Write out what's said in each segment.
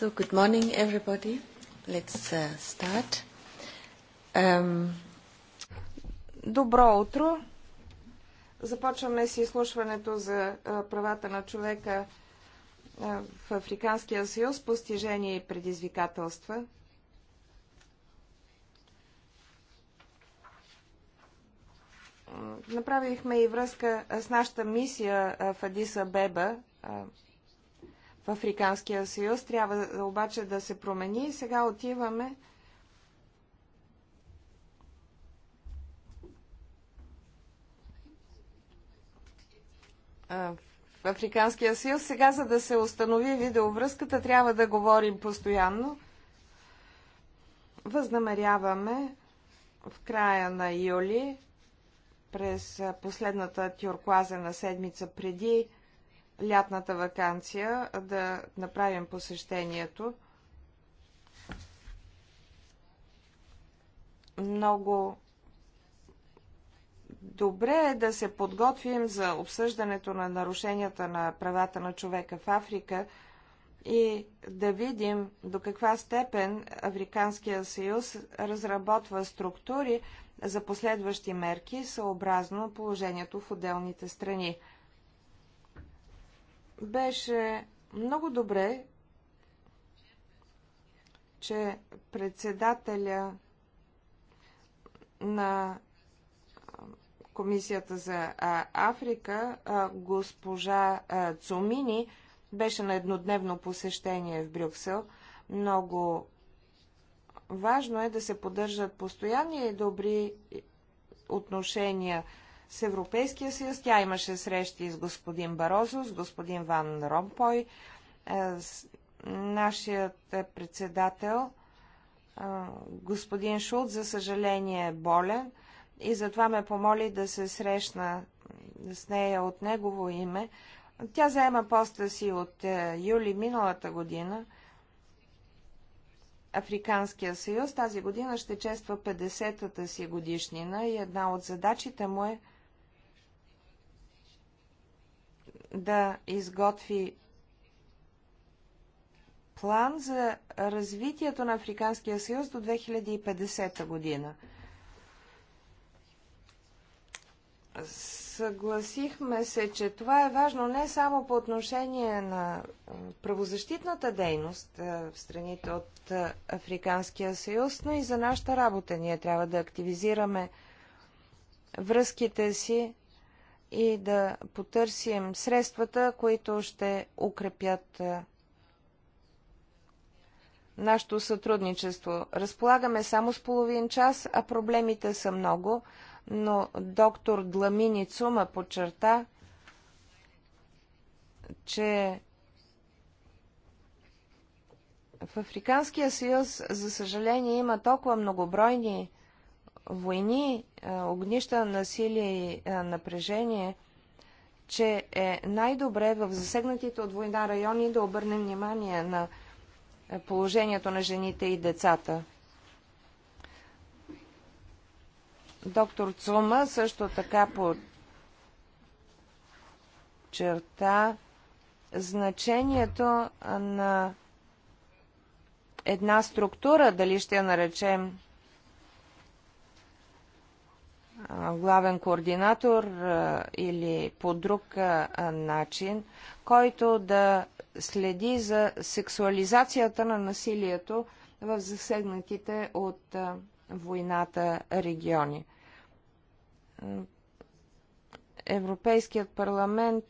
So good morning, everybody. Let's uh, start. Um... Добро утро. Започваме с изслушването за правата на човека в Африканския съюз, постижения и предизвикателства. Направихме и връзка с нашата мисия в Адиса Беба, Африканския съюз. Трябва обаче да се промени и сега отиваме в Африканския съюз. Сега, за да се установи видеовръзката, трябва да говорим постоянно. Възнамеряваме в края на юли, през последната тюркуазена седмица преди лятната вакансия да направим посещението. Много добре е да се подготвим за обсъждането на нарушенията на правата на човека в Африка и да видим до каква степен Африканския съюз разработва структури за последващи мерки съобразно положението в отделните страни. Беше много добре, че председателя на Комисията за Африка, госпожа Цумини, беше на еднодневно посещение в Брюксел. Много важно е да се поддържат постоянни и добри отношения с Европейския съюз. Тя имаше срещи с господин Барозо, с господин Ван Ромпой, е, с нашият председател, е, господин Шулт, за съжаление е болен и затова ме помоли да се срещна с нея от негово име. Тя заема поста си от е, юли миналата година. Африканския съюз тази година ще чества 50-та си годишнина и една от задачите му е да изготви план за развитието на Африканския съюз до 2050 година. Съгласихме се, че това е важно не само по отношение на правозащитната дейност в страните от Африканския съюз, но и за нашата работа. Ние трябва да активизираме връзките си и да потърсим средствата, които ще укрепят е, нашето сътрудничество. Разполагаме само с половин час, а проблемите са много, но доктор Дламини Цума подчерта, че в Африканския съюз, за съжаление, има толкова многобройни войни, е, огнища насилие и е, напрежение, че е най-добре в засегнатите от война райони да обърнем внимание на е, положението на жените и децата. Доктор Цума също така подчерта значението на една структура, дали ще я наречем главен координатор или по друг начин, който да следи за сексуализацията на насилието в засегнатите от войната региони. Европейският парламент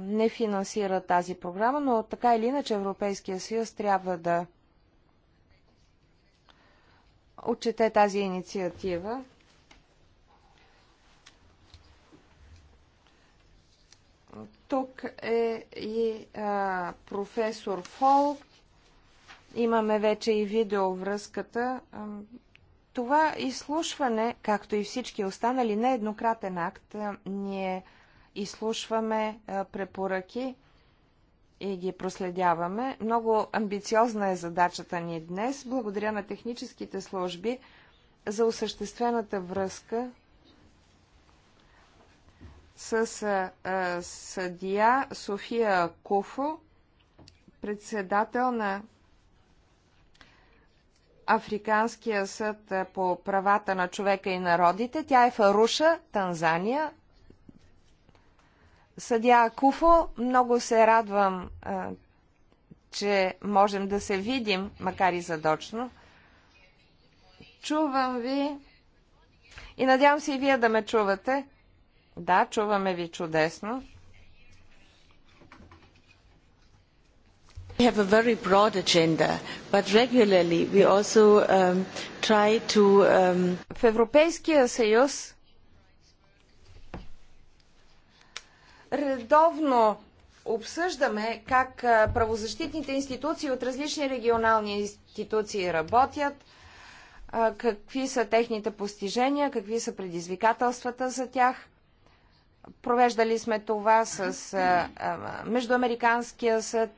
не финансира тази програма, но така или иначе Европейския съюз трябва да отчете тази инициатива. Тук е и а, професор Фол. Имаме вече и видеовръзката. Това изслушване, както и всички останали, не е еднократен акт. Ние изслушваме препоръки и ги проследяваме. Много амбициозна е задачата ни днес. Благодаря на техническите служби за осъществената връзка с а, съдия София Куфо, председател на Африканския съд по правата на човека и народите. Тя е в Аруша, Танзания. Съдя Куфо, много се радвам, че можем да се видим, макар и задочно. Чувам ви и надявам се и вие да ме чувате. Да, чуваме ви чудесно. We have a very broad agenda, but regularly we also um, try to... Um... В Европейския съюз Редовно обсъждаме как правозащитните институции от различни регионални институции работят, какви са техните постижения, какви са предизвикателствата за тях. Провеждали сме това с Междуамериканския съд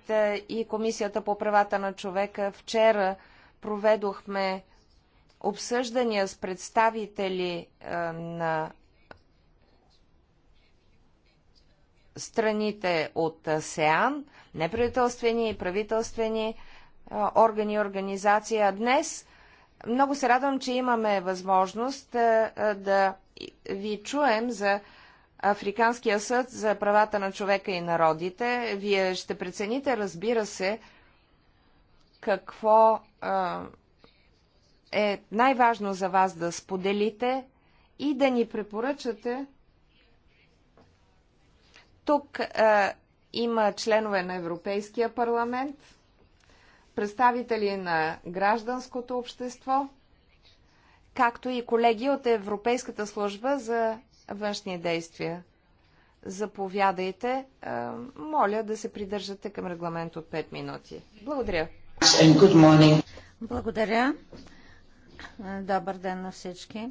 и Комисията по правата на човека. Вчера проведохме обсъждания с представители на страните от СЕАН, неправителствени и правителствени органи и организации. А днес много се радвам, че имаме възможност да ви чуем за Африканския съд за правата на човека и народите. Вие ще прецените, разбира се, какво е най-важно за вас да споделите и да ни препоръчате тук а, е, има членове на Европейския парламент, представители на гражданското общество, както и колеги от Европейската служба за външни действия. Заповядайте. А, е, моля да се придържате към регламент от 5 минути. Благодаря. Благодаря. Добър ден на всички.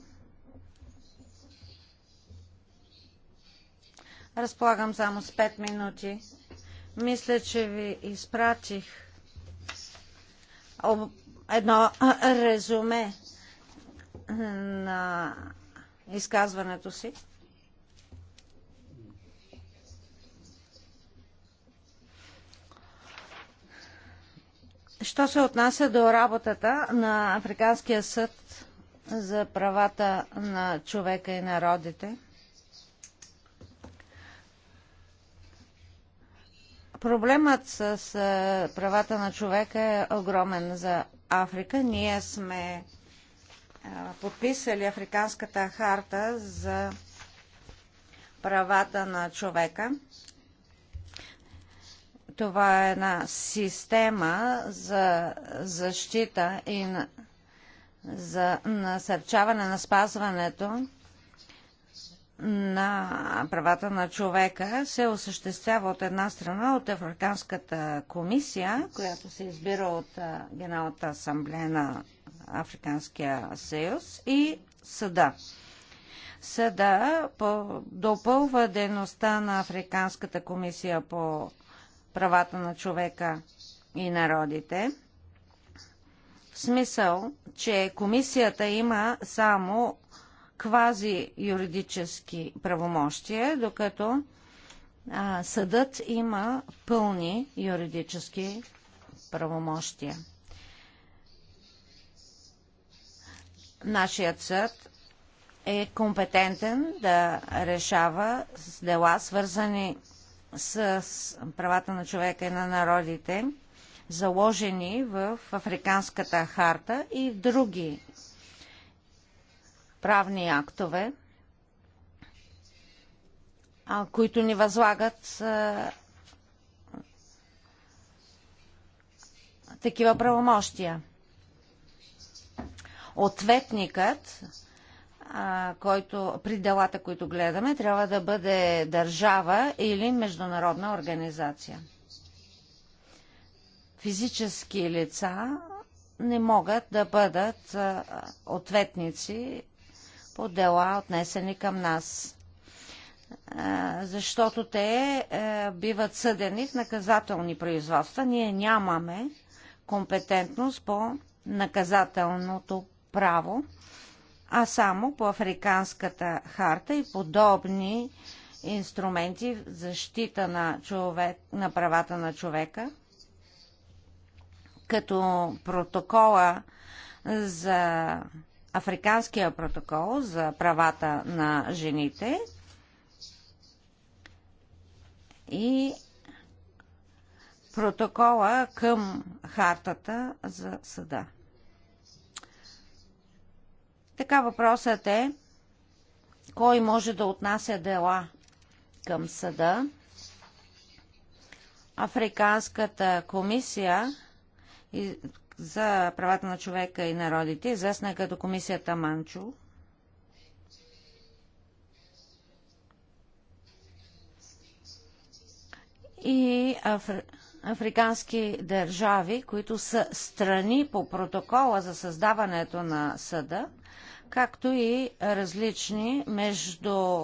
Разполагам само с 5 минути. Мисля, че ви изпратих едно резюме на изказването си. Що се отнася до работата на Африканския съд за правата на човека и народите – Проблемът с правата на човека е огромен за Африка. Ние сме подписали Африканската харта за правата на човека. Това е една система за защита и за насърчаване на спазването на правата на човека се осъществява от една страна от Африканската комисия, която се избира от Генералната асамблея на Африканския съюз и съда. Съда допълва дейността на Африканската комисия по правата на човека и народите, в смисъл, че комисията има само квази юридически правомощия, докато а, съдът има пълни юридически правомощия. Нашият съд е компетентен да решава с дела, свързани с правата на човека и на народите, заложени в Африканската харта и в други правни актове, а, които ни възлагат а, такива правомощия. Ответникът, а, който при делата, които гледаме, трябва да бъде държава или международна организация. Физически лица не могат да бъдат а, ответници по дела, отнесени към нас. Защото те е, биват съдени в наказателни производства. Ние нямаме компетентност по наказателното право, а само по Африканската харта и подобни инструменти в защита на, човек, на правата на човека, като протокола за Африканския протокол за правата на жените и протокола към хартата за съда. Така въпросът е кой може да отнася дела към съда. Африканската комисия за правата на човека и народите, известна е като комисията Манчо. И афри... африкански държави, които са страни по протокола за създаването на съда, както и различни между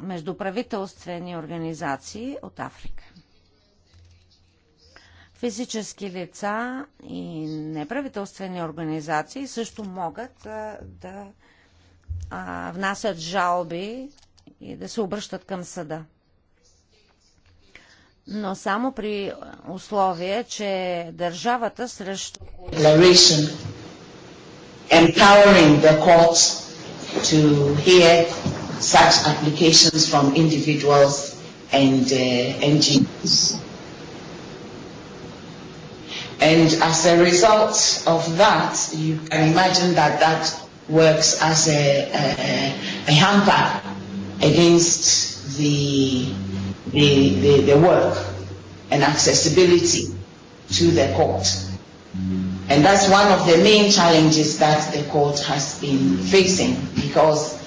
междуправителствени организации от Африка. Физически лица и неправителствени организации също могат да внасят жалби и да се обръщат към съда. Но само при условие, че държавата срещу empowering the courts to hear such applications from individuals and uh, NGOs. And as a result of that, you can imagine that that works as a, a, a hamper against the, the, the, the work and accessibility to the court. And that's one of the main challenges that the court has been facing because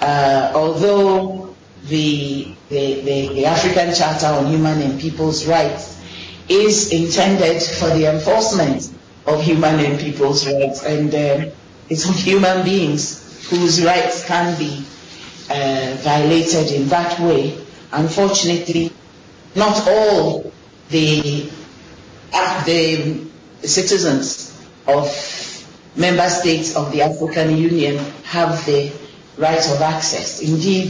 uh, although the, the, the, the African Charter on Human and People's Rights is intended for the enforcement of human and people's rights. And um, it's human beings whose rights can be uh, violated in that way. Unfortunately, not all the, uh, the citizens of member states of the African Union have the right of access. Indeed,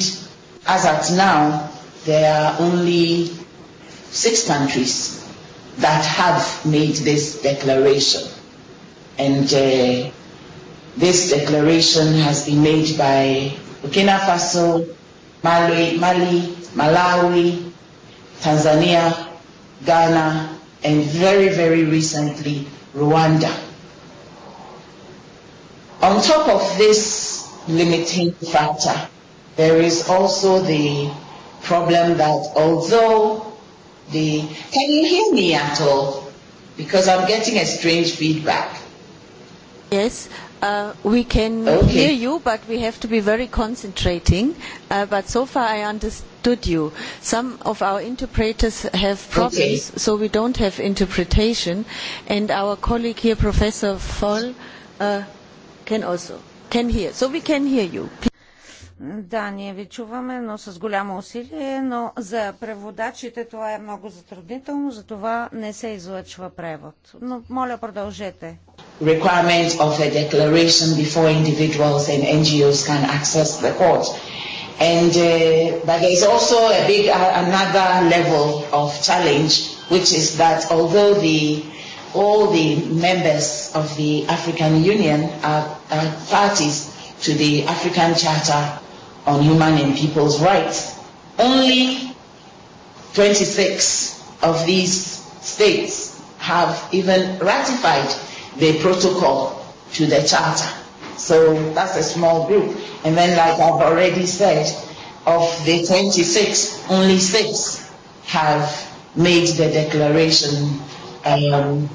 as at now, there are only six countries that have made this declaration. And uh, this declaration has been made by Burkina Faso, Mali, Mali, Malawi, Tanzania, Ghana, and very, very recently, Rwanda. On top of this limiting factor, there is also the problem that although the, can you hear me at all? Because I'm getting a strange feedback. Yes, uh, we can okay. hear you, but we have to be very concentrating. Uh, but so far I understood you. Some of our interpreters have problems, okay. so we don't have interpretation. And our colleague here, Professor Foll, uh, can also, can hear. So we can hear you. Да, ние ви чуваме, но с голямо усилие, но за преводачите това е много затруднително, затова не се излъчва превод. Но моля, продължете. Requirement of a declaration before individuals and NGOs can access the court. And, uh, but there also a big, uh, another level of challenge, which is that although the all the members of the African Union are, are parties to the African Charter on human and people's rights. Only 26 of these states have even ratified the protocol to the charter. So that's a small group. And then, like I've already said, of the 26, only six have made the declaration. Um,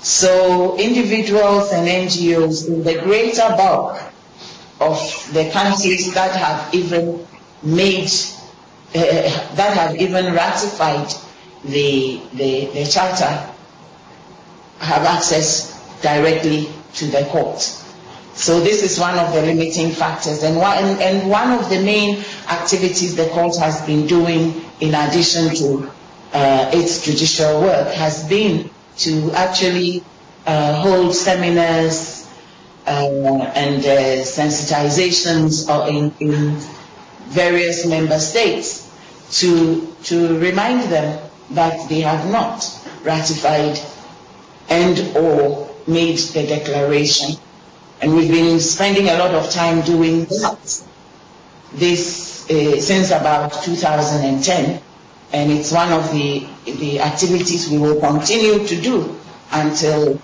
so individuals and NGOs in the greater bulk of the countries that have even made, uh, that have even ratified the, the, the charter have access directly to the court. So this is one of the limiting factors and one, and, and one of the main activities the court has been doing in addition to uh, its judicial work has been to actually uh, hold seminars, uh, and uh, sensitizations in, in various member states to, to remind them that they have not ratified and or made the declaration. And we've been spending a lot of time doing that this uh, since about 2010, and it's one of the, the activities we will continue to do until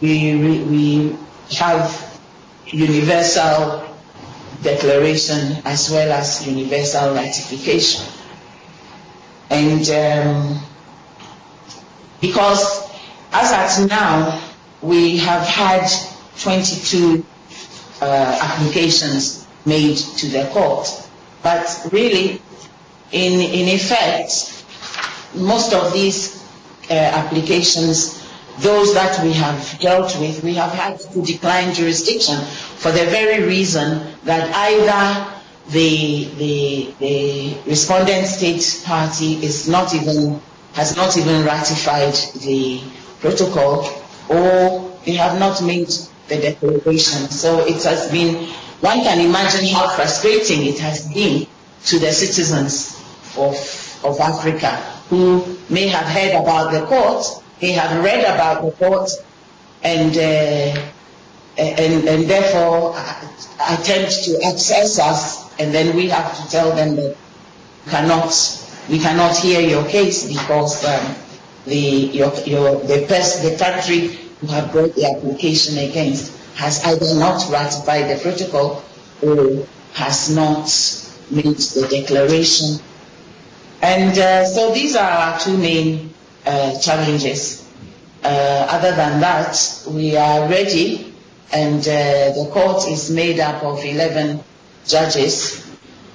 we, re we have universal declaration as well as universal ratification. And um, because as at now, we have had 22 uh, applications made to the court. But really, in, in effect, most of these uh, applications those that we have dealt with, we have had to decline jurisdiction for the very reason that either the, the, the respondent state party is not even, has not even ratified the protocol or they have not made the declaration. So it has been, one can imagine how frustrating it has been to the citizens of, of Africa who may have heard about the court He had read about the court and, uh, and, and therefore attempt to access us and then we have to tell them that we cannot, we cannot hear your case because um, the, your, your, the, person the country who have brought the application against has either not ratified the protocol or has not made the declaration. And uh, so these are our two main uh, challenges. Uh, other than that, we are ready, and uh, the court is made up of 11 judges.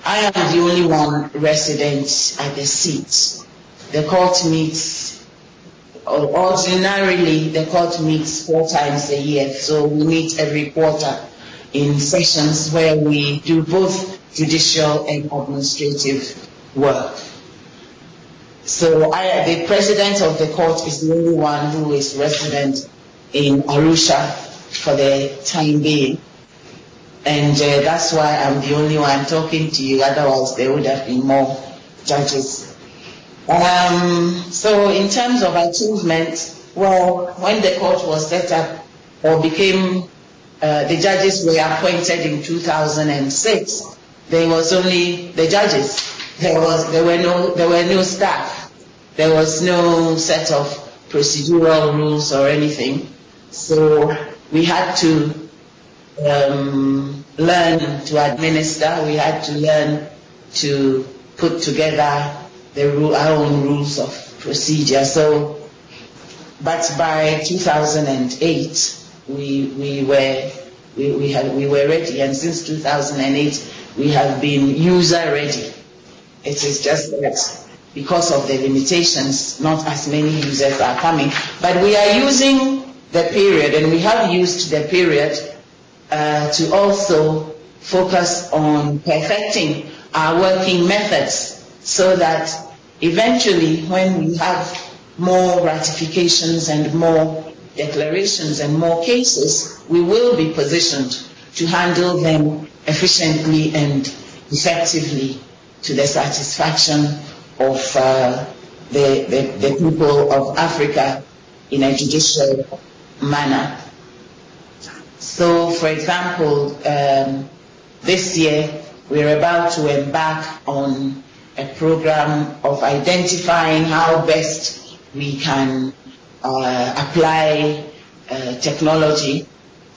I am the only one resident at the seat. The court meets, ordinarily, the court meets four times a year, so we meet every quarter in sessions where we do both judicial and administrative work. So I, the president of the court is the only one who is resident in Arusha for the time being. And uh, that's why I'm the only one talking to you, otherwise there would have been more judges. Um, so in terms of achievement, well, when the court was set up or became, uh, the judges were appointed in 2006, there was only the judges. There was, there were no, there were no staff. There was no set of procedural rules or anything. So we had to um, learn to administer. We had to learn to put together the rule, our own rules of procedure. So, but by 2008, we we were we, we had we were ready, and since 2008, we have been user ready. It is just that because of the limitations, not as many users are coming. But we are using the period, and we have used the period uh, to also focus on perfecting our working methods so that eventually when we have more ratifications and more declarations and more cases, we will be positioned to handle them efficiently and effectively to the satisfaction of uh, the, the, the people of Africa in a judicial manner. So, for example, um, this year we're about to embark on a program of identifying how best we can uh, apply uh, technology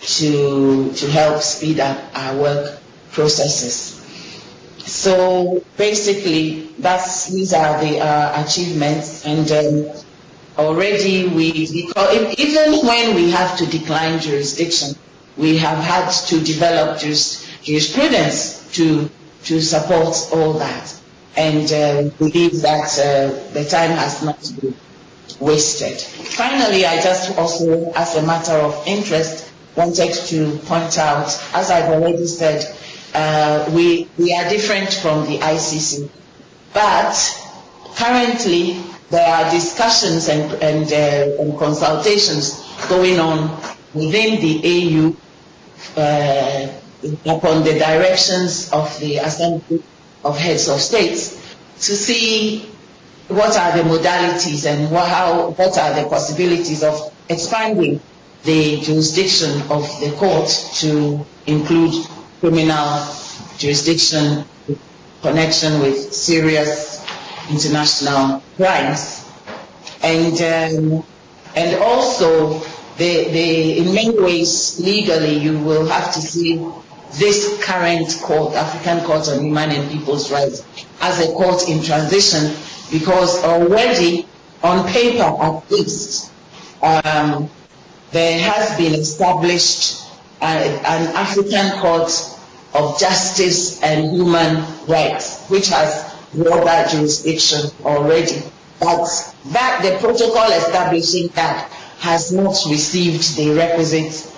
to, to help speed up our work processes. So basically, that's these are the uh, achievements, and um, already we because even when we have to decline jurisdiction, we have had to develop just jurisprudence to to support all that, and uh, believe that uh, the time has not been wasted. Finally, I just also, as a matter of interest, wanted to point out, as I've already said uh, we, we are different from the ICC. But currently, there are discussions and, and, uh, and consultations going on within the AU uh, upon the directions of the Assembly of Heads of States to see what are the modalities and what, how, what are the possibilities of expanding the jurisdiction of the court to include criminal jurisdiction with connection with serious international crimes. And, um, and also, the, the, in many ways, legally, you will have to see this current court, African Court on Human and People's Rights, as a court in transition because already on paper at least um, there has been established uh, an African court of justice and human rights, which has broader jurisdiction already. But that the protocol establishing that has not received the requisite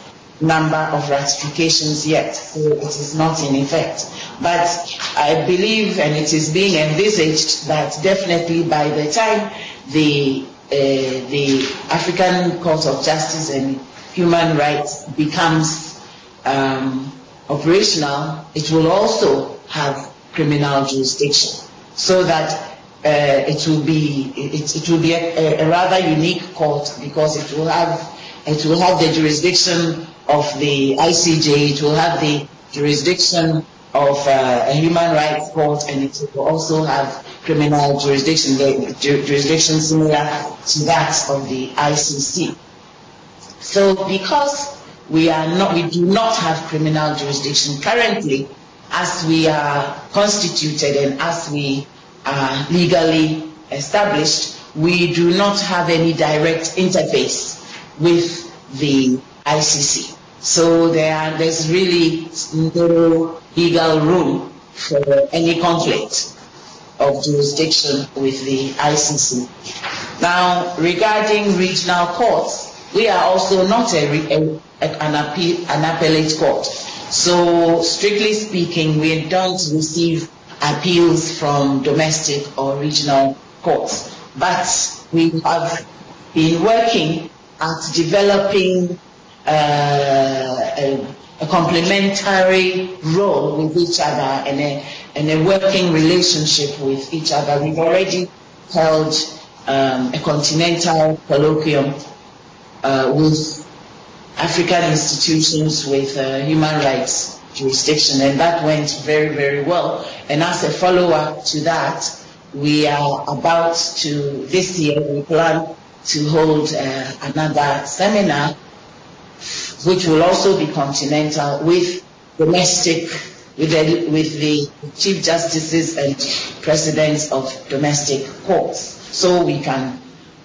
number of ratifications yet, so it is not in effect. But I believe, and it is being envisaged, that definitely by the time the uh, the African Court of Justice and Human Rights becomes um, operational, it will also have criminal jurisdiction, so that uh, it will be it, it will be a, a rather unique court because it will have it will have the jurisdiction of the ICJ, it will have the jurisdiction of uh, a human rights court, and it will also have criminal jurisdiction, the jurisdiction similar to that of the ICC. So because we are not, we do not have criminal jurisdiction currently as we are constituted and as we are legally established, we do not have any direct interface with the ICC. So there are, there's really no legal room for any conflict of jurisdiction with the ICC. Now, regarding regional courts, We are also not a, a, an, appeal, an appellate court. So strictly speaking, we don't receive appeals from domestic or regional courts. But we have been working at developing uh, a, a complementary role with each other and a, and a working relationship with each other. We've already held um, a continental colloquium uh, with African institutions, with uh, human rights jurisdiction, and that went very, very well. And as a follow-up to that, we are about to, this year, we plan to hold uh, another seminar, which will also be continental with domestic, with the, with the chief justices and presidents of domestic courts, so we can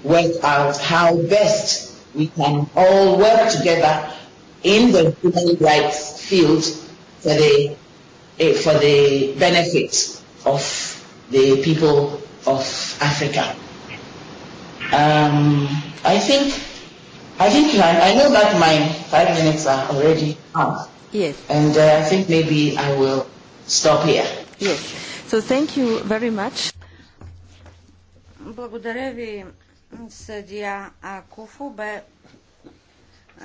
work out how best we can all work together in the human rights field for the, for the benefit of the people of Africa. Um, I think I think I, I know that my five minutes are already up. Yes. And uh, I think maybe I will stop here. Yes. So thank you very much. Благодаря ви съдия Акуфо. Бе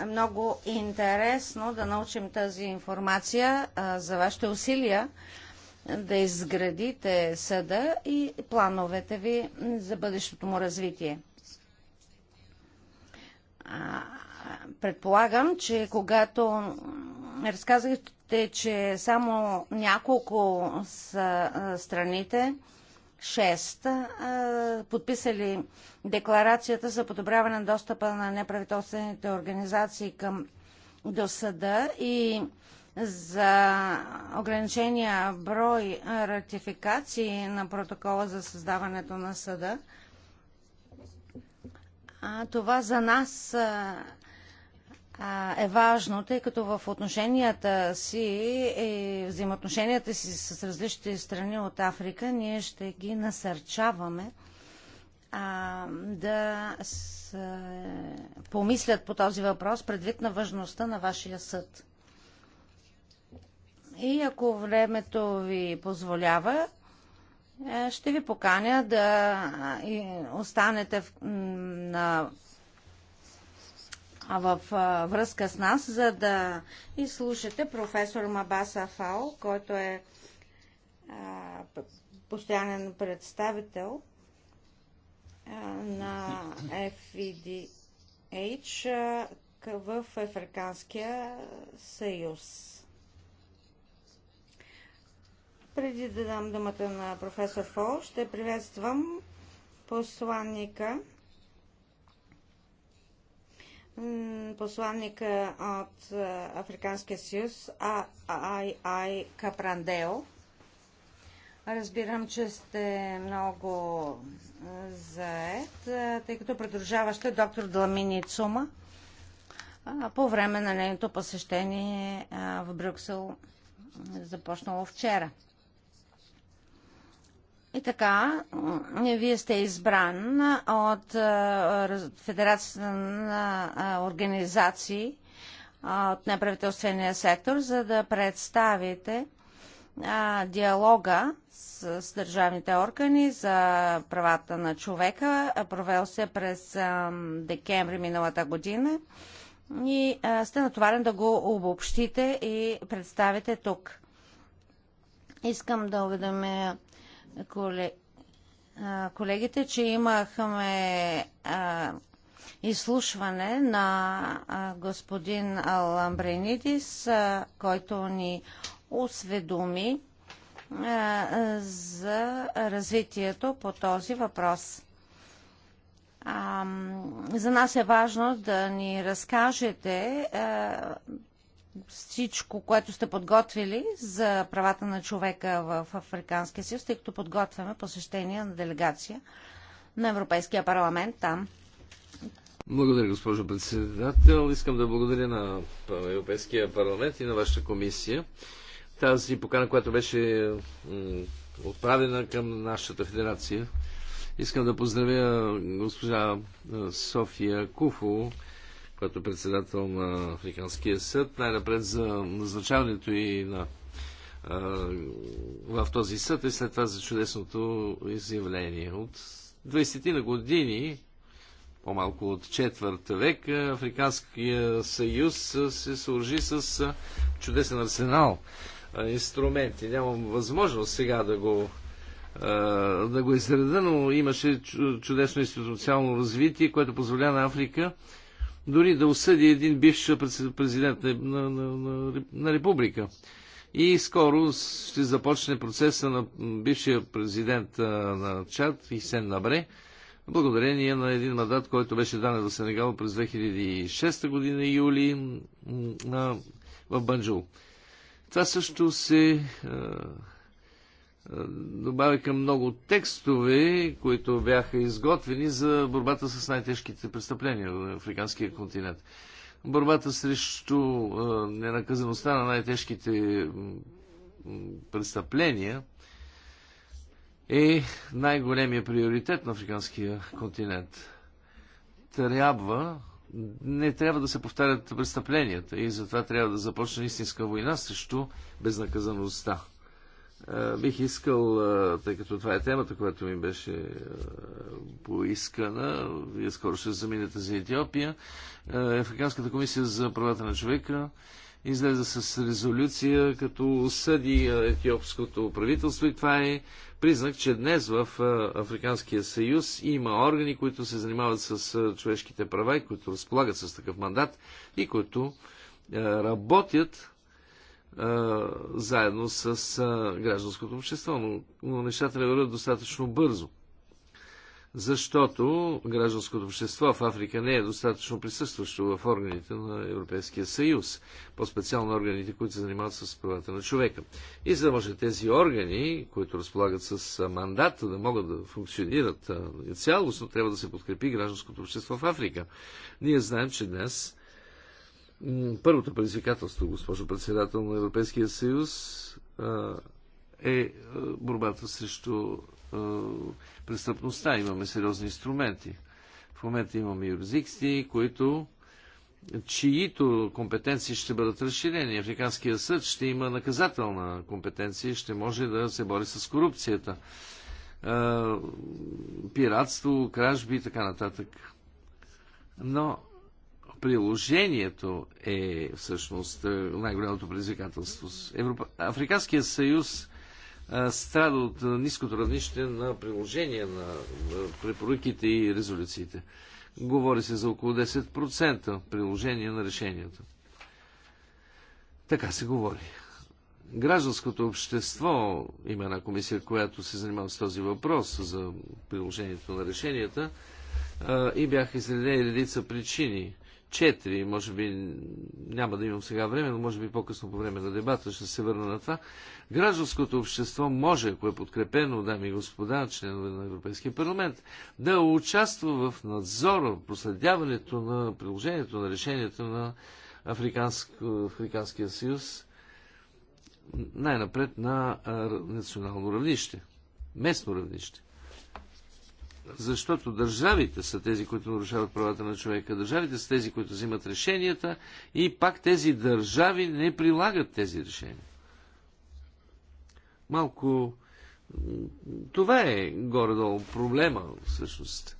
много интересно да научим тази информация за вашите усилия да изградите съда и плановете ви за бъдещото му развитие. предполагам, че когато разказахте, че само няколко са страните, 6 подписали декларацията за подобряване на достъпа на неправителствените организации към до съда и за ограничения брой ратификации на протокола за създаването на съда. това за нас е важно, тъй като в отношенията си и взаимоотношенията си с различните страни от Африка, ние ще ги насърчаваме а, да с, помислят по този въпрос предвид на важността на вашия съд. И ако времето ви позволява, е, ще ви поканя да останете на в връзка с нас, за да изслушате професор Мабаса Фао, който е постоянен представител на FEDH в Африканския съюз. Преди да дам думата на професор Фол, ще приветствам посланника посланника от Африканския съюз Ай Ай Капрандео. Разбирам, че сте много заед, тъй като придружаваща доктор Дламини Цума по време на нейното посещение в Брюксел започнало вчера. И така, вие сте избран от Федерацията на организации от неправителствения сектор, за да представите диалога с, с държавните органи за правата на човека, провел се през а, декември миналата година и а, сте натоварен да го обобщите и представите тук. Искам да уведомя колегите, че имахме изслушване на господин Ламбренидис, който ни осведоми за развитието по този въпрос. За нас е важно да ни разкажете всичко, което сте подготвили за правата на човека в Африканския съюз, тъй като подготвяме посещение на делегация на Европейския парламент там. Благодаря, госпожо председател. Искам да благодаря на Европейския парламент и на вашата комисия. Тази покана, която беше отправена към нашата федерация. Искам да поздравя госпожа София Куфо, която е председател на Африканския съд, най-напред за назначаването и на а, в този съд и след това за чудесното изявление. От 20 ти на години, по-малко от четвърт век, Африканския съюз се служи с чудесен арсенал инструменти. Нямам възможност сега да го да го изреда, но имаше чудесно институционално развитие, което позволя на Африка дори да осъди един бивш президент на, на, на, на република. И скоро ще започне процеса на бившия президент на Чад Сен Набре, благодарение на един мандат, който беше даден в Сенегал през 2006 година, юли, на, в Банджул. Това също се добавиха много текстове, които бяха изготвени за борбата с най-тежките престъпления в африканския континент. Борбата срещу ненаказаността на най-тежките престъпления е най-големия приоритет на африканския континент. Трябва, не трябва да се повтарят престъпленията и затова трябва да започне истинска война срещу безнаказаността бих искал, тъй като това е темата, която ми беше поискана, вие скоро ще заминете за Етиопия, Африканската комисия за правата на човека излезе с резолюция, като осъди етиопското правителство и това е признак, че днес в Африканския съюз има органи, които се занимават с човешките права и които разполагат с такъв мандат и които работят заедно с гражданското общество, но, но нещата не върват достатъчно бързо. Защото гражданското общество в Африка не е достатъчно присъстващо в органите на Европейския съюз, по-специално органите, които се занимават с правата на човека. И за да може тези органи, които разполагат с мандат, да могат да функционират цялостно, трябва да се подкрепи гражданското общество в Африка. Ние знаем, че днес Първото предизвикателство, госпожо председател на Европейския съюз, е борбата срещу престъпността. Имаме сериозни инструменти. В момента имаме юрисдикции, които чието компетенции ще бъдат разширени. Африканския съд ще има наказателна компетенция, ще може да се бори с корупцията, пиратство, кражби и така нататък. Но приложението е всъщност е, най-голямото предизвикателство. Европа... Африканския съюз е, страда от е, ниското равнище на приложение на препоръките и резолюциите. Говори се за около 10% приложение на решенията. Така се говори. Гражданското общество има една комисия, която се занимава с този въпрос за приложението на решенията и бяха изредени редица причини четири, Може би няма да имам сега време, но може би по-късно по време на дебата ще се върна на това. Гражданското общество може, ако е подкрепено, дами и господа, членове на Европейския парламент, да участва в надзора, проследяването на приложението на решението на Африканск, Африканския съюз най-напред на национално равнище, местно равнище защото държавите са тези, които нарушават правата на човека. Държавите са тези, които взимат решенията и пак тези държави не прилагат тези решения. Малко това е горе-долу проблема, всъщност.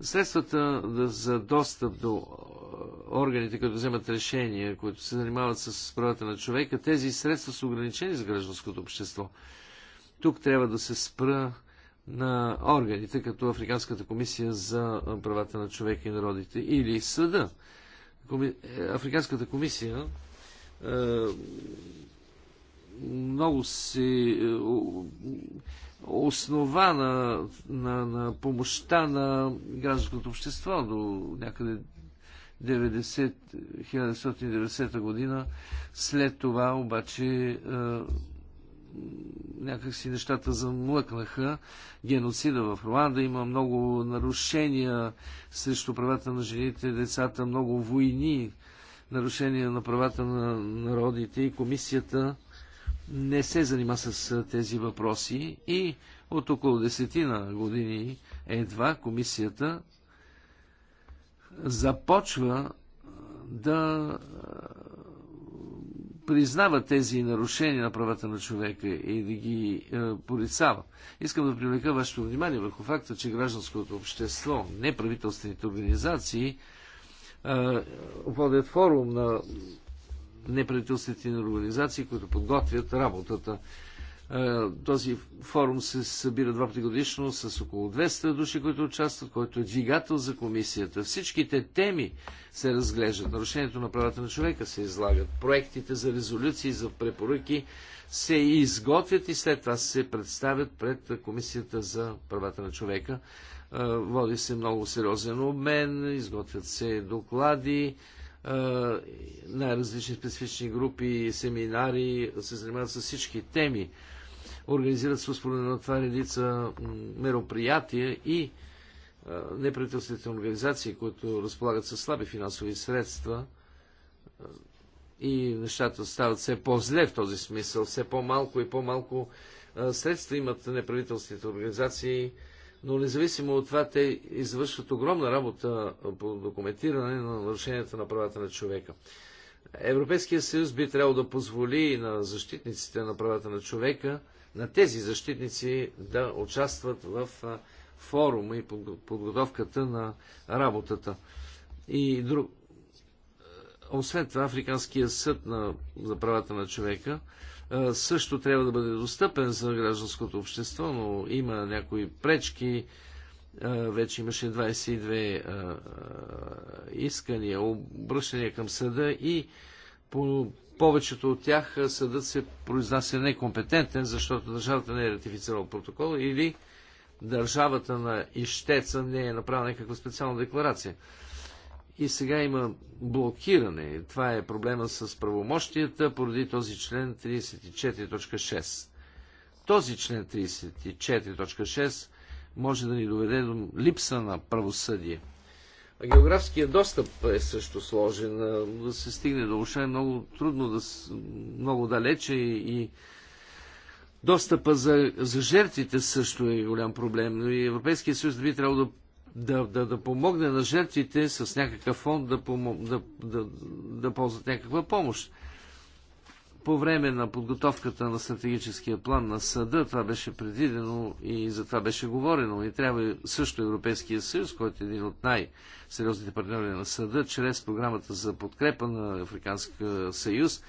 Средствата за достъп до органите, които вземат решения, които се занимават с правата на човека, тези средства са ограничени за гражданското общество. Тук трябва да се спра на органите, като Африканската комисия за правата на човека и народите или съда. Е, Африканската комисия е, много се е, основа на, на, на помощта на гражданското общество до някъде 90, 1990 година. След това обаче някакси нещата замлъкнаха. Геноцида в Руанда има много нарушения срещу правата на жените, децата, много войни, нарушения на правата на народите и комисията не се занима с тези въпроси и от около десетина години едва комисията започва да признава тези нарушения на правата на човека и да ги е, порицава. Искам да привлека вашето внимание върху факта, че гражданското общество, неправителствените организации е, водят форум на неправителствените организации, които подготвят работата е, този форум се събира два пъти годишно с около 200 души, които участват, който е двигател за комисията. Всичките теми се разглеждат. Нарушението на правата на човека се излагат. Проектите за резолюции, за препоръки се изготвят и след това се представят пред комисията за правата на човека. Е, води се много сериозен обмен, изготвят се доклади, е, най-различни специфични групи, семинари се занимават с всички теми организират с това редица мероприятия и неправителствените организации, които разполагат със слаби финансови средства и нещата стават все по-зле в този смисъл, все по-малко и по-малко средства имат неправителствените организации, но независимо от това те извършват огромна работа по документиране на нарушенията на правата на човека. Европейския съюз би трябвало да позволи на защитниците на правата на човека на тези защитници да участват в форума и подготовката на работата. И друг... Освен това, Африканския съд на... за правата на човека също трябва да бъде достъпен за гражданското общество, но има някои пречки. Вече имаше 22 искания, обръщания към съда и по повечето от тях съдът се произнася некомпетентен, защото държавата не е ратифицирала протокола или държавата на ищеца не е направила някаква специална декларация. И сега има блокиране. Това е проблема с правомощията поради този член 34.6. Този член 34.6 може да ни доведе до липса на правосъдие. Географския географският достъп е също сложен. Да се стигне до уша е много трудно, да, много далече и достъпа за, за жертвите също е голям проблем. Но и Европейския съюз би трябвало да да, да, да помогне на жертвите с някакъв фонд да, да, да, да ползват някаква помощ по време на подготовката на стратегическия план на съда, това беше предвидено и за това беше говорено. И трябва също Европейския съюз, който е един от най-сериозните партньори на съда, чрез програмата за подкрепа на Африканския съюз,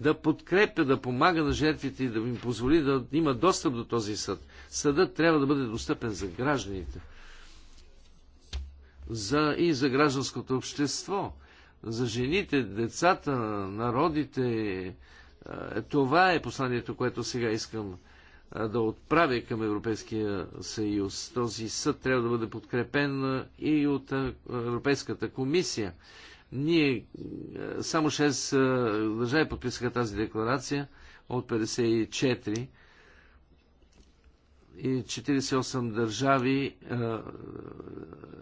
да подкрепя, да помага на жертвите и да им позволи да има достъп до този съд. Съдът трябва да бъде достъпен за гражданите за, и за гражданското общество, за жените, децата, народите, е, това е посланието, което сега искам да отправя към Европейския съюз. Този съд трябва да бъде подкрепен и от Европейската комисия. Ние само 6 държави подписаха тази декларация от 54 и 48 държави,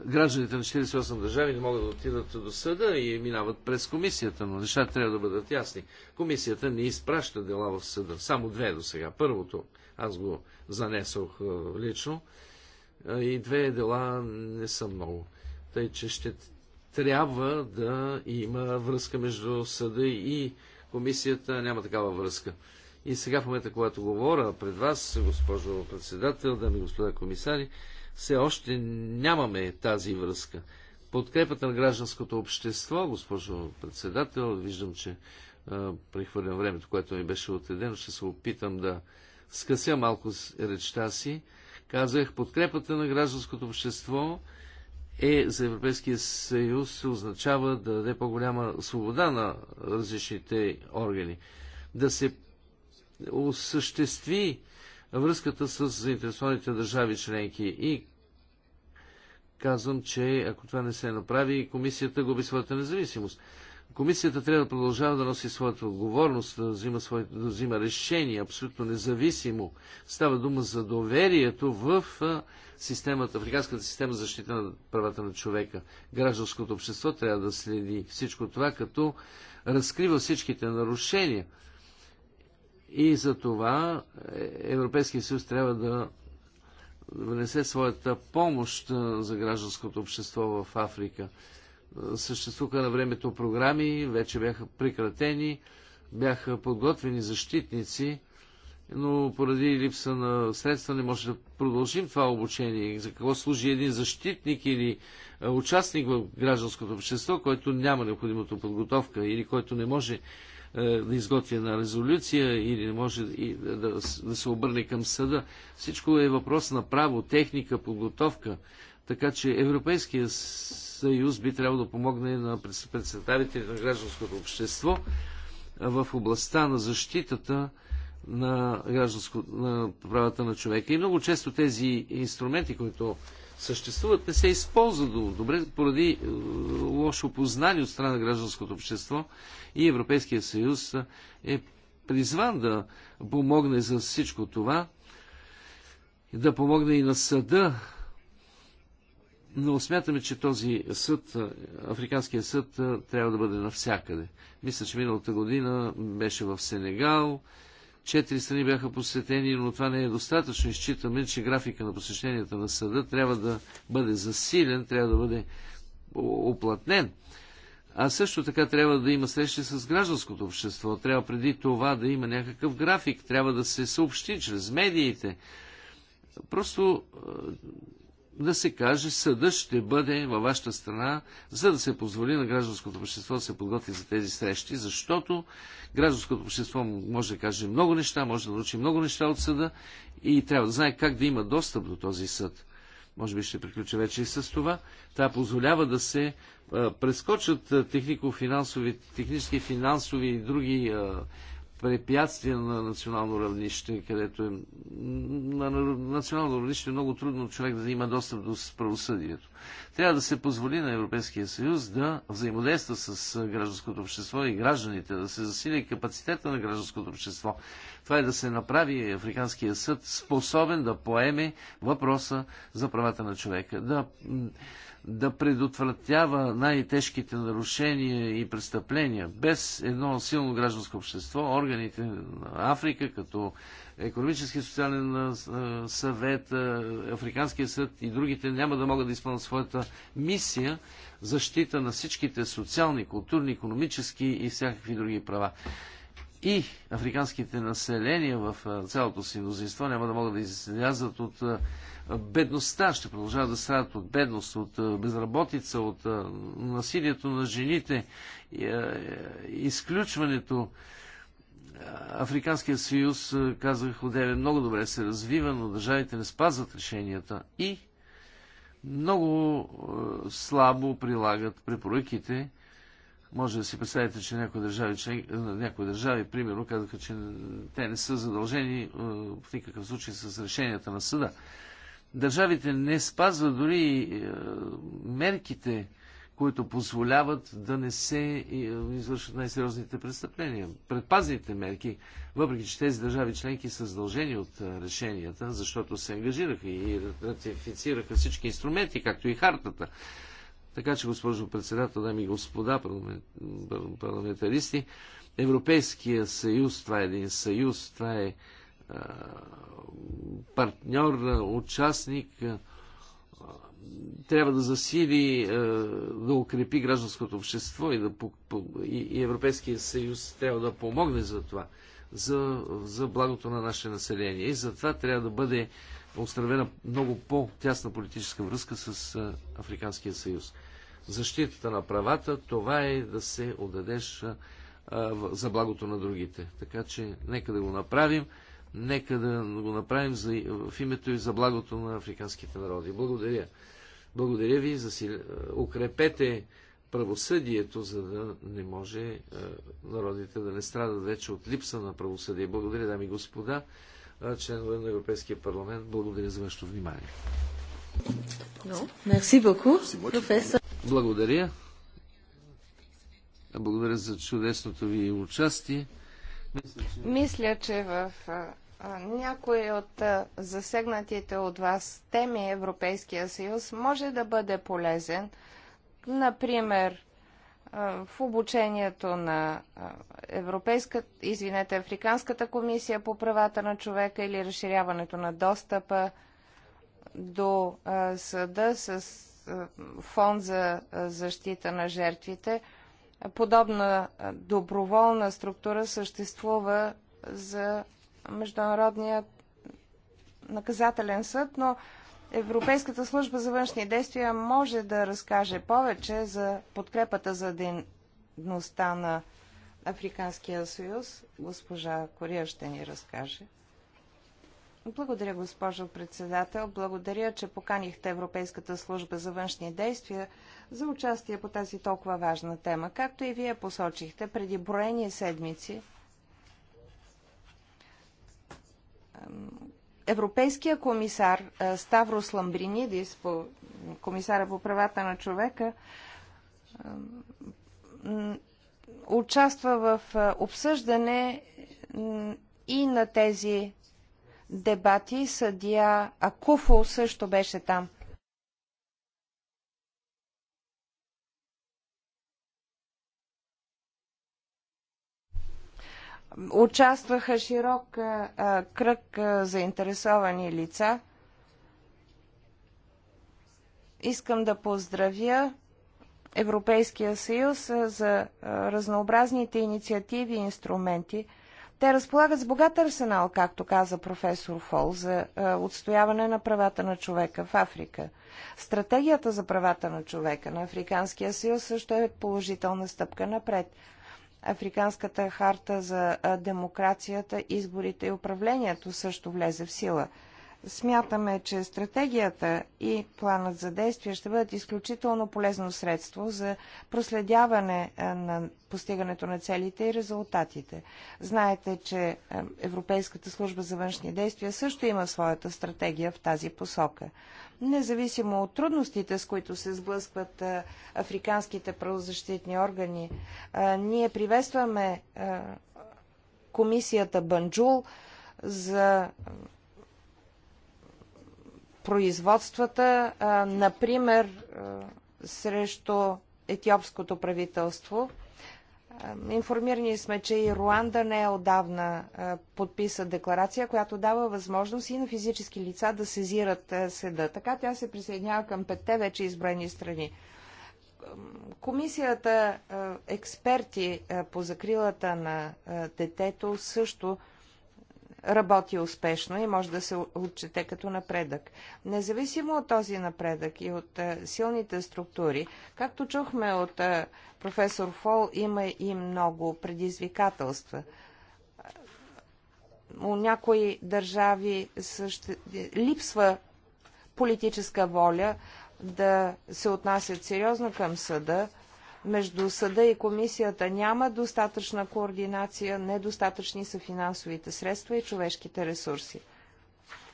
гражданите на 48 държави не могат да отидат до съда и минават през комисията, но нещата трябва да бъдат ясни. Комисията не изпраща дела в съда, само две до сега. Първото, аз го занесох лично, и две дела не са много. Тъй, че ще трябва да има връзка между съда и комисията, няма такава връзка. И сега в момента, когато говоря пред вас, госпожо председател, дами и господа комисари, все още нямаме тази връзка. Подкрепата на гражданското общество, госпожо председател, виждам, че а, прехвърлям времето, което ми беше отредено, ще се опитам да скъся малко речта си. Казах, подкрепата на гражданското общество е за Европейския съюз означава да даде по-голяма свобода на различните органи. Да се осъществи връзката с заинтересованите държави членки. И казвам, че ако това не се направи, комисията губи своята независимост. Комисията трябва да продължава да носи своята отговорност, да взима, своите, да взима решение абсолютно независимо. Става дума за доверието в системата, африканската система за защита на правата на човека. Гражданското общество трябва да следи всичко това, като разкрива всичките нарушения. И за това е, Европейския съюз трябва да внесе своята помощ е, за гражданското общество в Африка. Е, Съществуха на времето програми, вече бяха прекратени, бяха подготвени защитници, но поради липса на средства не може да продължим това обучение. За какво служи един защитник или участник в гражданското общество, който няма необходимото подготовка или който не може е, да изготви една резолюция или не може да, се обърне към съда. Всичко е въпрос на право, техника, подготовка. Така че Европейския съюз би трябвало да помогне на представителите на гражданското общество в областта на защитата на, на правата на човека. И много често тези инструменти, които съществуват, не се използват до добре поради е, лошо познание от страна на гражданското общество и Европейския съюз е призван да помогне за всичко това, да помогне и на съда, но смятаме, че този съд, е, Африканския съд, е, трябва да бъде навсякъде. Мисля, че миналата година беше в Сенегал, Четири страни бяха посетени, но това не е достатъчно. Изчитаме, че графика на посещенията на съда трябва да бъде засилен, трябва да бъде оплатнен. А също така трябва да има срещи с гражданското общество. Трябва преди това да има някакъв график. Трябва да се съобщи чрез медиите. Просто да се каже, съда ще бъде във вашата страна, за да се позволи на гражданското общество да се подготви за тези срещи, защото гражданското общество може да каже много неща, може да научи много неща от съда и трябва да знае как да има достъп до този съд. Може би ще приключа вече и с това. Това позволява да се прескочат технико-финансови, технически, финансови и други препятствия на национално равнище, където е на национално равнище е много трудно човек да има достъп до правосъдието. Трябва да се позволи на Европейския съюз да взаимодейства с гражданското общество и гражданите, да се засили капацитета на гражданското общество. Това е да се направи Африканския съд способен да поеме въпроса за правата на човека, да да предотвратява най-тежките нарушения и престъпления. Без едно силно гражданско общество, органите на Африка, като Економически и социален съвет, Африканския съд и другите няма да могат да изпълнят своята мисия защита на всичките социални, културни, економически и всякакви други права. И африканските населения в цялото си мнозинство няма да могат да излязат от бедността, ще продължават да страдат от бедност, от е, безработица, от е, насилието на жените, е, изключването. Африканския съюз, казах отделе, много добре се развива, но държавите не спазват решенията и много слабо прилагат препоръките. Може да си представите, че някои държави, че, някои държави примерно, казаха, че те не са задължени в никакъв случай с решенията на съда държавите не спазват дори е, мерките, които позволяват да не се е, извършат най-сериозните престъпления. Предпазните мерки, въпреки че тези държави членки са задължени от е, решенията, защото се ангажираха и ратифицираха всички инструменти, както и хартата. Така че, госпожо председател, дами и господа парламентаристи, Европейския съюз, това е един съюз, това е партньор, участник, трябва да засили, да укрепи гражданското общество и, да, и Европейския съюз трябва да помогне за това, за, за благото на наше население. И затова трябва да бъде установена много по-тясна политическа връзка с Африканския съюз. Защитата на правата, това е да се отдадеш за благото на другите. Така че нека да го направим. Нека да го направим за, в името и за благото на африканските народи. Благодаря. Благодаря ви. За сил... Укрепете правосъдието, за да не може е, народите да не страдат вече от липса на правосъдие. Благодаря, дами и господа, членове на Европейския парламент. Благодаря за вашето внимание. No. професор. Благодаря. Благодаря за чудесното ви участие. Мисля, че в някои от засегнатите от вас теми Европейския съюз може да бъде полезен, например в обучението на Европейска, извинете, Африканската комисия по правата на човека или разширяването на достъпа до съда с фонд за защита на жертвите – подобна доброволна структура съществува за Международния наказателен съд, но Европейската служба за външни действия може да разкаже повече за подкрепата за дейността на Африканския съюз. Госпожа Кория ще ни разкаже. Благодаря, госпожо председател. Благодаря, че поканихте Европейската служба за външни действия за участие по тази толкова важна тема. Както и вие посочихте, преди броени седмици Европейския комисар Ставрос Ламбринидис, комисара по правата на човека, участва в обсъждане и на тези дебати. Съдия Акуфо също беше там. Участваха широк а, кръг а, заинтересовани лица. Искам да поздравя Европейския съюз а, за разнообразните инициативи и инструменти. Те разполагат с богат арсенал, както каза професор Фол, за отстояване на правата на човека в Африка. Стратегията за правата на човека на Африканския съюз също е положителна стъпка напред – Африканската харта за демокрацията, изборите и управлението също влезе в сила – Смятаме, че стратегията и планът за действие ще бъдат изключително полезно средство за проследяване е, на постигането на целите и резултатите. Знаете, че е, Европейската служба за външни действия също има своята стратегия в тази посока. Независимо от трудностите, с които се сблъскват е, африканските правозащитни органи, ние приветстваме комисията Банджул за производствата, например, срещу етиопското правителство. Информирани сме, че и Руанда не е отдавна подписа декларация, която дава възможност и на физически лица да сезират съда. Така тя се присъединява към петте вече изброени страни. Комисията експерти по закрилата на детето също работи успешно и може да се отчете като напредък. Независимо от този напредък и от силните структури, както чухме от професор Фол, има и много предизвикателства. У някои държави съще... липсва политическа воля да се отнасят сериозно към съда между съда и комисията няма достатъчна координация, недостатъчни са финансовите средства и човешките ресурси.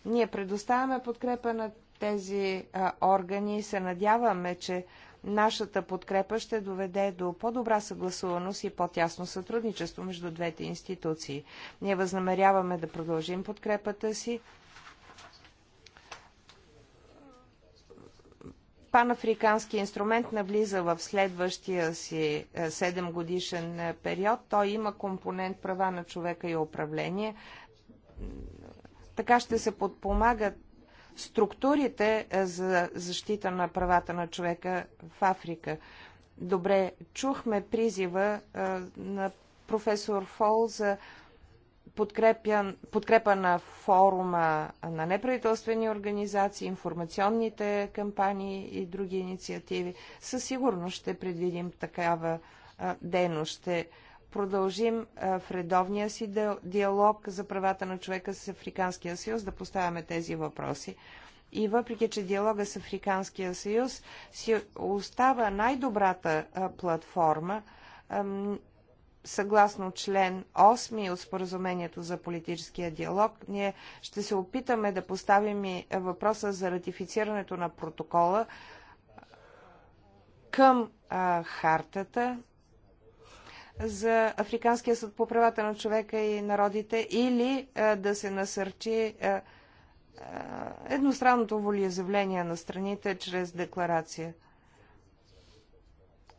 Ние предоставяме подкрепа на тези а, органи и се надяваме, че нашата подкрепа ще доведе до по-добра съгласуваност и по-тясно сътрудничество между двете институции. Ние възнамеряваме да продължим подкрепата си панафрикански инструмент навлиза в следващия си 7 е, годишен е, период. Той има компонент права на човека и управление. Така ще се подпомагат структурите е, за защита на правата на човека в Африка. Добре, чухме призива на професор Фол за подкрепя, подкрепа на форума на неправителствени организации, информационните кампании и други инициативи. Със сигурност ще предвидим такава дейност. Ще продължим в редовния си диалог за правата на човека с Африканския съюз да поставяме тези въпроси. И въпреки, че диалога с Африканския съюз си остава най-добрата платформа, съгласно член 8 от споразумението за политическия диалог, ние ще се опитаме да поставим и въпроса за ратифицирането на протокола към а, хартата за Африканския съд по правата на човека и народите или а, да се насърчи а, едностранното волеизявление на страните чрез декларация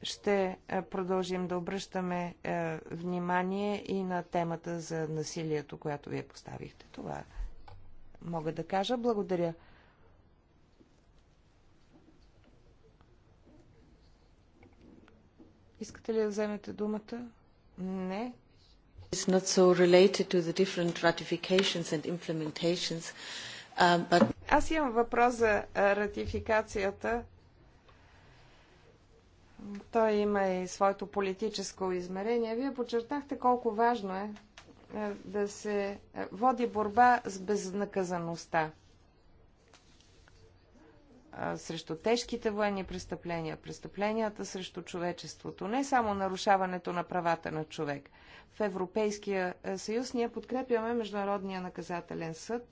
ще е, продължим да обръщаме е, внимание и на темата за насилието, която вие поставихте. Това мога да кажа. Благодаря. Искате ли да вземете думата? Не. It's not so related to the different ratifications and implementations. Uh, Аз имам въпрос за е, ратификацията той има и своето политическо измерение. Вие подчертахте колко важно е, е да се е, води борба с безнаказаността е, срещу тежките военни престъпления, престъпленията срещу човечеството, не само нарушаването на правата на човек. В Европейския съюз ние подкрепяме Международния наказателен съд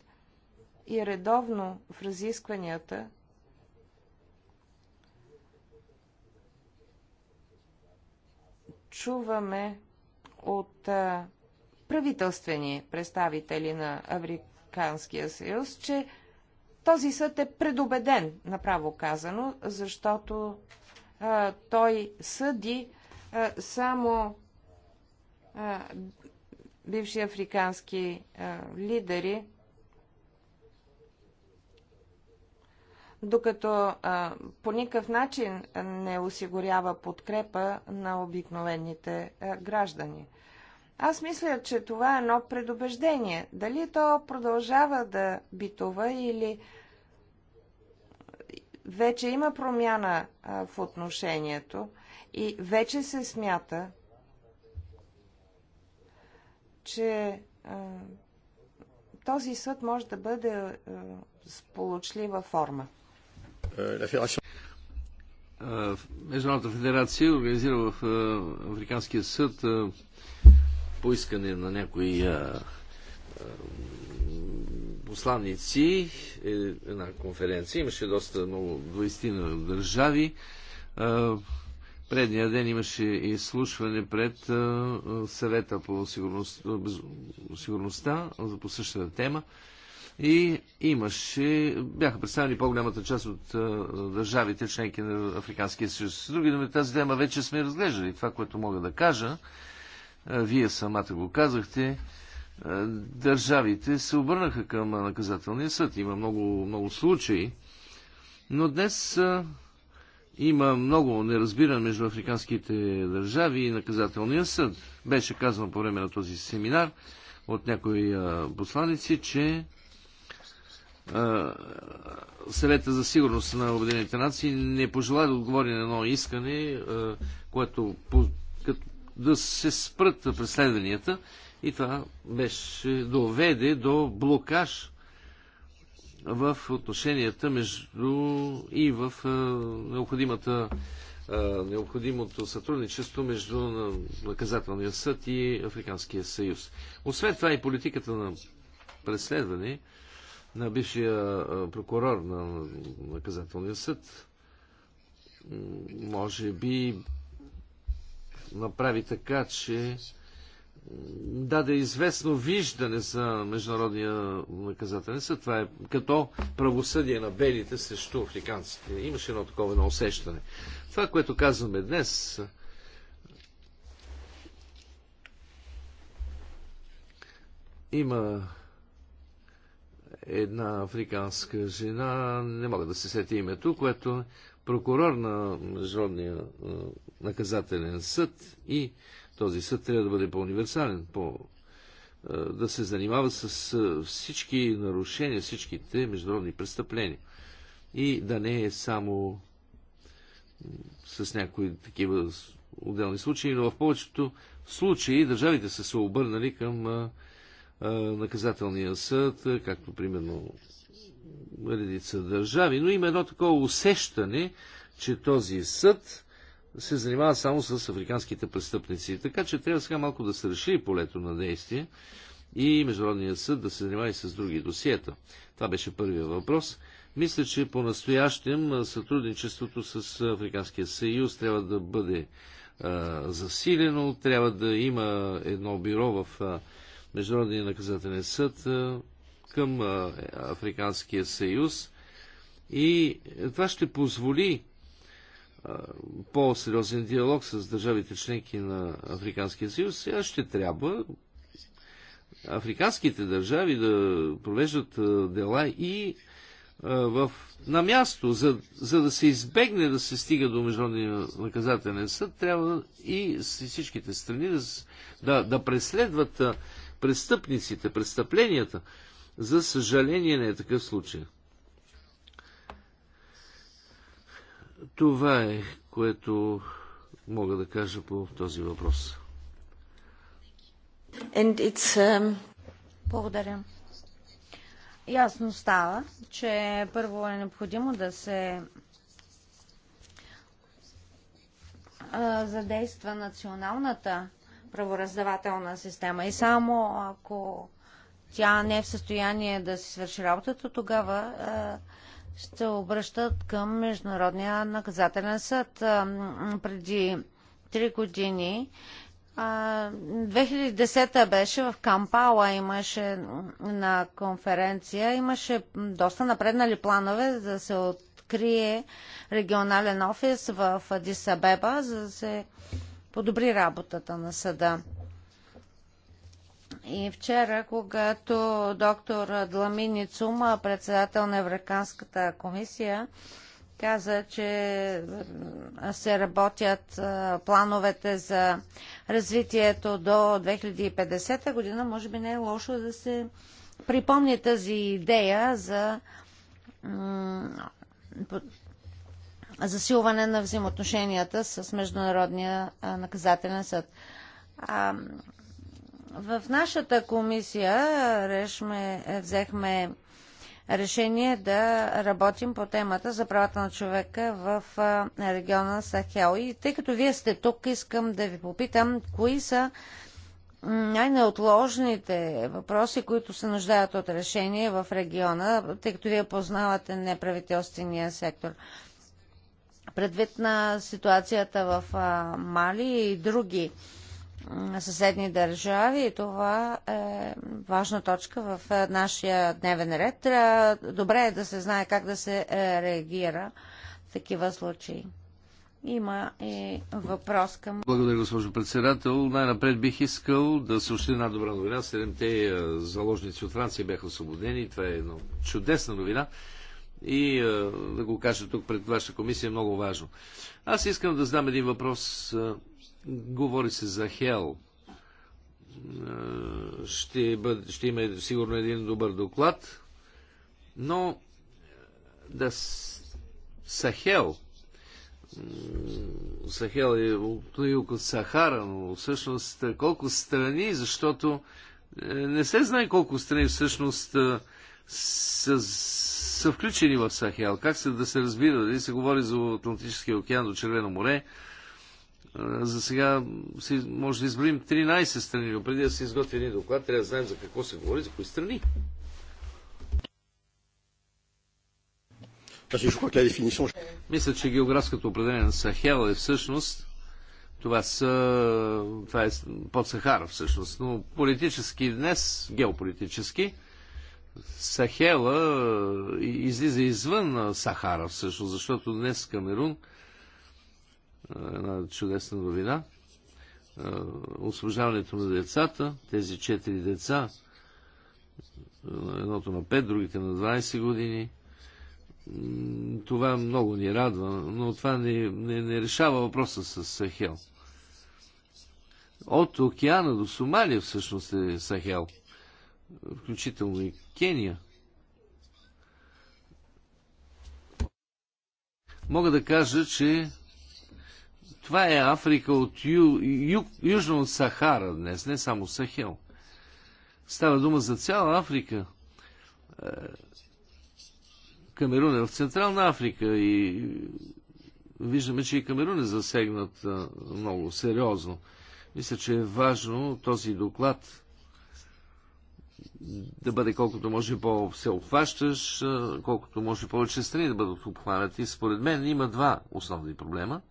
и редовно в разискванията чуваме от а, правителствени представители на Африканския съюз, че този съд е предубеден, направо казано, защото а, той съди а, само бивши африкански лидери докато а, по никакъв начин не осигурява подкрепа на обикновените а, граждани. Аз мисля, че това е едно предубеждение. Дали то продължава да битува или вече има промяна а, в отношението и вече се смята, че а, този съд може да бъде а, сполучлива форма. Е, Международната федерация организира в Африканския съд поискане на някои посланници е, една конференция. Имаше доста много 20 на държави. Предния ден имаше изслушване пред съвета по сигурност, сигурността по същата тема и имаше, бяха представени по-голямата част от държавите, членки на Африканския съюз. С други думи, тази тема вече сме разглеждали. Това, което мога да кажа, вие самата го казахте, държавите се обърнаха към наказателния съд. Има много, много случаи, но днес има много неразбиране между африканските държави и наказателния съд. Беше казано по време на този семинар от някои посланици, че съвета за сигурност на Обединените нации не пожела да отговори на едно искане, което да се спрат преследванията и това беше доведе до блокаж в отношенията между и в необходимата необходимото сътрудничество между наказателния съд и Африканския съюз. Освен това и политиката на преследване на бившия прокурор на наказателния съд, може би направи така, че даде известно виждане за Международния наказателен съд. Това е като правосъдие на белите срещу африканците. Имаше едно такова на усещане. Това, което казваме днес, има една африканска жена, не мога да се сети името, което е прокурор на Международния наказателен съд и този съд трябва да бъде по-универсален, по, да се занимава с всички нарушения, всичките международни престъпления. И да не е само с някои такива отделни случаи, но в повечето случаи държавите са се обърнали към наказателния съд, както примерно редица държави, но има едно такова усещане, че този съд се занимава само с африканските престъпници. Така че трябва сега малко да се реши полето на действие и Международният съд да се занимава и с други досиета. Това беше първият въпрос. Мисля, че по-настоящем сътрудничеството с Африканския съюз трябва да бъде а, засилено, трябва да има едно бюро в а, Международния наказателен съд към Африканския съюз. И е, това ще позволи по-сериозен диалог с държавите членки на Африканския съюз. Сега ще трябва африканските държави да провеждат дела и в, на място, за, за да се избегне да се стига до Международния наказателен съд, трябва и всичките страни да, да, да преследват престъпниците, престъпленията. За съжаление не е такъв случай. Това е, което мога да кажа по този въпрос. And it's, um... Благодаря. Ясно става, че първо е необходимо да се задейства националната правораздавателна система. И само ако тя не е в състояние да си свърши работата, тогава е, ще обръщат към Международния наказателен съд. Е, преди три години 2010 е, беше в Кампала, имаше на конференция, имаше доста напреднали планове за да се открие регионален офис в Адисабеба, за да се подобри работата на съда. И вчера, когато доктор Дламини Цума, председател на Евриканската комисия, каза, че се работят плановете за развитието до 2050 година, може би не е лошо да се припомни тази идея за засилване на взаимоотношенията с Международния наказателен съд. в нашата комисия решме, е, взехме решение да работим по темата за правата на човека в региона Сахел. И тъй като вие сте тук, искам да ви попитам, кои са най-неотложните въпроси, които се нуждаят от решение в региона, тъй като вие познавате неправителствения сектор. Предвид на ситуацията в Мали и други съседни държави, това е важна точка в нашия дневен ред. Добре е да се знае как да се е, реагира в такива случаи. Има и въпрос към... Благодаря, госпожо председател. Най-напред бих искал да съобщи една добра новина. Седемте заложници от Франция бяха освободени. Това е една чудесна новина и е, да го кажа тук пред вашата комисия е много важно. Аз искам да задам един въпрос. Е, говори се за Хел. Е, ще, бъде, ще има сигурно един добър доклад, но да Сахел. Сахел е от юг от Сахара, но всъщност колко страни, защото не се знае колко страни всъщност са, са включени в Сахел. Как се да се разбира? Дали се говори за Атлантическия океан до Червено море? За сега си, може да изброим 13 страни, но преди да се изготви един доклад, трябва да знаем за какво се говори, за кои страни. Значи, Мисля, че географското определение на Сахел е всъщност това, са, това е под Сахара всъщност, но политически днес, геополитически, Сахела е, излиза извън Сахара всъщност, защото днес Камерун е, една чудесна новина е, освобождаването на децата, тези четири деца, едното на 5, другите на 20 години, това много ни радва, но това не, не, не решава въпроса с Сахел. От океана до Сомалия всъщност е Сахел, включително и Кения. Мога да кажа, че това е Африка от ю, ю, южно от Сахара днес, не само Сахел. Става дума за цяла Африка. Е, Камерун е в Централна Африка и виждаме, че и Камерун е засегнат е, много сериозно. Мисля, че е важно този доклад да бъде колкото може по-всеобхващащ, колкото може повече страни да бъдат обхванати. Според мен има два основни проблема.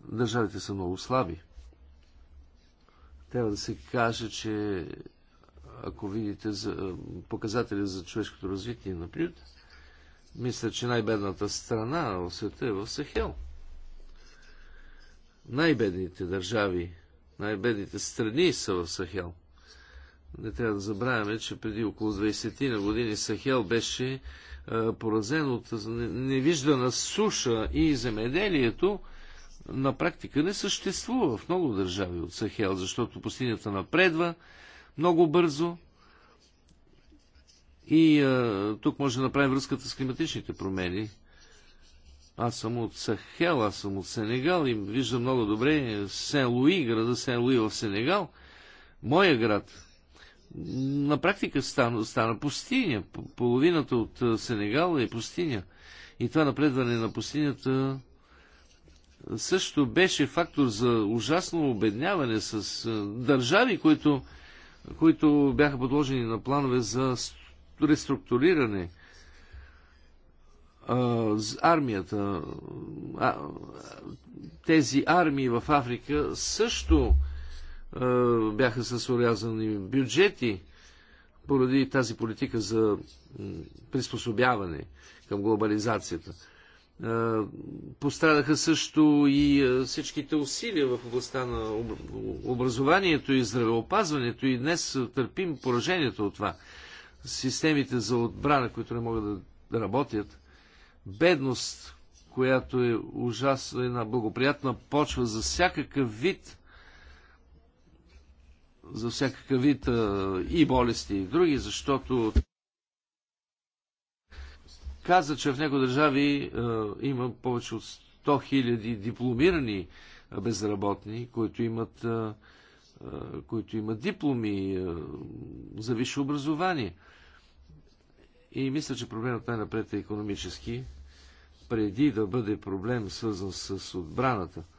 Държавите са много слаби. Трябва да се каже, че ако видите за, показатели за човешкото развитие, например, мисля, че най-бедната страна в света е в Сахел. Най-бедните държави, най-бедните страни са в Сахел – не трябва да забравяме, че преди около 20 на години Сахел беше е, поразен от невиждана суша и земеделието на практика не съществува в много държави от Сахел, защото пустинята напредва много бързо. И а, е, тук може да направим връзката с климатичните промени. Аз съм от Сахел, аз съм от Сенегал и виждам много добре Сен-Луи, града Сен-Луи в Сенегал. Моя град, на практика стана, стана пустиня. Половината от Сенегал е пустиня. И това напредване на пустинята също беше фактор за ужасно обедняване с държави, които, които бяха подложени на планове за реструктуриране. Армията, тези армии в Африка също е, бяха с урязани бюджети поради тази политика за приспособяване към глобализацията. Е, пострадаха също и е, всичките усилия в областта на образованието и здравеопазването и днес търпим поражението от това. Системите за отбрана, които не могат да работят, бедност, която е ужасна една благоприятна почва за всякакъв вид за всякакъв вид и болести и други, защото каза, че в някои държави има повече от 100 000 дипломирани безработни, които имат, които имат дипломи за висше образование. И мисля, че проблемът най-напред е економически, преди да бъде проблем свързан с отбраната –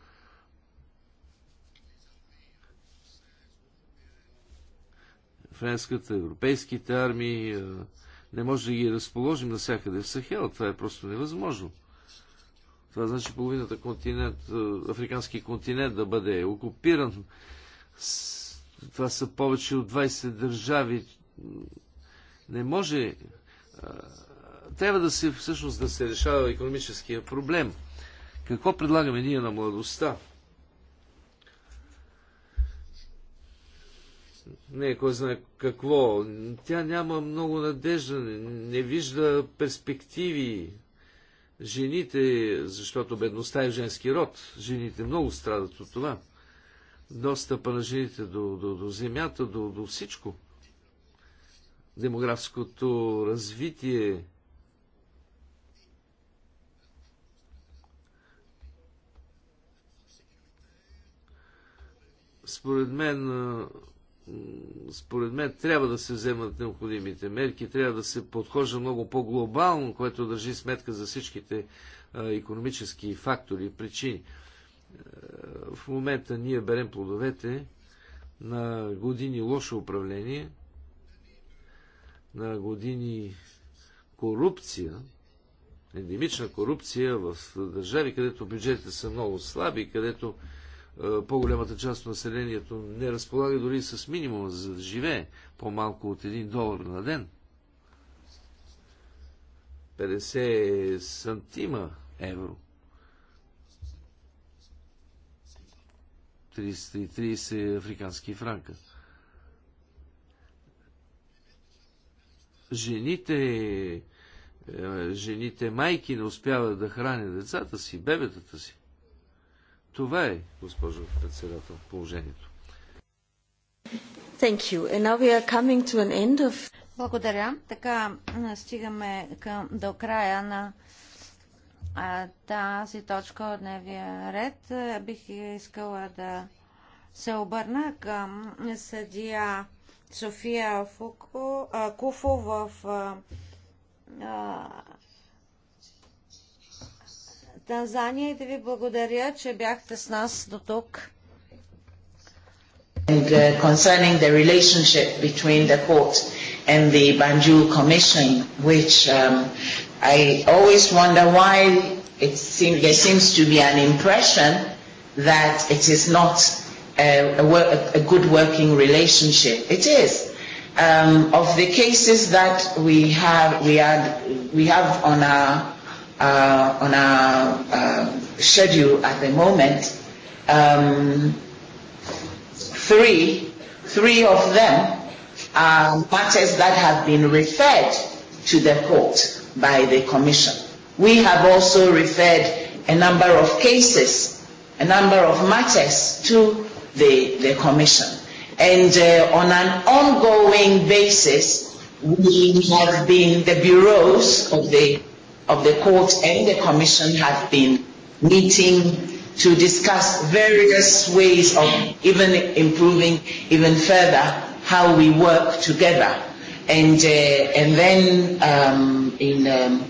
френската, европейските армии. Не може да ги разположим навсякъде в Сахел. Това е просто невъзможно. Това значи половината континент, африкански континент да бъде окупиран. Това са повече от 20 държави. Не може. Трябва да се, всъщност да се решава економическия проблем. Какво предлагаме ние на младостта? не е кой знае какво. Тя няма много надежда, не вижда перспективи. Жените, защото бедността е женски род, жените много страдат от това. Достъпа на жените до, до, до земята, до, до всичко. Демографското развитие. Според мен според мен трябва да се вземат необходимите мерки, трябва да се подхожда много по-глобално, което държи сметка за всичките економически фактори и причини. Е, в момента ние берем плодовете на години лошо управление, на години корупция, ендемична корупция в държави, където бюджетите са много слаби, където е, по-голямата част от населението не разполага дори с минимум, за да живее по-малко от 1 долар на ден. 50 сантима евро. 330 африкански франка. Жените, е, жените майки не успяват да хранят децата си, бебетата си. Това е, госпожо председател, положението. Thank you. And now we are coming to an end of... Благодаря. Така стигаме към, до края на а, тази точка от дневния ред. Бих искала да се обърна към съдия София Фуко, а, Куфо в а, Танзания и да ви благодаря, че бяхте с нас до тук. And, uh, concerning the relationship between the court and the Banjul Commission, which um, I always wonder why it seems, there seems to be an impression that it is not a, a, a good working relationship. It is. Um, of the cases that we have, we, had, we have on our uh, on our uh, schedule at the moment. Um, three, three of them are matters that have been referred to the court by the commission. We have also referred a number of cases, a number of matters to the, the commission. And uh, on an ongoing basis, we have been, the bureaus of the of the court and the commission have been meeting to discuss various ways of even improving even further how we work together. And, uh, and then um, in, um,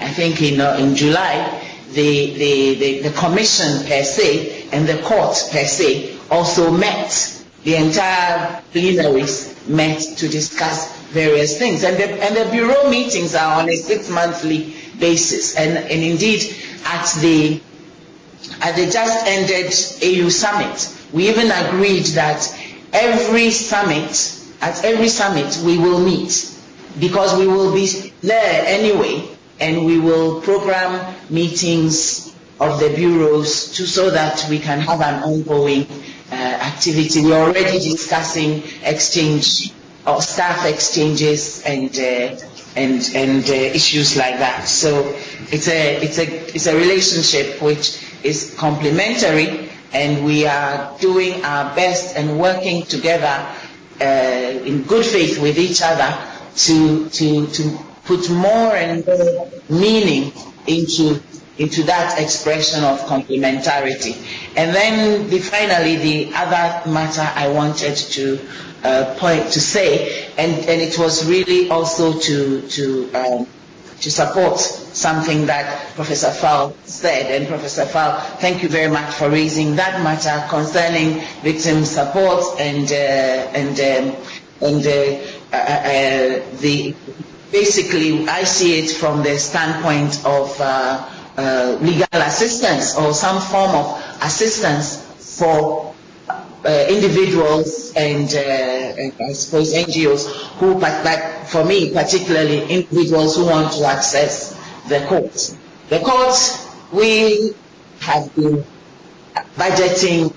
I think in, uh, in July, the, the, the, the commission per se and the court per se also met The entire plenaries met to discuss various things. And the, and the bureau meetings are on a six-monthly basis. And, and indeed, at the at the just ended AU summit, we even agreed that every summit, at every summit, we will meet because we will be there anyway, and we will program meetings of the bureaus to, so that we can have an ongoing activity. We're already discussing exchange or staff exchanges and uh, and and uh, issues like that. So it's a it's a it's a relationship which is complementary, and we are doing our best and working together uh, in good faith with each other to to to put more and more meaning into into that expression of complementarity. And then the, finally, the other matter I wanted to uh, point to say, and, and it was really also to, to, um, to support something that Professor Fowl said. And Professor Fowl, thank you very much for raising that matter concerning victim support and, uh, and, um, and uh, uh, uh, the basically I see it from the standpoint of uh, uh, legal assistance or some form of assistance for uh, individuals and, uh, and I suppose NGOs who, but like for me particularly, individuals who want to access the courts. The courts, we have been budgeting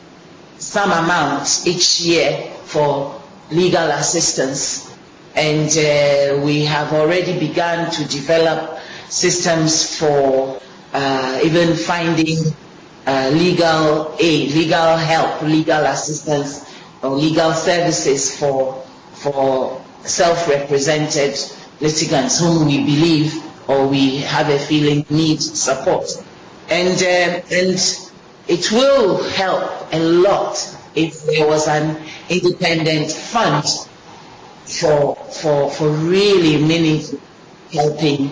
some amount each year for legal assistance and uh, we have already begun to develop systems for uh, even finding uh, legal aid, legal help, legal assistance, or legal services for for self-represented litigants whom we believe or we have a feeling need support. And, uh, and it will help a lot if there was an independent fund for, for, for really meaningful helping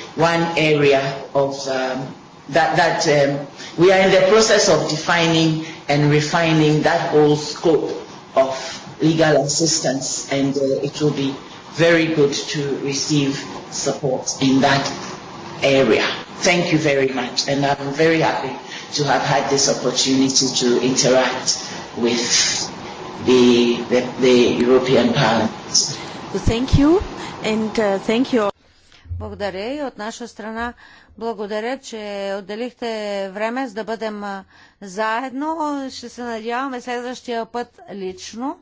one area of um, that, that um, we are in the process of defining and refining that whole scope of legal assistance and uh, it will be very good to receive support in that area. Thank you very much and I'm very happy to have had this opportunity to interact with the, the, the European Parliament. Well, thank you and uh, thank you. all благодаря и от наша страна благодаря, че отделихте време за да бъдем заедно. Ще се надяваме следващия път лично,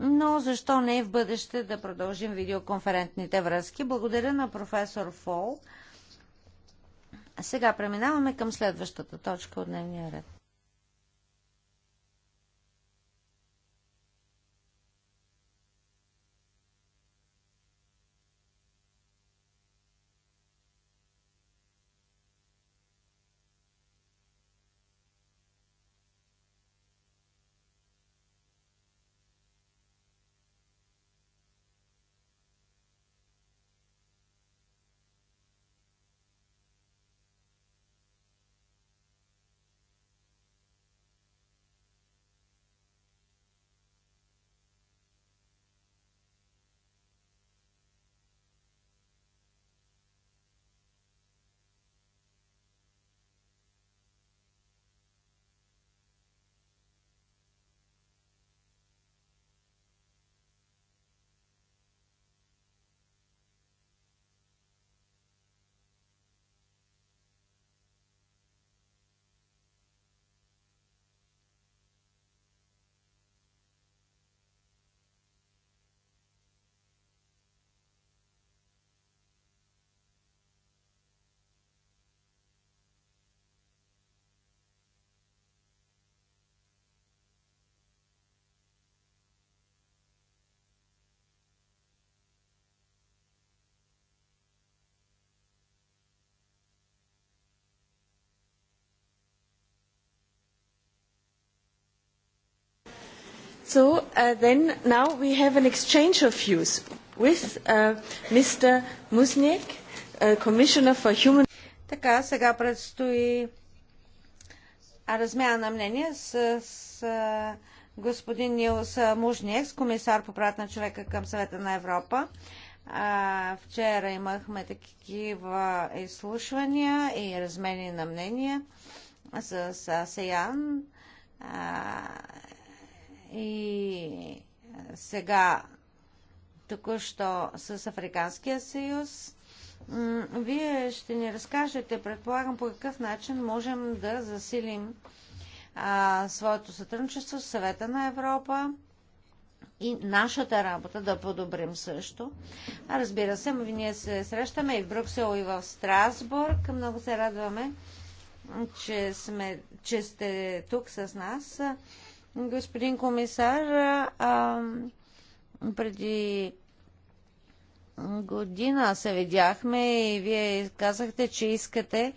но защо не и в бъдеще да продължим видеоконферентните връзки. Благодаря на професор Фол. Сега преминаваме към следващата точка от дневния ред. So uh, then now we have an exchange of views with uh, Mr. Musnik, uh, Commissioner for Human. Така, сега предстои размяна на мнение с, с господин Нилс Мужниекс, комисар по правата на човека към съвета на Европа. А, вчера имахме такива изслушвания и размени на мнения с АСЕАН и е, сега, току-що с Африканския съюз, вие ще ни разкажете, предполагам, по какъв начин можем да засилим а, своето сътрудничество с съвета на Европа и нашата работа да подобрим също. А разбира се, ние се срещаме и в Брюксел, и в Страсбург. Много се радваме, че, сме, че сте тук с нас. Господин комисар, а, преди година се видяхме и вие казахте, че искате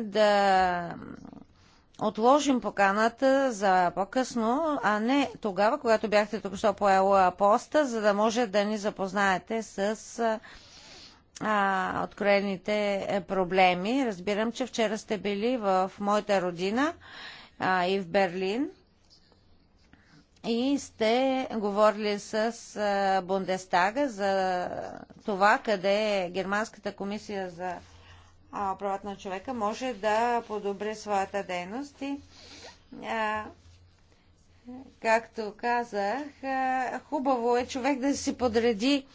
да отложим поканата за по-късно, а не тогава, когато бяхте току-що поела поста, за да може да ни запознаете с а, откроените проблеми. Разбирам, че вчера сте били в моята родина а, и в Берлин и сте говорили с Бундестага за това къде е Германската комисия за правата на човека може да подобри своята дейност и както казах, хубаво е човек да си подреди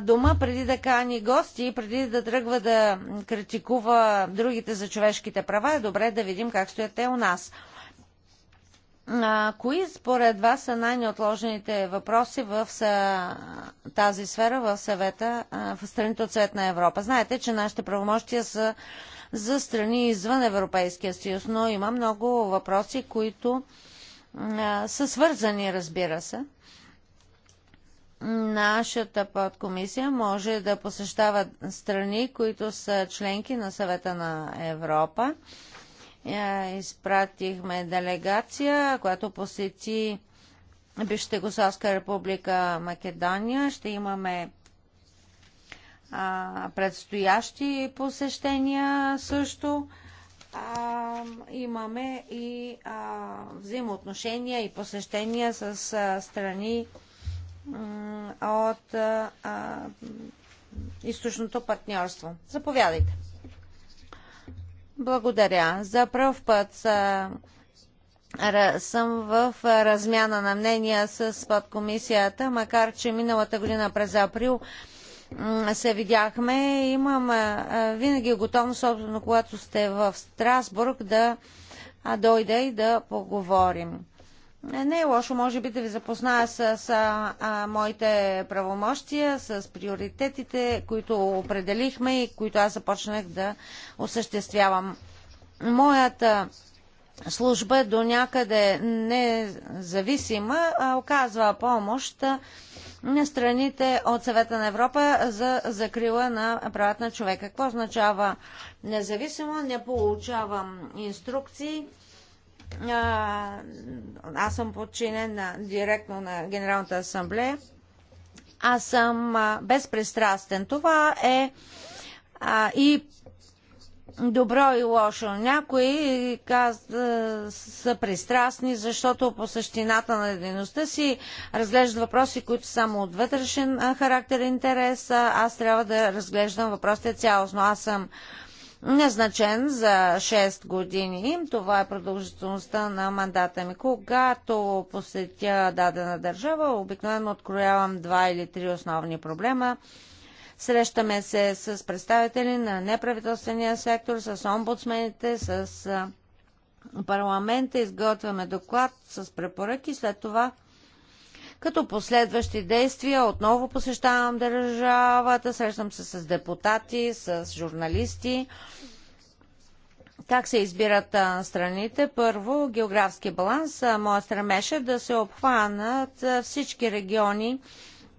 дома преди да кани гости и преди да тръгва да критикува другите за човешките права. Е добре да видим как стоят те у нас. А, кои според вас са най-неотложените въпроси в са, тази сфера в съвета, а, в страните от Съвет на Европа? Знаете, че нашите правомощия са за страни извън Европейския съюз, но има много въпроси, които а, са свързани, разбира се. Нашата подкомисия може да посещава страни, които са членки на съвета на Европа. Е, изпратихме делегация, която посети бившата република Македония. Ще имаме а, предстоящи посещения също. А, имаме и а, взаимоотношения и посещения с а, страни от а, източното партньорство. Заповядайте. Благодаря. За първ път съм в размяна на мнения с подкомисията, макар че миналата година през април се видяхме. Имам винаги готовност, особено когато сте в Страсбург, да дойда и да поговорим. Не е лошо, може би, да ви запозная с, с а, моите правомощия, с приоритетите, които определихме и които аз започнах да осъществявам. Моята служба до някъде независима а, оказва помощ на страните от Съвета на Европа за закрила на правата на човека. Какво означава независимо? Не получавам инструкции аз съм подчинен директно на Генералната асамблея. Аз съм безпристрастен. Това е а, и добро и лошо. Някои каз, а, са пристрастни, защото по същината на дейността си разглеждат въпроси, които само от вътрешен характер интерес. Аз трябва да разглеждам въпросите цялостно. Аз съм а, назначен за 6 години. Това е продължителността на мандата ми. Когато посетя дадена държава, обикновено откроявам два или три основни проблема. Срещаме се с представители на неправителствения сектор, с омбудсмените, с парламента, изготвяме доклад с препоръки, след това като последващи действия отново посещавам държавата, срещам се с депутати, с журналисти. Как се избират страните? Първо, географски баланс. Моя стремеж е да се обхванат всички региони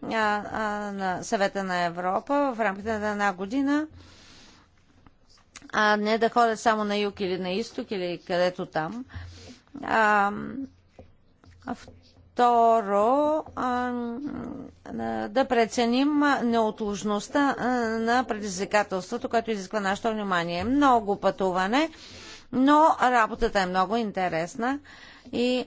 на Съвета на Европа в рамките на една година, а не да ходя само на юг или на изток или където там. Второ, да преценим неотложността на предизвикателството, което изисква нашето внимание. Много пътуване, но работата е много интересна и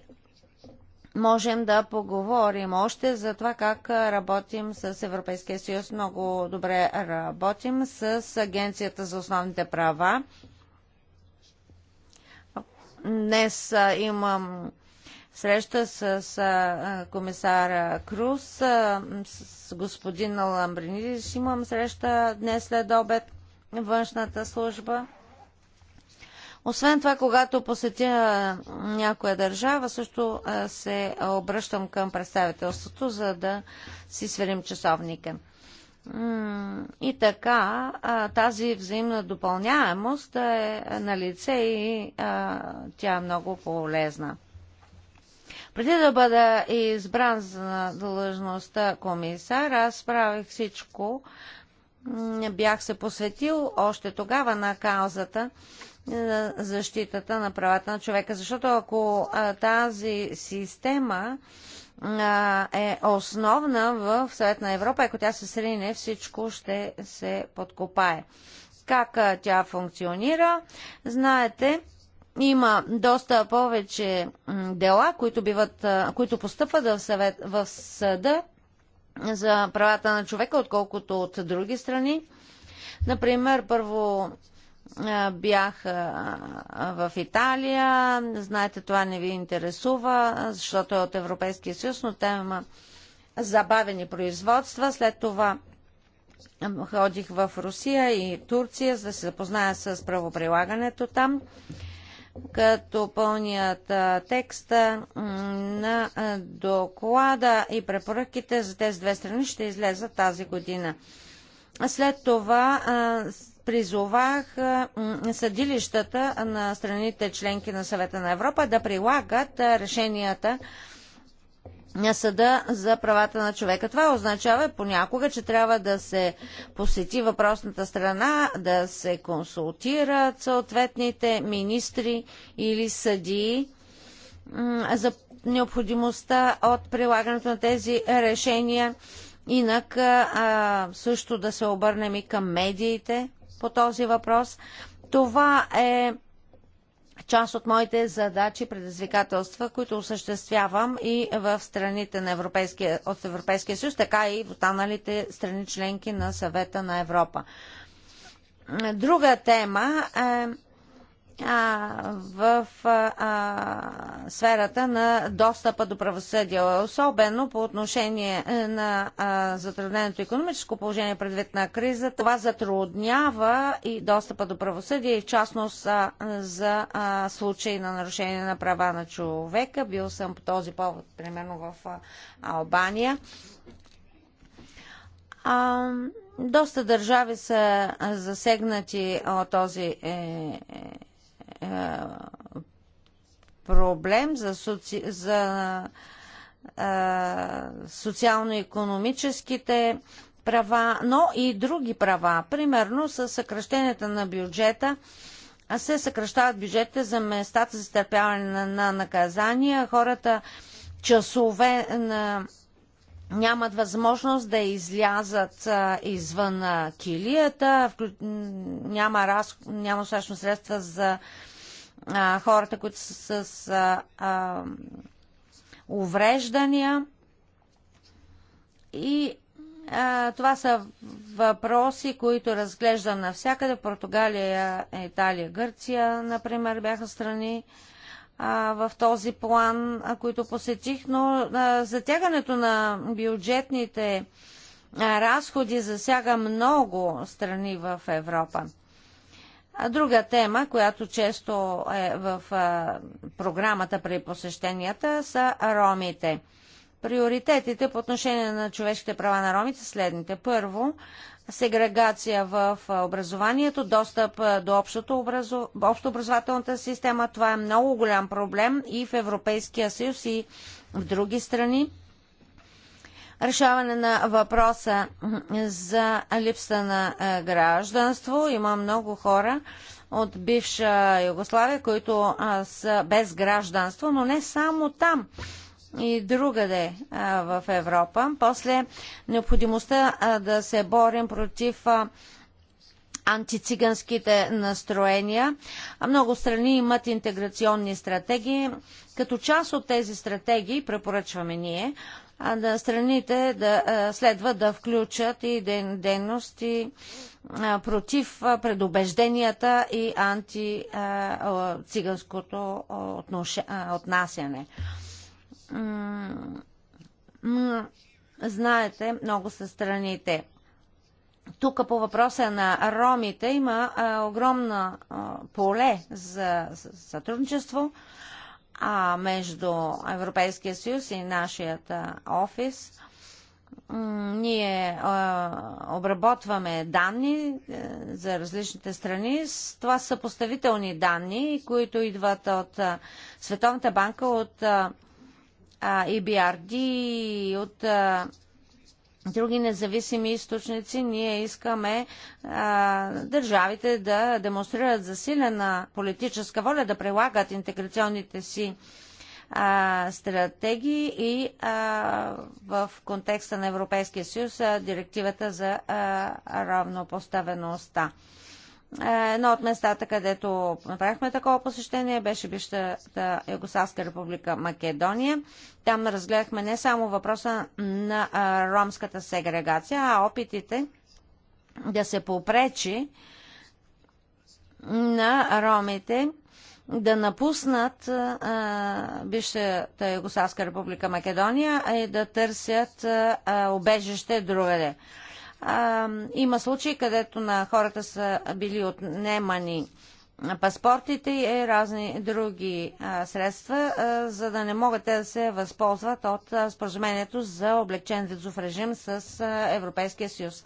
можем да поговорим още за това как работим с Европейския съюз. Много добре работим с Агенцията за основните права. Днес имам среща с комисара Круз, с господин Ламбринидис. Имам среща днес след обед външната служба. Освен това, когато посетя някоя държава, също се обръщам към представителството, за да си сверим часовника. И така, тази взаимна допълняемост е на лице и тя е много полезна. Преди да бъда избран за длъжността комисар, аз правих всичко. Бях се посветил още тогава на каузата на защитата на правата на човека. Защото ако тази система е основна в Съвет на Европа, ако тя се срине, всичко ще се подкопае. Как тя функционира? Знаете, има доста повече дела, които, биват, които постъпват в, съвет, в съда за правата на човека, отколкото от други страни. Например, първо бях в Италия. Знаете, това не ви интересува, защото е от Европейския съюз, но там има забавени производства. След това ходих в Русия и Турция, за да се запозная с правоприлагането там като пълният текст на доклада и препоръките за тези две страни ще излезат тази година. След това призовах съдилищата на страните членки на съвета на Европа да прилагат решенията на съда за правата на човека. Това означава понякога, че трябва да се посети въпросната страна, да се консултират съответните министри или съдии за необходимостта от прилагането на тези решения. Инак а, също да се обърнем и към медиите по този въпрос. Това е част от моите задачи, предизвикателства, които осъществявам и в страните на Европейския, от Европейския съюз, така и в останалите страни членки на съвета на Европа. Друга тема е а в сферата на достъпа до правосъдие, особено по отношение е, на затрудненото економическо положение предвид на криза. Това затруднява и достъпа до правосъдие и в частност за случаи на нарушение на права на човека. Бил съм по този повод, примерно в Албания. А, доста държави са засегнати от този е, е, е, проблем за, соци... за е, социално-економическите права, но и други права. Примерно с съкръщенията на бюджета се съкръщават бюджетите за местата за изтърпяване на, на наказания. Хората часове на нямат възможност да излязат а, извън а, килията, вклю... няма, раз... няма средства за а, хората, които са с а, а, увреждания. И а, това са въпроси, които разглежда навсякъде. Португалия, Италия, Гърция, например, бяха страни в този план, който които посетих, но затягането на бюджетните разходи засяга много страни в Европа. Друга тема, която често е в програмата при посещенията, са ромите. Приоритетите по отношение на човешките права на ромите са следните. Първо, сегрегация в образованието, достъп до общото образу... общообразователната система. Това е много голям проблем и в Европейския съюз, и в други страни решаване на въпроса за липса на е, гражданство. Има много хора от бивша Югославия, които са без гражданство, но не само там и другаде в Европа. После необходимостта да се борим против антициганските настроения. Много страни имат интеграционни стратегии. Като част от тези стратегии, препоръчваме ние, страните да, следва да включат и дейности против предубежденията и антициганското отнасяне. Знаете, много са страните. Тук по въпроса на ромите има огромно поле за сътрудничество а, между Европейския съюз и нашият офис. Ние а, обработваме данни а, е, за различните страни. Това са поставителни данни, които идват от а, Световната банка, от а, EBRD, от други независими източници, ние искаме а, държавите да демонстрират засилена политическа воля да прилагат интеграционните си а, стратегии и а, в контекста на Европейския съюз а, директивата за а, равнопоставеността. Едно от местата, където направихме такова посещение, беше бившата Югославска република Македония. Там разгледахме не само въпроса на ромската сегрегация, а опитите да се попречи на ромите да напуснат а, бившата Югославска република Македония и да търсят убежище другаде. А, има случаи, където на хората са били отнемани паспортите и разни други а, средства, а, за да не могат те да се възползват от споразумението за облегчен визов режим с а, Европейския съюз.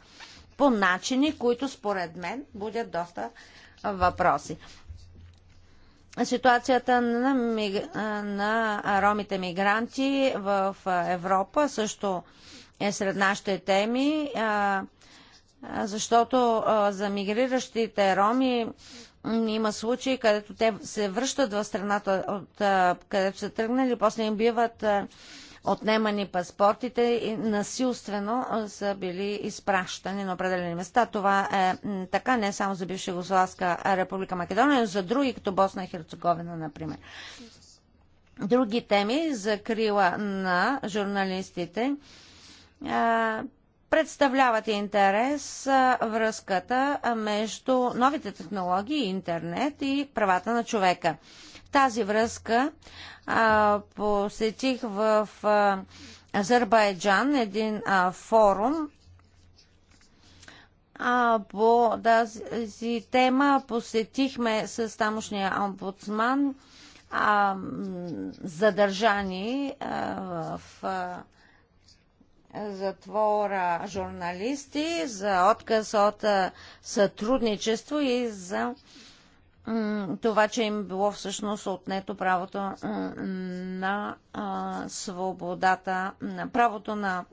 По начини, които според мен будят доста въпроси. Ситуацията на, миг... на ромите мигранти в Европа също е сред нашите теми, защото за мигриращите роми има случаи, където те се връщат в страната, от където са тръгнали, после им биват отнемани паспортите и насилствено са били изпращани на определени места. Това е така не само за бивша Югославска република Македония, но за други, като Босна и Херцеговина, например. Други теми за крила на журналистите представляват интерес връзката между новите технологии, интернет и правата на човека. тази връзка посетих в Азербайджан един форум по тази тема. Посетихме с тамошния омбудсман задържани в затвора журналисти, за отказ от сътрудничество и за това, че им било всъщност отнето правото на свободата, на правото на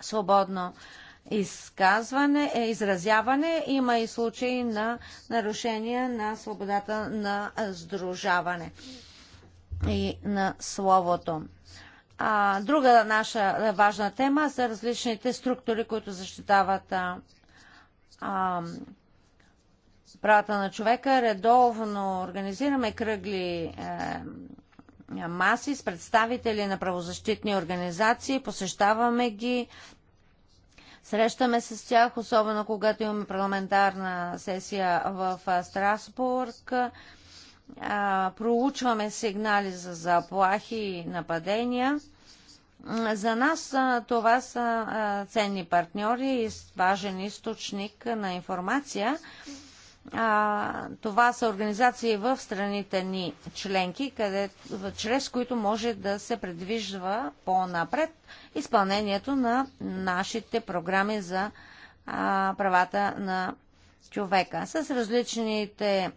свободно изказване, е, изразяване. Има и случаи на нарушение на свободата на сдружаване и на словото. А, друга наша важна тема са различните структури, които защитават а, а, правата на човека. Редовно организираме кръгли е, маси с представители на правозащитни организации, посещаваме ги, срещаме се с тях, особено когато имаме парламентарна сесия в Страсбург. проучваме сигнали за заплахи и нападения за нас това са ценни партньори и важен източник на информация. Това са организации в страните ни членки, къде, чрез които може да се предвижда по-напред изпълнението на нашите програми за правата на човека. С различните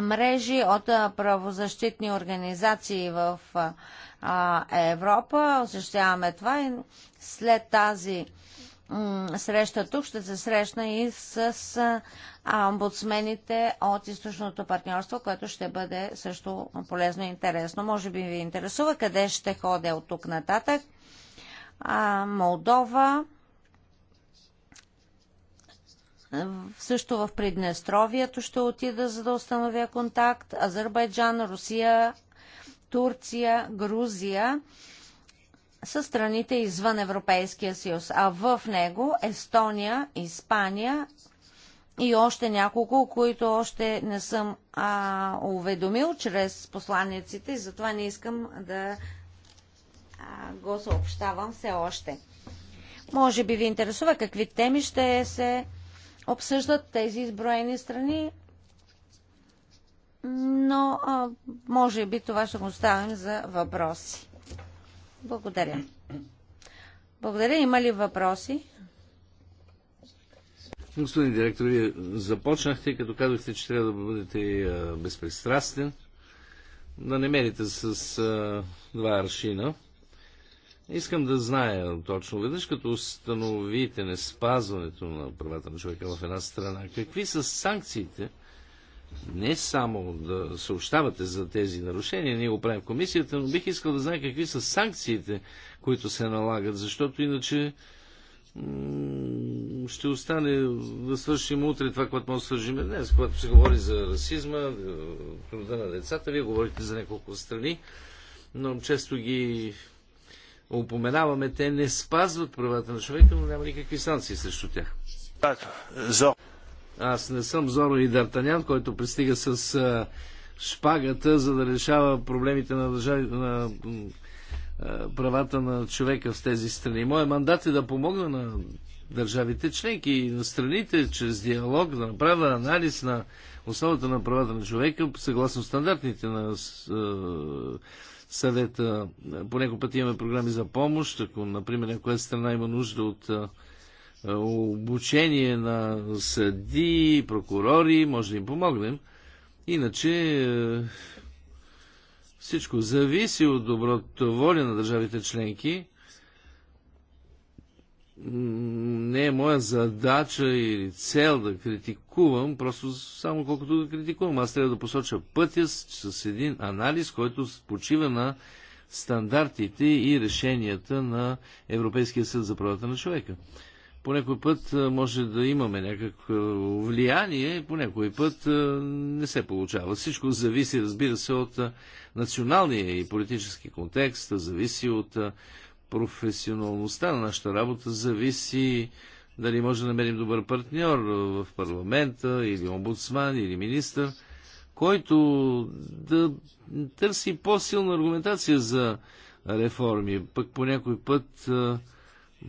мрежи от правозащитни организации в а, Европа. Осъществяваме това и след тази среща тук ще се срещна и с а, омбудсмените от източното партньорство, което ще бъде също полезно и интересно. Може би ви интересува къде ще ходя от тук нататък. А, Молдова, също в Приднестровието ще отида, за да установя контакт. Азербайджан, Русия, Турция, Грузия са страните извън Европейския съюз, а в него Естония, Испания и още няколко, които още не съм а, уведомил чрез посланиците и затова не искам да а, го съобщавам все още. Може би ви интересува какви теми ще се обсъждат тези изброени страни но а, може би това ще го оставим за въпроси. Благодаря. Благодаря. Има ли въпроси? Господин директор, вие започнахте, като казахте, че трябва да бъдете безпристрастен, да не мерите с а, два аршина. Искам да зная точно, веднъж като установите неспазването на правата на човека в една страна, какви са санкциите – не само да съобщавате за тези нарушения, ние го правим в комисията, но бих искал да знае какви са санкциите, които се налагат, защото иначе ще остане да свършим утре това, което може да свържим днес, когато се говори за расизма, труда на децата, вие говорите за няколко страни, но често ги упоменаваме, те не спазват правата на човека, но няма никакви санкции срещу тях. Аз не съм Зоро и Дартанян, който пристига с а, шпагата, за да решава проблемите на, държави, на а, правата на човека в тези страни. Моят мандат е да помогна на държавите членки и на страните чрез диалог да направя анализ на основата на правата на човека съгласно стандартните на а, съвета. Понеко пъти имаме програми за помощ, ако, например, някоя страна има нужда от обучение на съди, прокурори, може да им помогнем. Иначе е, всичко зависи от доброто воля на държавите членки. Не е моя задача или цел да критикувам, просто само колкото да критикувам. Аз трябва да посоча пътя с, един анализ, който почива на стандартите и решенията на Европейския съд за правата на човека по някой път може да имаме някакво влияние, по някой път не се получава. Всичко зависи, разбира се, от националния и политически контекст, зависи от професионалността на нашата работа, зависи дали може да намерим добър партньор в парламента или омбудсман или министър, който да търси по-силна аргументация за реформи. Пък по някой път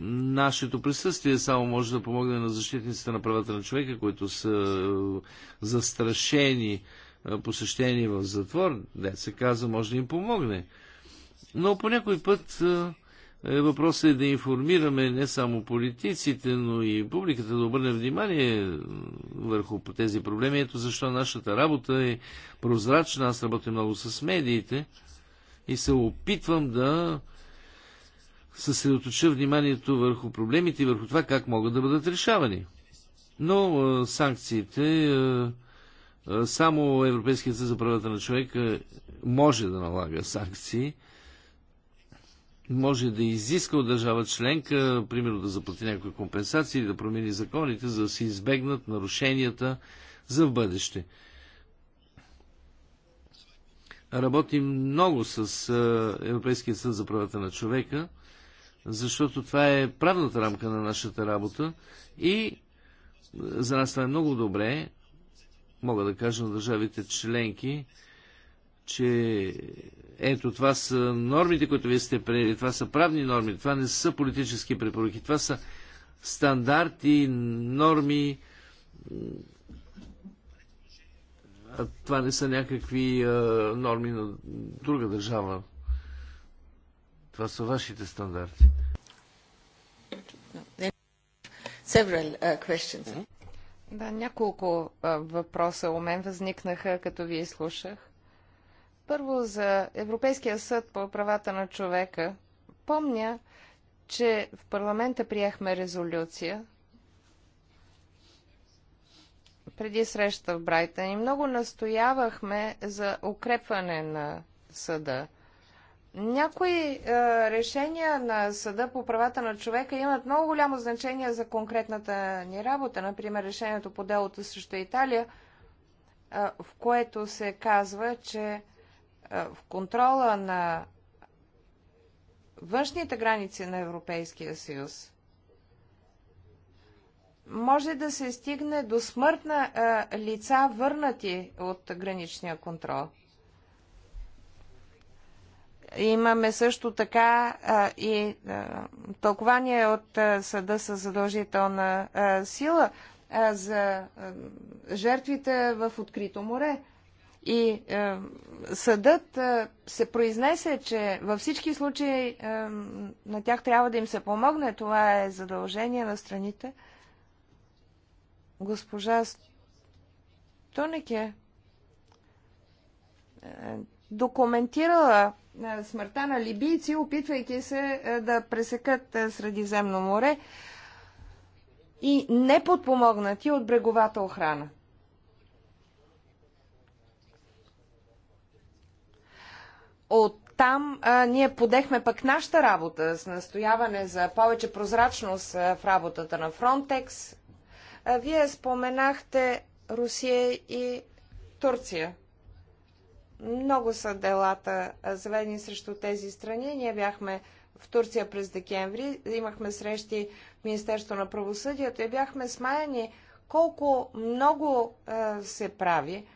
Нашето присъствие само може да помогне на защитниците на правата на човека, които са е, застрашени, е, посещени в затвор. Не се казва, може да им помогне. Но по някой път е, въпросът е да информираме не само политиците, но и публиката да обърне внимание върху тези проблеми. Ето защо нашата работа е прозрачна. Аз работя много с медиите и се опитвам да съсредоточа вниманието върху проблемите и върху това как могат да бъдат решавани. Но а, санкциите, а, а, само Европейският съд за правата на човека може да налага санкции, може да изиска от държава членка, примерно да заплати някакви компенсации или да промени законите, за да се избегнат нарушенията за в бъдеще. Работим много с Европейския съд за правата на човека – защото това е правната рамка на нашата работа и е, за нас това е много добре. Мога да кажа на държавите членки, че ето това са нормите, които вие сте приели, това са правни норми, това не са политически препоръки, това са стандарти, норми, това не са някакви е, норми на друга държава. Това са вашите стандарти. Uh, да, няколко въпроса у мен възникнаха, като ви слушах. Първо за Европейския съд по правата на човека. Помня, че в парламента приехме резолюция преди среща в Брайтън и много настоявахме за укрепване на съда. Някои е, решения на Съда по правата на човека имат много голямо значение за конкретната ни работа. Например, решението по делото срещу Италия, е, в което се казва, че е, в контрола на външните граници на Европейския съюз може да се стигне до смърт на е, лица, върнати от граничния контрол. Имаме също така а, и а, тълкование от а, съда с задължителна а, сила а, за а, жертвите в открито море. И а, съдът а, се произнесе, че във всички случаи а, на тях трябва да им се помогне. Това е задължение на страните. Госпожа е, е документирала е, смъртта на либийци, опитвайки се е, да пресекат е, Средиземно море и не подпомогнати от бреговата охрана. От там а, ние подехме пък нашата работа с настояване за повече прозрачност а, в работата на Фронтекс. А, вие споменахте Русия и Турция. Много са делата заведени срещу тези страни. Ние бяхме в Турция през декември, имахме срещи в Министерство на правосъдието и бяхме смаяни колко много се прави,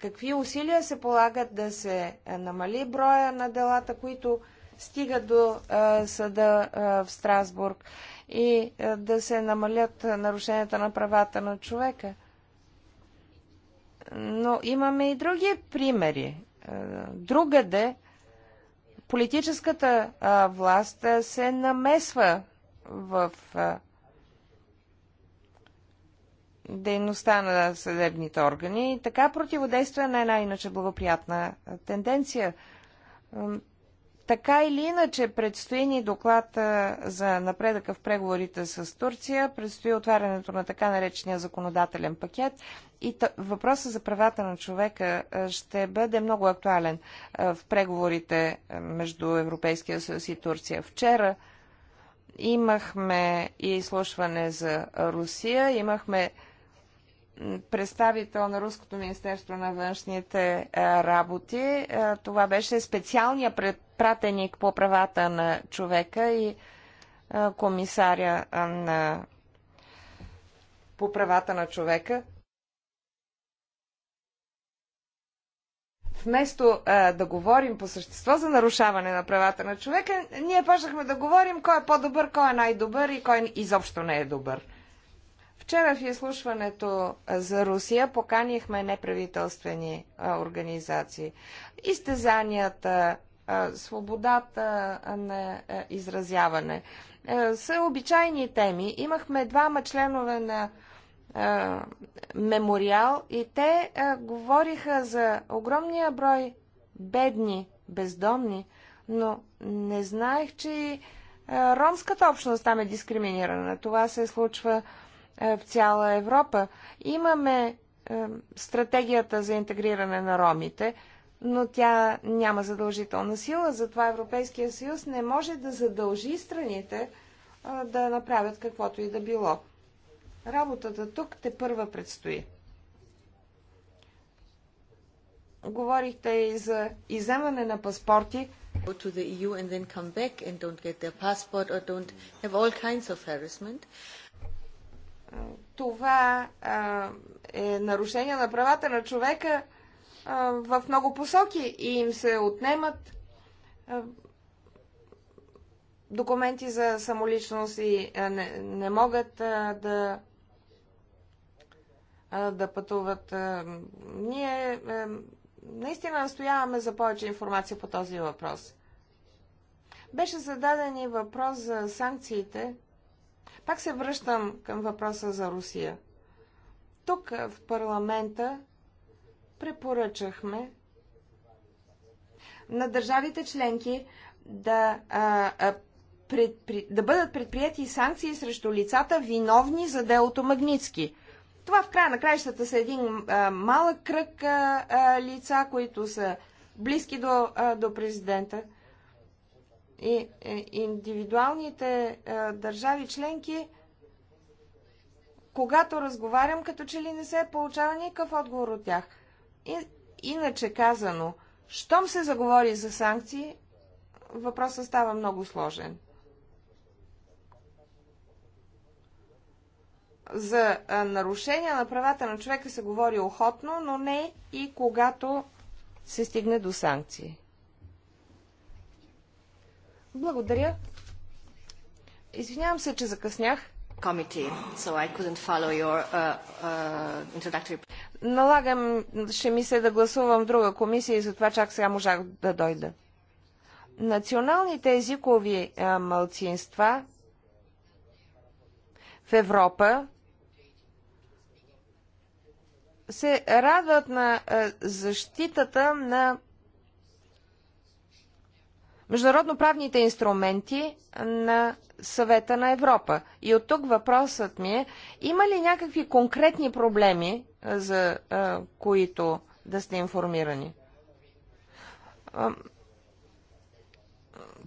какви усилия се полагат да се намали броя на делата, които стигат до съда в Страсбург и да се намалят нарушенията на правата на човека – но имаме и други примери. Е, другаде политическата власт се намесва в дейността на съдебните органи и така противодейства на една иначе благоприятна тенденция. Така или иначе, предстои ни доклад за напредъка в преговорите с Турция, предстои отварянето на така наречения законодателен пакет и въпросът за правата на човека ще бъде много актуален в преговорите между Европейския съюз и Турция. Вчера имахме и изслушване за Русия, имахме представител на Руското Министерство на външните работи. Това беше специалния предпратеник по правата на човека и комисаря на по правата на човека. Вместо а, да говорим по същество за нарушаване на правата на човека, ние почнахме да говорим кой е по-добър, кой е най-добър и кой изобщо не е добър. Вчера в изслушването за Русия поканихме неправителствени организации. Изтезанията, свободата на изразяване са обичайни теми. Имахме двама членове на мемориал и те говориха за огромния брой бедни, бездомни, но не знаех, че и ромската общност там е дискриминирана. Това се случва е, в цяла Европа. Имаме е, стратегията за интегриране на ромите, но тя няма задължителна сила, затова Европейския съюз не може да задължи страните е, да направят каквото и да било. Работата тук те първа предстои. Говорихте и за иземане на паспорти. Go to the EU and then come back and don't get their passport or don't have all kinds of harassment. Uh, това е нарушение на правата на човека в много посоки и им се отнемат документи за самоличност и не, не могат да да пътуват. Ние наистина настояваме за повече информация по този въпрос. Беше зададен и въпрос за санкциите пак се връщам към въпроса за Русия. Тук в парламента препоръчахме на държавите членки да, а, а, предпри... да бъдат предприяти санкции срещу лицата, виновни за делото Магницки. Това в края на краищата са един а, малък кръг а, а, лица, които са близки до, а, до президента. И е, индивидуалните е, държави членки, когато разговарям, като че ли не се получава никакъв отговор от тях. иначе казано, щом се заговори за санкции, въпросът става много сложен. За е, нарушения на правата на човека се говори охотно, но не и когато се стигне до санкции. Благодаря. Извинявам се, че закъснях. Committee, so I couldn't follow your uh, uh, introductory... Налагам, ще ми се да гласувам в друга комисия и затова чак сега можах да дойда. Националните езикови а, малцинства в Европа се радват на защитата на международноправните инструменти на съвета на Европа. И от тук въпросът ми е, има ли някакви конкретни проблеми, за а, които да сте информирани? А,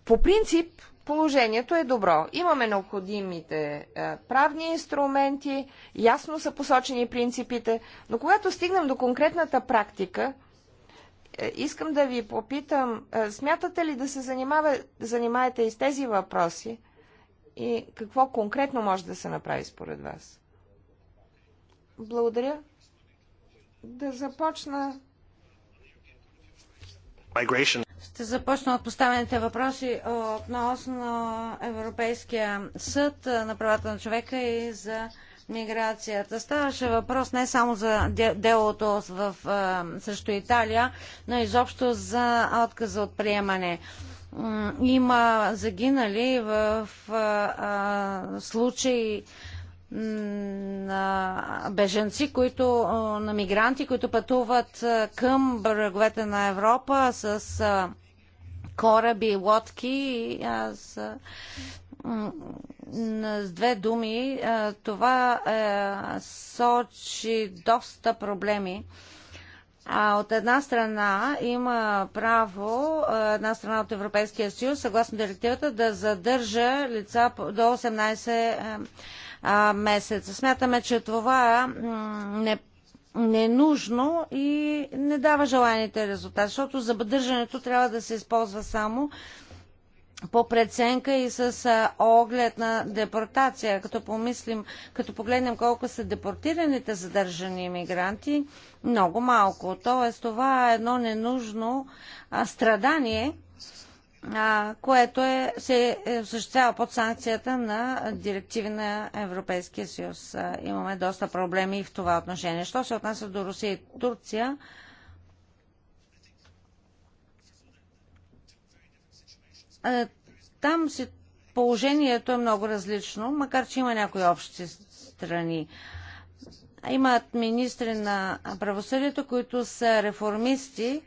по принцип, положението е добро. Имаме необходимите правни инструменти, ясно са посочени принципите, но когато стигнем до конкретната практика, е, искам да ви попитам, е, смятате ли да се занимава, занимаете и с тези въпроси и какво конкретно може да се направи според вас? Благодаря. Да започна. Migration. Ще започна от поставените въпроси относно Европейския съд е, на правата на човека и за миграцията. Ставаше въпрос не само за делото в, срещу Италия, но изобщо за отказа от приемане има загинали в а, случаи на беженци, които, на мигранти, които пътуват към бреговете на Европа с а, кораби, лодки и с а, с две думи, това е, сочи доста проблеми. А от една страна има право една страна от Европейския съюз, съгласно директивата, да задържа лица до 18 е, месеца. Смятаме, че това не ненужно е и не дава желаните резултати, защото задържането трябва да се използва само по преценка и с оглед на депортация. Като помислим, като погледнем колко са депортираните задържани иммигранти, много малко. Тоест това е едно ненужно а, страдание, а, което е, се е, осъществява под санкцията на директиви на Европейския съюз. А, имаме доста проблеми и в това отношение. Що се отнася до Русия и Турция, Там си положението е много различно, макар че има някои общи страни. Имат министри на правосъдието, които са реформисти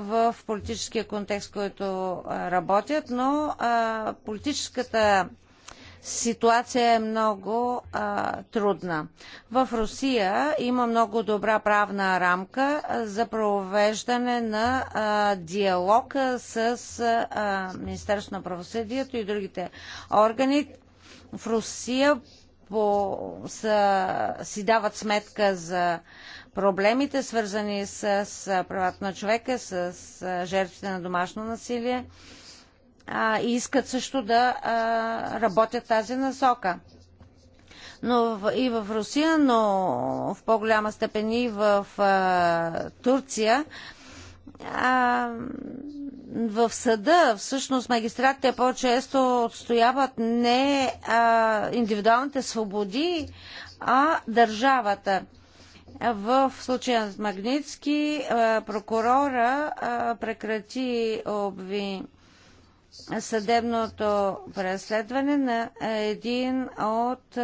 в политическия контекст, който работят, но политическата ситуация е много а, трудна. В Русия има много добра правна рамка за провеждане на а, диалог с а, Министерство на правосъдието и другите органи. В Русия по, са, си дават сметка за проблемите, свързани с правата на човека, с жертвите на домашно насилие а, и искат също да а, работят тази насока. Но и в Русия, но в по-голяма степен и в а, Турция, а, в съда всъщност магистратите по-често отстояват не а, индивидуалните свободи, а държавата. В случая с Магницки прокурора прекрати обвинението съдебното преследване на един от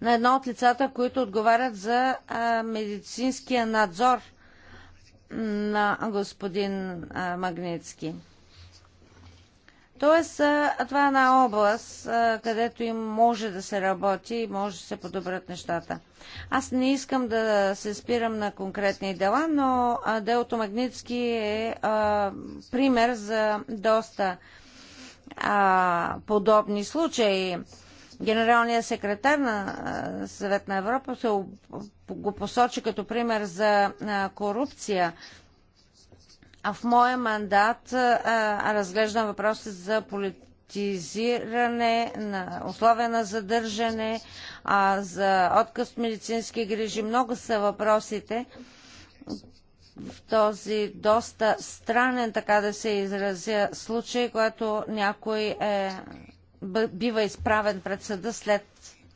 на едно от лицата, които отговарят за медицинския надзор на господин Магницки. Тоест, това е една област, където им може да се работи и може да се подобрят нещата. Аз не искам да се спирам на конкретни дела, но делото Магницки е пример за доста подобни случаи. Генералният секретар на Съвет на Европа се го посочи като пример за корупция. А в моя мандат а, разглеждам въпроси за политизиране, на условия на задържане, а, за отказ от медицински грижи. Много са въпросите в този доста странен, така да се изразя, случай, когато някой е, бива изправен пред съда след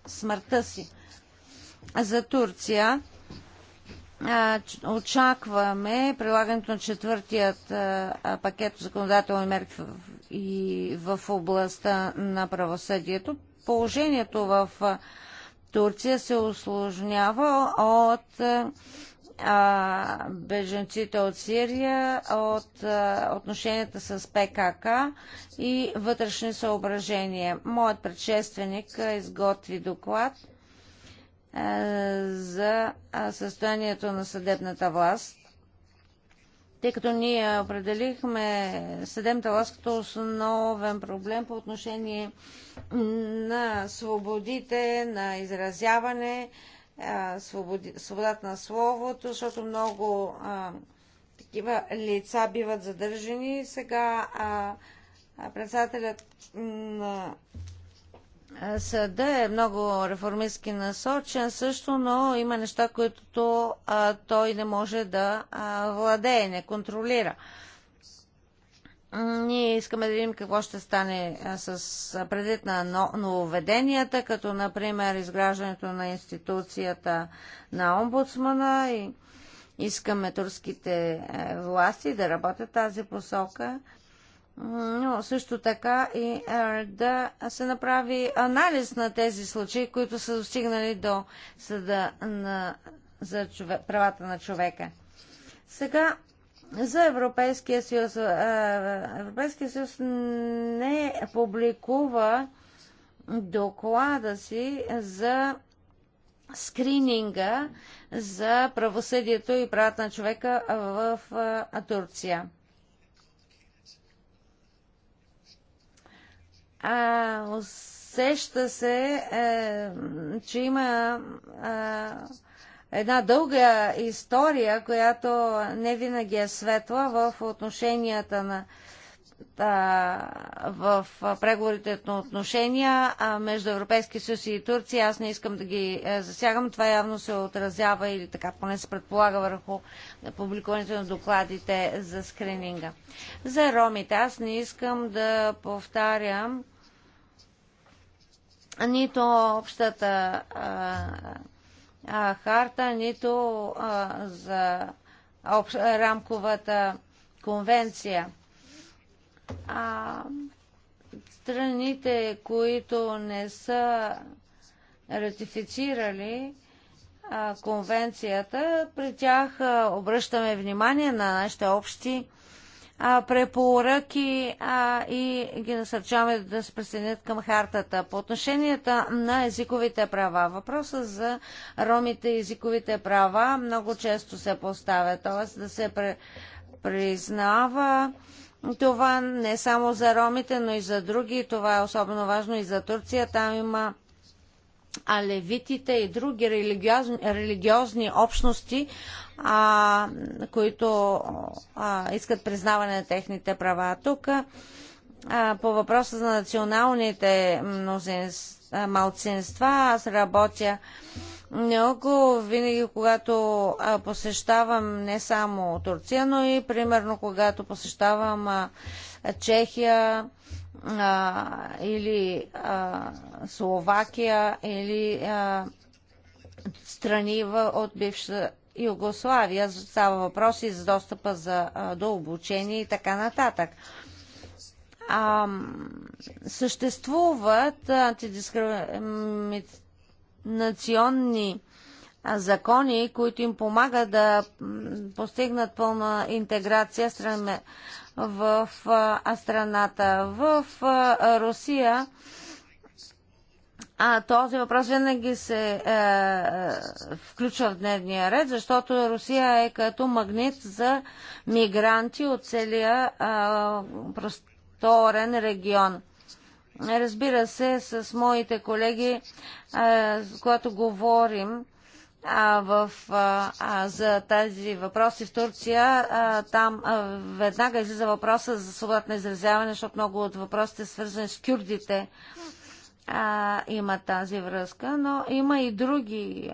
смъртта си. За Турция очакваме прилагането на четвъртият пакет законодателни мерки и в областта на правосъдието. Положението в Турция се осложнява от беженците от Сирия, от отношенията с ПКК и вътрешни съображения. Моят предшественик е изготви доклад е, за състоянието на съдебната власт, тъй като ние определихме съдебната власт като основен проблем по отношение на свободите, на изразяване, е, свободата на словото, защото много а, такива лица биват задържани. Сега а, председателят на Съда е много реформистски насочен също, но има неща, които то, а, той не може да а, владее, не контролира. Ние искаме да видим какво ще стане с предвид на нововведенията, като например изграждането на институцията на омбудсмана и искаме турските е, власти да работят тази посока но също така и да се направи анализ на тези случаи, които са достигнали до съда на, за човек, правата на човека. Сега за Европейския съюз. Европейския съюз не публикува доклада си за скрининга за правосъдието и правата на човека в Турция. а, усеща се, а, е, че има а, една дълга история, която не винаги е светла в отношенията на в преговорите на отношения между Европейския съюз и Турция. Аз не искам да ги е, засягам. Това явно се отразява или така поне се предполага върху публикуването на докладите за скрининга. За ромите аз не искам да повтарям нито общата а, а, харта, нито а, за общ, рамковата конвенция – а, страните, които не са ратифицирали а, конвенцията, при тях а, обръщаме внимание на нашите общи а, препоръки а, и ги насърчаваме да се присъединят към хартата. По отношенията на езиковите права, въпросът за ромите и езиковите права много често се поставя, т.е. да се признава това не само за ромите, но и за други. Това е особено важно и за Турция. Там има алевитите и други религиозни, религиозни общности, а, които а, искат признаване на техните права. Тук а, по въпроса за националните мнозинства, малцинства, аз работя а, много винаги, когато а, посещавам не само Турция, но и примерно когато посещавам а, Чехия а, или а, Словакия или а, страни в, от бивша Югославия. Става въпрос и за достъпа за, а, до обучение и така нататък. А, съществуват антидискриминационни национни закони, които им помагат да постигнат пълна интеграция в страната. В Русия а, този въпрос винаги се е, е, включва в дневния ред, защото Русия е като магнит за мигранти от целия е, просторен регион. Разбира се, с моите колеги, когато говорим в, за тази въпроси в Турция, там веднага излиза въпроса за свободата на изразяване, защото много от въпросите, свързани с кюрдите, има тази връзка, но има и други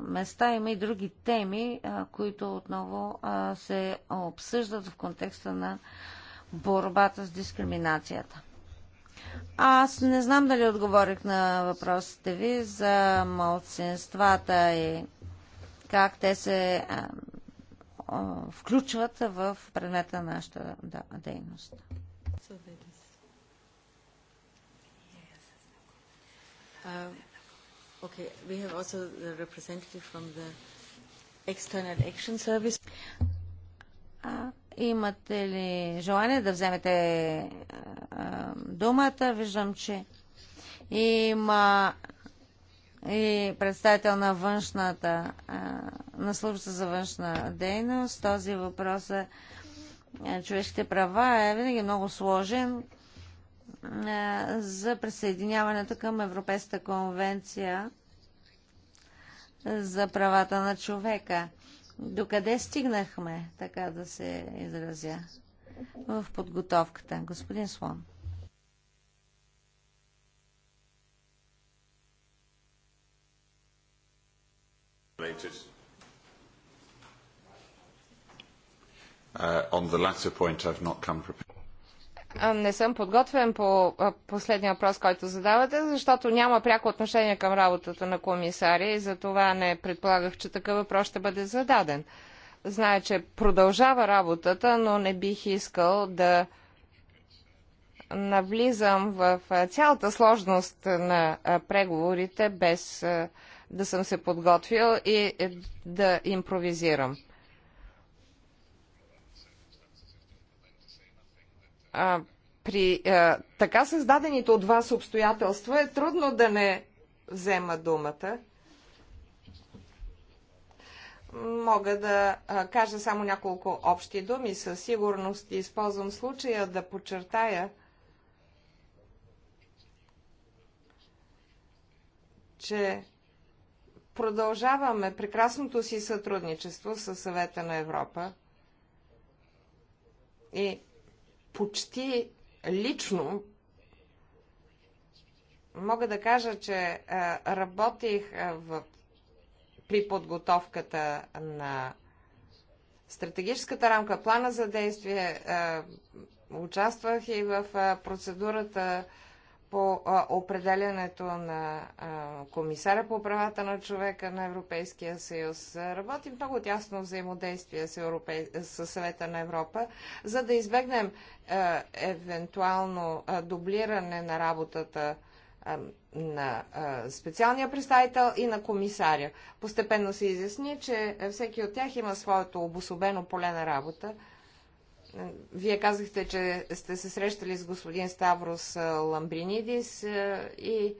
места, има и други теми, които отново се обсъждат в контекста на борбата с дискриминацията. Аз не знам дали отговорих на въпросите ви за малцинствата и как те се а, включват в предмета на нашата дейност. Uh, okay, А, Имате ли желание да вземете а, думата? Виждам, че има и представител на външната, а, на службата за външна дейност. Този въпрос е човешките права е винаги много сложен за присъединяването към Европейската конвенция за правата на човека. Докъде стигнахме, така да се изразя, в подготовката? Господин Слон. Uh, on the latter point, I've not come prepared не съм подготвен по последния въпрос, който задавате, защото няма пряко отношение към работата на комисария и за това не предполагах, че такъв въпрос ще бъде зададен. Знае, че продължава работата, но не бих искал да навлизам в цялата сложност на преговорите без да съм се подготвил и е, да импровизирам. А, при а, така създадените от вас обстоятелства е трудно да не взема думата. Мога да а, кажа само няколко общи думи. Със сигурност използвам случая да подчертая, че продължаваме прекрасното си сътрудничество с съвета на Европа и почти лично мога да кажа, че е, работих е, в, при подготовката на стратегическата рамка, плана за действие, е, участвах и в процедурата по определянето на комисара по правата на човека на Европейския съюз. Работим много тясно взаимодействие с, Европе... с съвета на Европа, за да избегнем е, евентуално дублиране на работата е, на е, специалния представител и на комисаря. Постепенно се изясни, че всеки от тях има своето обособено поле на работа. Вие казахте, че сте се срещали с господин Ставрос Ламбринидис и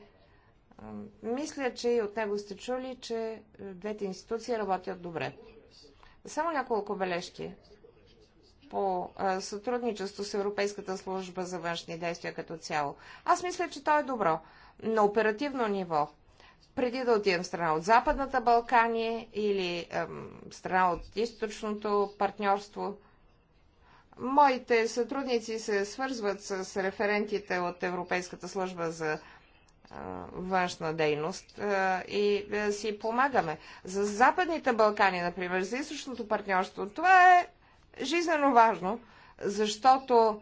мисля, че и от него сте чули, че двете институции работят добре. Само няколко бележки по сътрудничество с Европейската служба за външни действия като цяло. Аз мисля, че то е добро. На оперативно ниво, преди да отидем в страна от Западната Балкания или ем, страна от източното партньорство – Моите сътрудници се свързват с референтите от Европейската служба за външна дейност и си помагаме. За Западните Балкани, например, за източното партньорство, това е жизненно важно, защото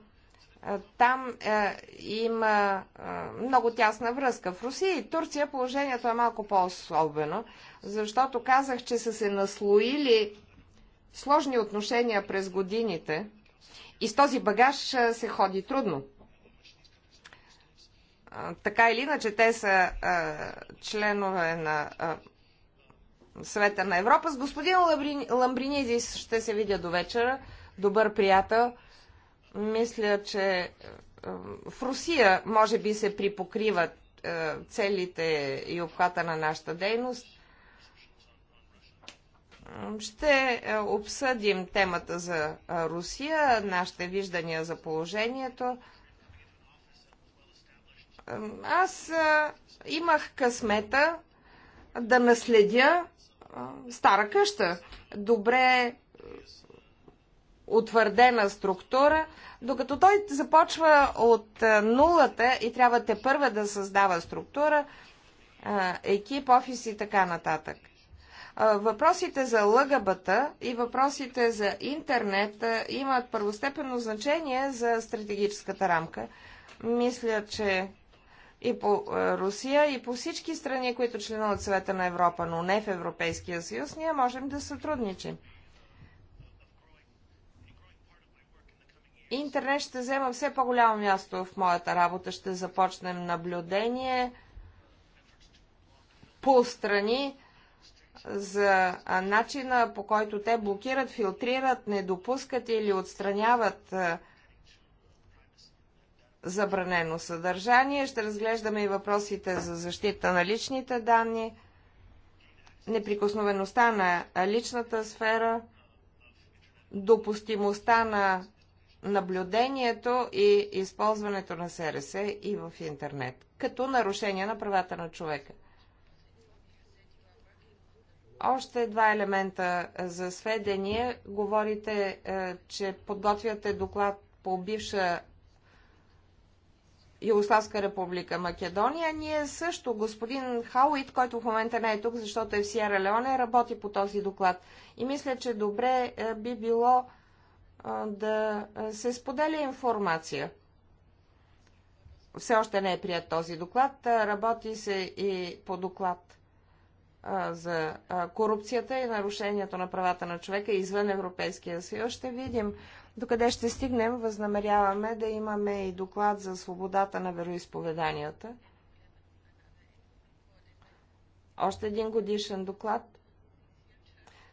там е, има е, много тясна връзка. В Русия и Турция положението е малко по-особено, защото казах, че са се наслоили сложни отношения през годините. И с този багаж се ходи трудно. Така или иначе, те са членове на Съвета на Европа. С господин Ламбринизис ще се видя до вечера. Добър приятел. Мисля, че в Русия може би се припокриват целите и обхвата на нашата дейност. Ще е, обсъдим темата за е, Русия, нашите виждания за положението. Аз е, имах късмета да наследя стара къща. Добре утвърдена структура, докато той започва от нулата и трябва те първа да създава структура, екип, офис и така нататък. Въпросите за ЛГБТ и въпросите за интернет имат първостепенно значение за стратегическата рамка. Мисля, че и по Русия, и по всички страни, които членуват Съвета на Европа, но не в Европейския съюз, ние можем да сътрудничим. Интернет ще взема все по-голямо място в моята работа. Ще започнем наблюдение по страни, за начина по който те блокират, филтрират, не допускат или отстраняват забранено съдържание. Ще разглеждаме и въпросите за защита на личните данни, неприкосновеността на личната сфера, допустимостта на наблюдението и използването на СРС и в интернет, като нарушение на правата на човека. Още два елемента за сведение. Говорите, е, че подготвяте доклад по бивша Югославска република Македония. Ние също, господин Хауит, който в момента не е тук, защото е в Сиера Леоне, работи по този доклад. И мисля, че добре е, би било е, да се споделя информация. Все още не е прият този доклад. Работи се и по доклад за корупцията и нарушението на правата на човека извън Европейския съюз. Ще видим докъде ще стигнем. Възнамеряваме да имаме и доклад за свободата на вероисповеданията. Още един годишен доклад.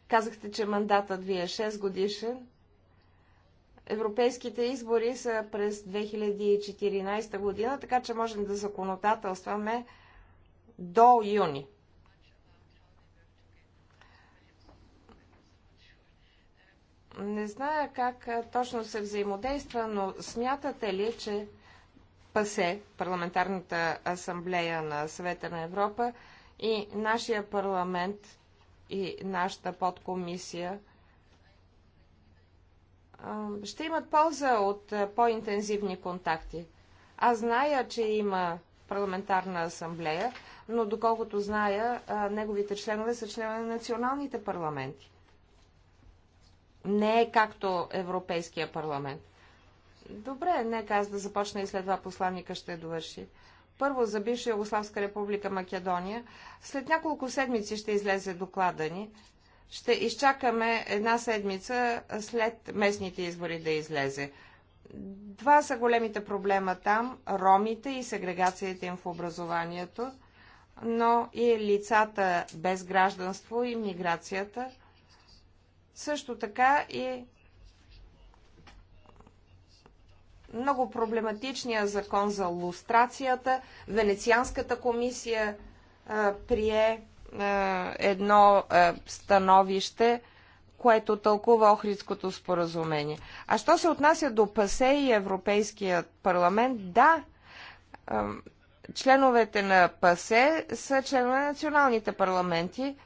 Казахте, че мандатът ви е 6 годишен. Европейските избори са през 2014 година, така че можем да законодателстваме до юни. Не зная как точно се взаимодейства, но смятате ли, че ПАСЕ, Парламентарната асамблея на Съвета на Европа и нашия парламент и нашата подкомисия ще имат полза от по-интензивни контакти. Аз зная, че има парламентарна асамблея, но доколкото зная, неговите членове са членове на националните парламенти не е както Европейския парламент. Добре, нека аз да започна и след това посланника ще довърши. Първо за бивша Югославска република Македония. След няколко седмици ще излезе доклада ни. Ще изчакаме една седмица след местните избори да излезе. Два са големите проблема там – ромите и сегрегацията им в образованието, но и лицата без гражданство и миграцията – също така и много проблематичния закон за лустрацията. Венецианската комисия а, прие а, едно а, становище, което тълкува Охридското споразумение. А що се отнася до ПАСЕ и Европейския парламент, да, а, членовете на ПАСЕ са членове на националните парламенти –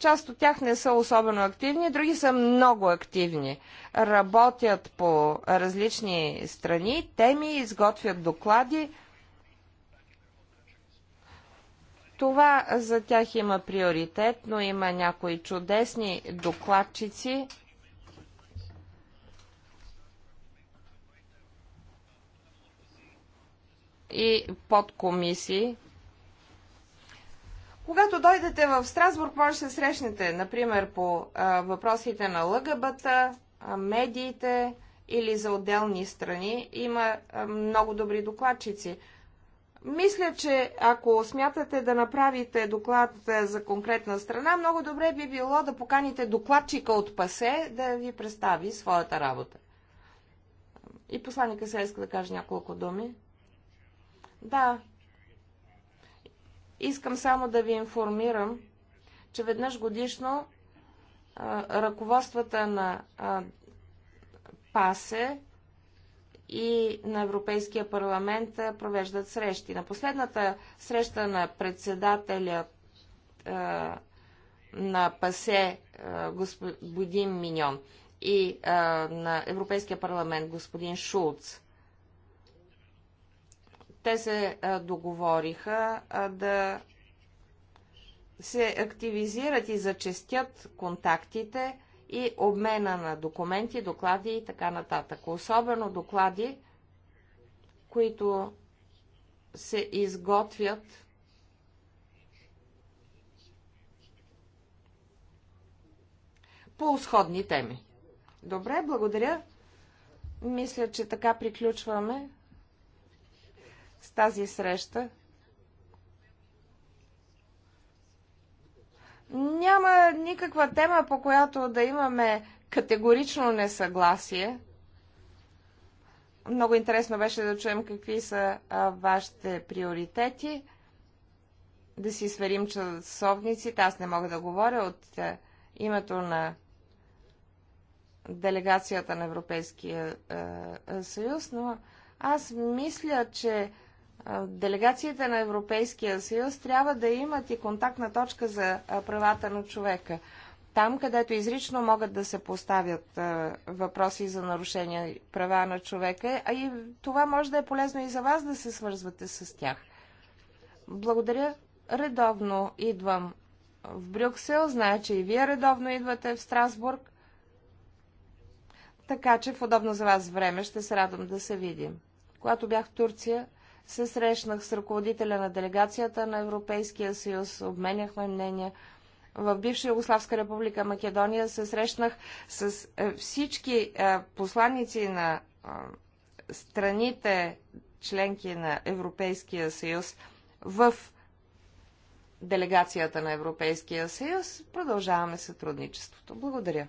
Част от тях не са особено активни, други са много активни. Работят по различни страни, теми, изготвят доклади. Това за тях има приоритет, но има някои чудесни докладчици, и подкомисии, когато дойдете в Страсбург, може да се срещнете, например, по а, въпросите на ЛГБТ, медиите или за отделни страни. Има а, много добри докладчици. Мисля, че ако смятате да направите доклад за конкретна страна, много добре би било да поканите докладчика от ПАСЕ да ви представи своята работа. И посланника се иска да каже няколко думи. Да, Искам само да ви информирам, че веднъж годишно а, ръководствата на а, ПАСЕ и на Европейския парламент провеждат срещи. На последната среща на председателя на ПАСЕ господин Миньон и на Европейския парламент господин Шулц те се договориха да се активизират и зачестят контактите и обмена на документи, доклади и така нататък. Особено доклади, които се изготвят по сходни теми. Добре, благодаря. Мисля, че така приключваме с тази среща. Няма никаква тема, по която да имаме категорично несъгласие. Много интересно беше да чуем какви са вашите приоритети. Да си сверим часовниците. Аз не мога да говоря от името на делегацията на Европейския съюз, но аз мисля, че делегациите на Европейския съюз трябва да имат и контактна точка за правата на човека. Там, където изрично могат да се поставят въпроси за нарушения права на човека, а и това може да е полезно и за вас да се свързвате с тях. Благодаря. Редовно идвам в Брюксел. знае, че и вие редовно идвате в Страсбург. Така че в удобно за вас време ще се радвам да се видим. Когато бях в Турция, се срещнах с ръководителя на делегацията на Европейския съюз, обменяхме мнения. В бивша Югославска република Македония се срещнах с е, всички е, посланици на е, страните членки на Европейския съюз в делегацията на Европейския съюз. Продължаваме сътрудничеството. Благодаря.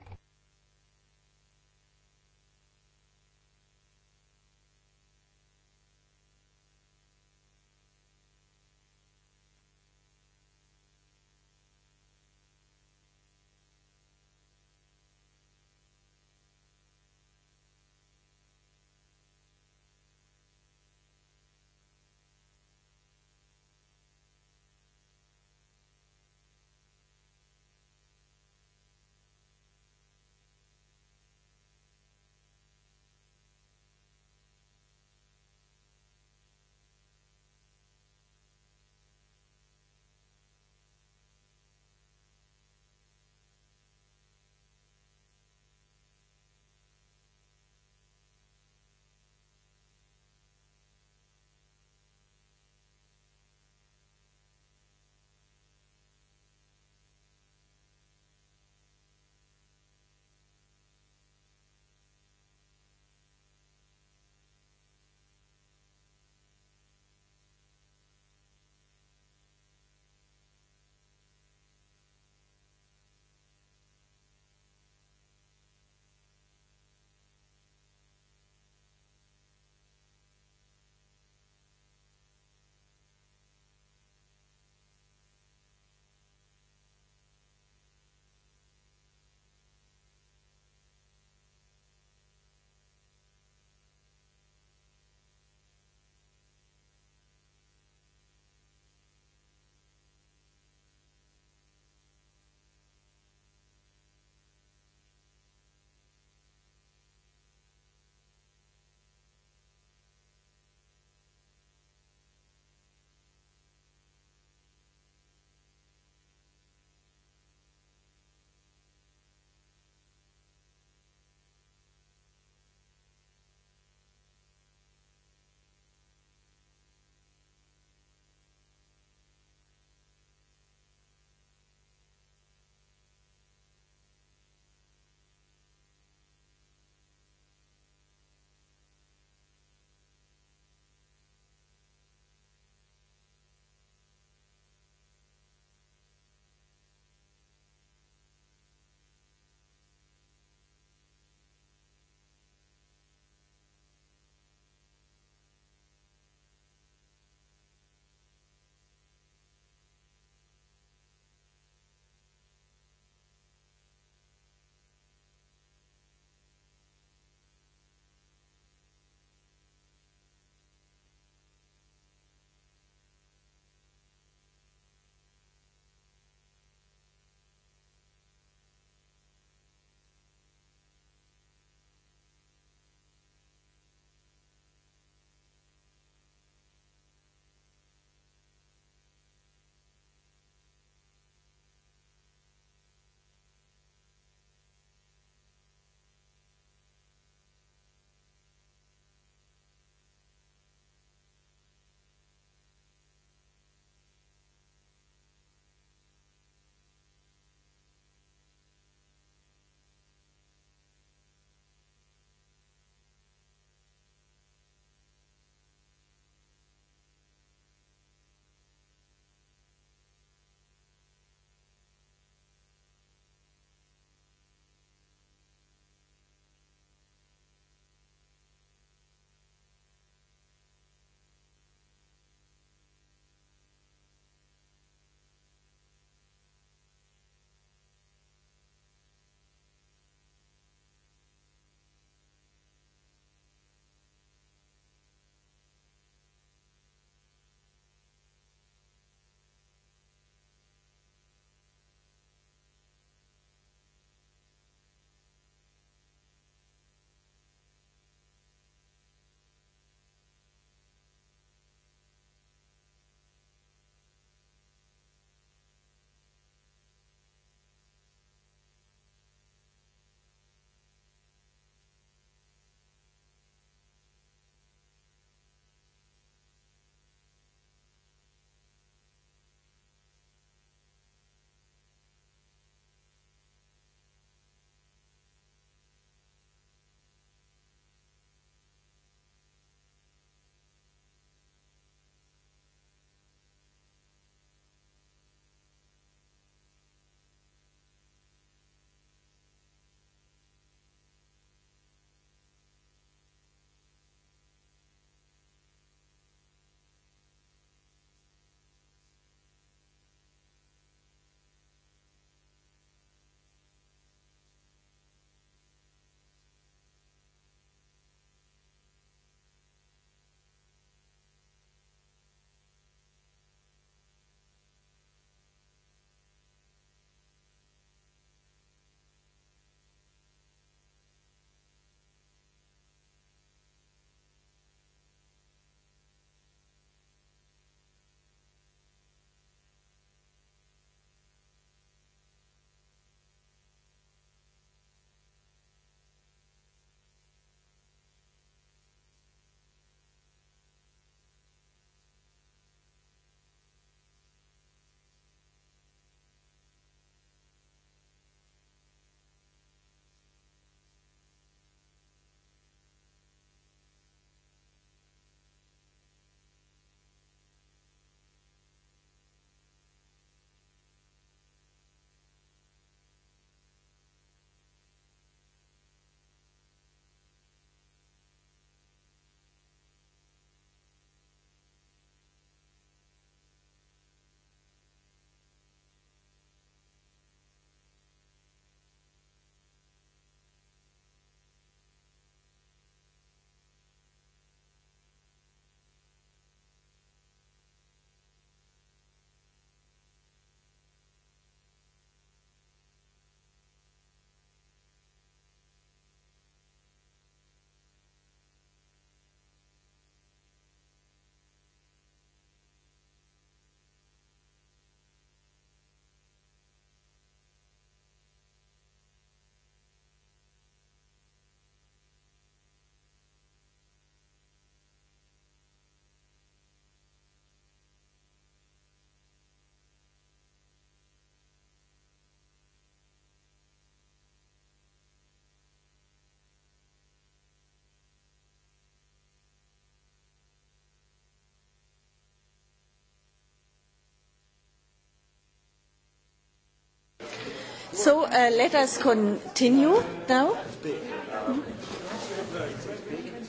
So uh, let us continue now.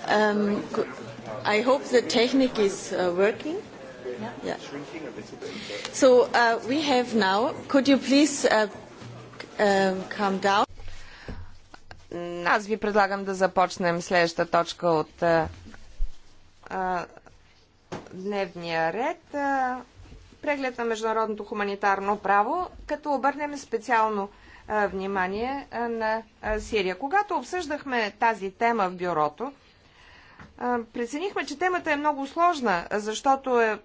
Um, I hope the technique is uh, working. Yeah. So uh, we have now. Could you please uh, uh, um, come down? Аз ви предлагам да започнем следващата точка от а, е, а, е, дневния ред. А, е, преглед на международното хуманитарно право, като обърнем специално внимание на Сирия. Когато обсъждахме тази тема в бюрото, преценихме, че темата е много сложна, защото е,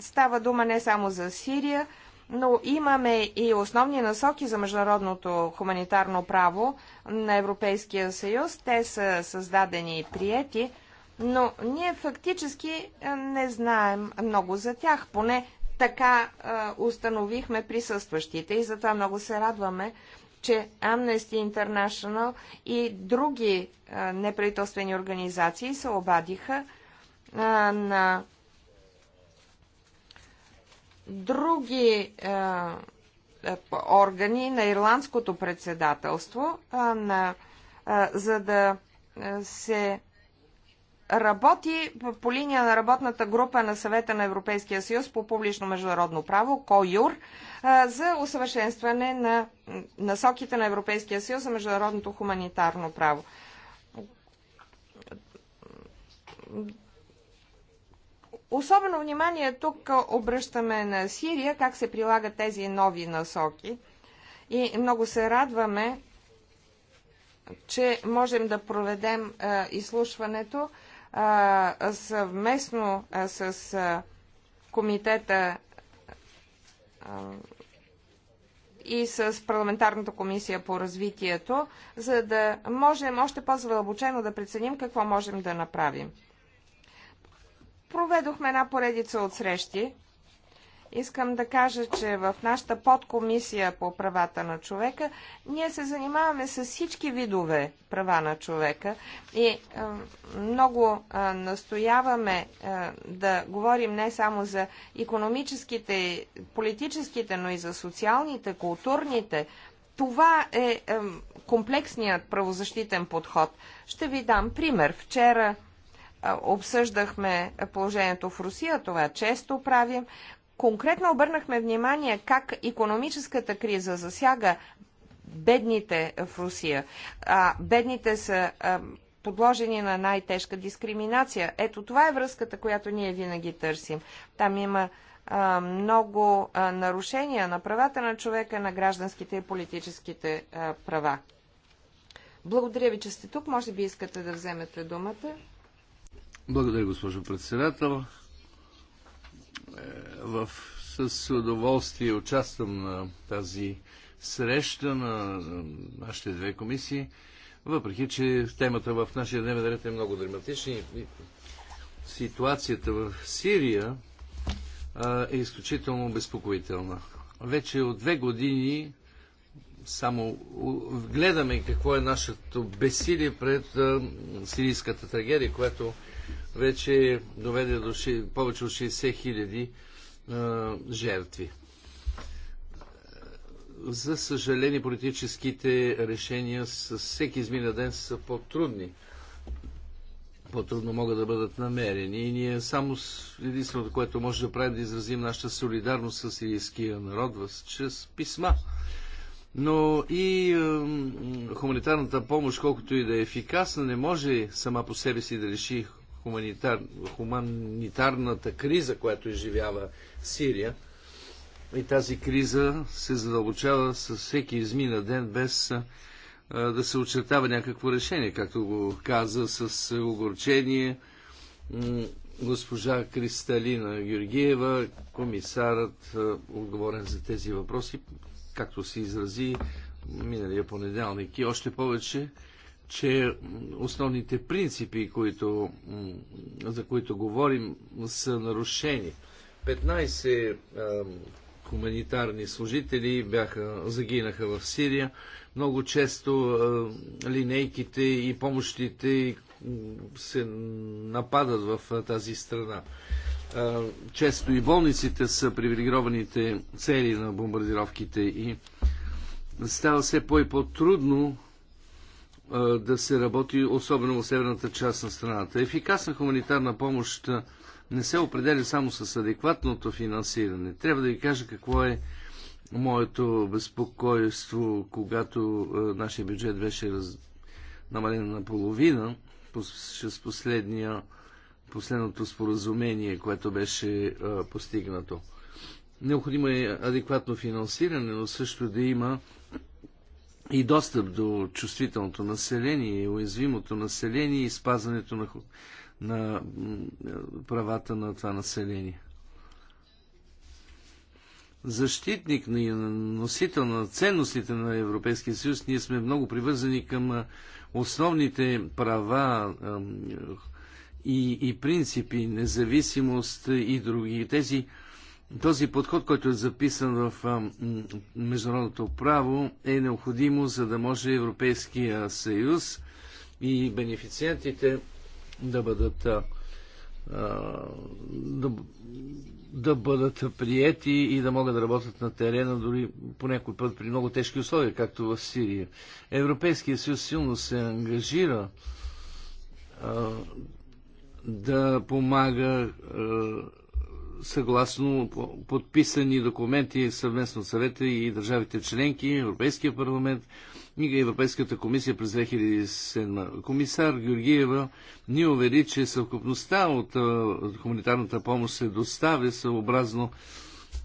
става дума не само за Сирия, но имаме и основни насоки за международното хуманитарно право на Европейския съюз. Те са създадени и приети, но ние фактически не знаем много за тях, поне така а, установихме присъстващите и затова много се радваме, че Amnesty International и други а, неправителствени организации се обадиха а, на други а, органи на ирландското председателство, а, на, а, за да се работи по линия на работната група на съвета на Европейския съюз по публично международно право, КОЮР, за усъвършенстване на насоките на Европейския съюз за международното хуманитарно право. Особено внимание тук обръщаме на Сирия, как се прилагат тези нови насоки. И много се радваме, че можем да проведем изслушването съвместно с комитета и с парламентарната комисия по развитието, за да можем още по-задълбочено да преценим какво можем да направим. Проведохме една поредица от срещи Искам да кажа, че в нашата подкомисия по правата на човека ние се занимаваме с всички видове права на човека и е, много е, настояваме е, да говорим не само за економическите, политическите, но и за социалните, културните. Това е комплексният правозащитен подход. Ще ви дам пример. Вчера обсъждахме положението в Русия, това често правим, конкретно обърнахме внимание как економическата криза засяга бедните в Русия. А, бедните са а, подложени на най-тежка дискриминация. Ето това е връзката, която ние винаги търсим. Там има а, много а, нарушения на правата на човека, на гражданските и политическите а, права. Благодаря ви, че сте тук. Може би искате да вземете думата. Благодаря, госпожо председател. Е, в, с удоволствие участвам на тази среща на нашите две комисии, въпреки че темата в нашия дневен ред е много драматична и ситуацията в Сирия е изключително безпокоителна. Вече от две години само гледаме какво е нашето бесилие пред сирийската трагедия, която вече доведе до повече от 60 хиляди жертви. За съжаление, политическите решения с всеки измина ден са по-трудни. По-трудно могат да бъдат намерени. И ние само единственото, което може да правим, да изразим нашата солидарност с сирийския народ чрез писма. Но и е, хуманитарната помощ, колкото и да е ефикасна, не може сама по себе си да реши хуманитар, хуманитарната криза, която изживява Сирия. И тази криза се задълбочава с всеки измина ден, без да се очертава някакво решение, както го каза с огорчение госпожа Кристалина Георгиева, комисарът, отговорен за тези въпроси, както се изрази миналия понеделник. И още повече че основните принципи, които, за които говорим, са нарушени. 15 а, хуманитарни служители бяха, загинаха в Сирия. Много често а, линейките и помощите се нападат в тази страна. А, често и болниците са привилегированите цели на бомбардировките и става все по- и по-трудно да се работи особено в северната част на страната. Ефикасна хуманитарна помощ не се определя само с адекватното финансиране. Трябва да ви кажа какво е моето безпокойство, когато нашия бюджет беше раз... намален на половина, с последния, последното споразумение, което беше а, постигнато. Необходимо е адекватно финансиране, но също да има и достъп до чувствителното население, уязвимото население и спазването на, на правата на това население. Защитник на носител на ценностите на Европейския съюз, ние сме много привързани към основните права и, и принципи, независимост и други. Тези този подход, който е записан в международното право, е необходимо, за да може Европейския съюз и бенефициентите да бъдат да, да бъдат приети и да могат да работят на терена, дори по някой път при много тежки условия, както в Сирия. Европейския съюз силно се ангажира а, да помага а, съгласно подписани документи съвместно от съвета и държавите членки, Европейския парламент и Европейската комисия през 2007. Комисар Георгиева ни увери, че съвкупността от хуманитарната помощ се доставя съобразно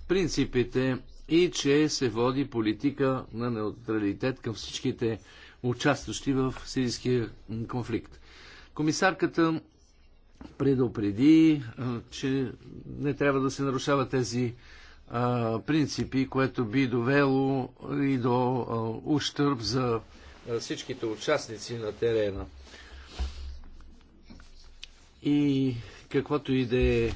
принципите и че се води политика на неутралитет към всичките участващи в сирийския конфликт. Комисарката предупреди, че не трябва да се нарушават тези принципи, което би довело и до ущърб за всичките участници на терена. И каквото и да е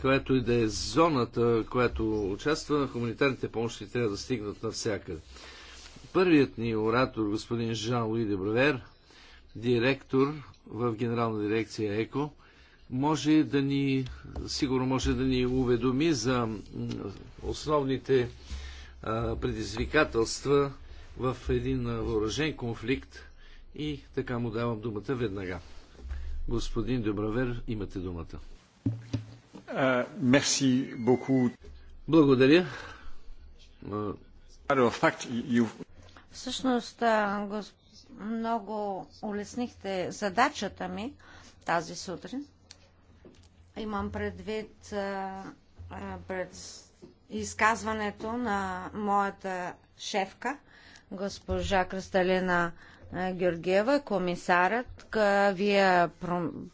която и да е зоната, която участва, хуманитарните помощи трябва да стигнат навсякъде. Първият ни оратор, господин Жан Луи Дебровер, директор в Генерална дирекция ЕКО може да ни, сигурно може да ни уведоми за основните предизвикателства в един въоръжен конфликт и така му давам думата веднага. Господин Добравер, имате думата. Мерси Благодаря. Всъщност, госп... Много улеснихте задачата ми тази сутрин. Имам предвид а, пред изказването на моята шефка, госпожа Кристалина Георгиева, комисарът. Къ, вие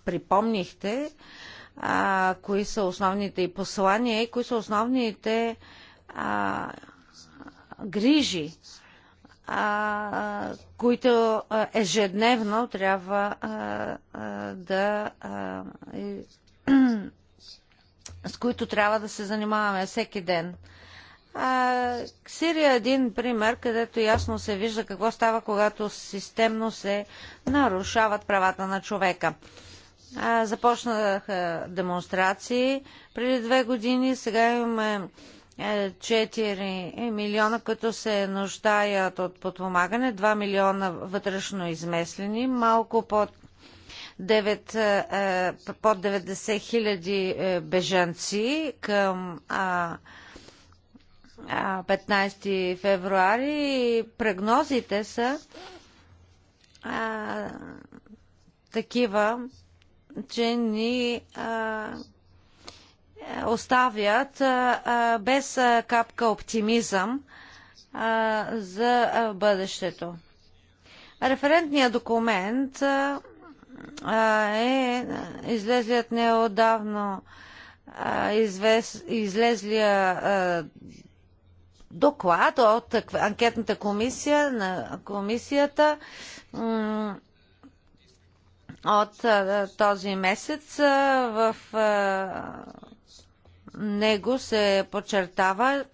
припомнихте а, кои са основните и послания и кои са основните а, грижи а, които ежедневно трябва а, а, да. А, с които трябва да се занимаваме всеки ден. А, Сирия е един пример, където ясно се вижда какво става, когато системно се нарушават правата на човека. А, започнаха демонстрации преди две години, сега имаме 4 милиона, като се нуждаят от подпомагане, 2 милиона вътрешно измеслени, малко под 9, е, под 90 хиляди е, бежанци към 15 февруари. Прогнозите са такива, че ни а, оставят без капка оптимизъм за бъдещето. Референтният документ е излезлият неодавно извез, излезлия доклад от анкетната комисия на комисията от този месец в него се подчертава,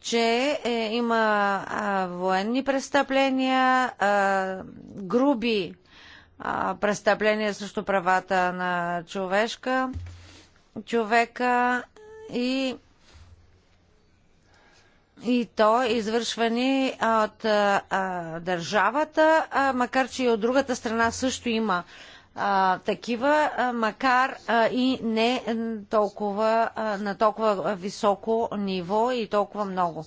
че е, има а, военни престъпления, а, груби а, престъпления срещу правата на човешка, човека и и то извършвани от а, държавата, а, макар че и от другата страна също има а, такива, а, макар а, и не толкова, а, на толкова високо ниво и толкова много.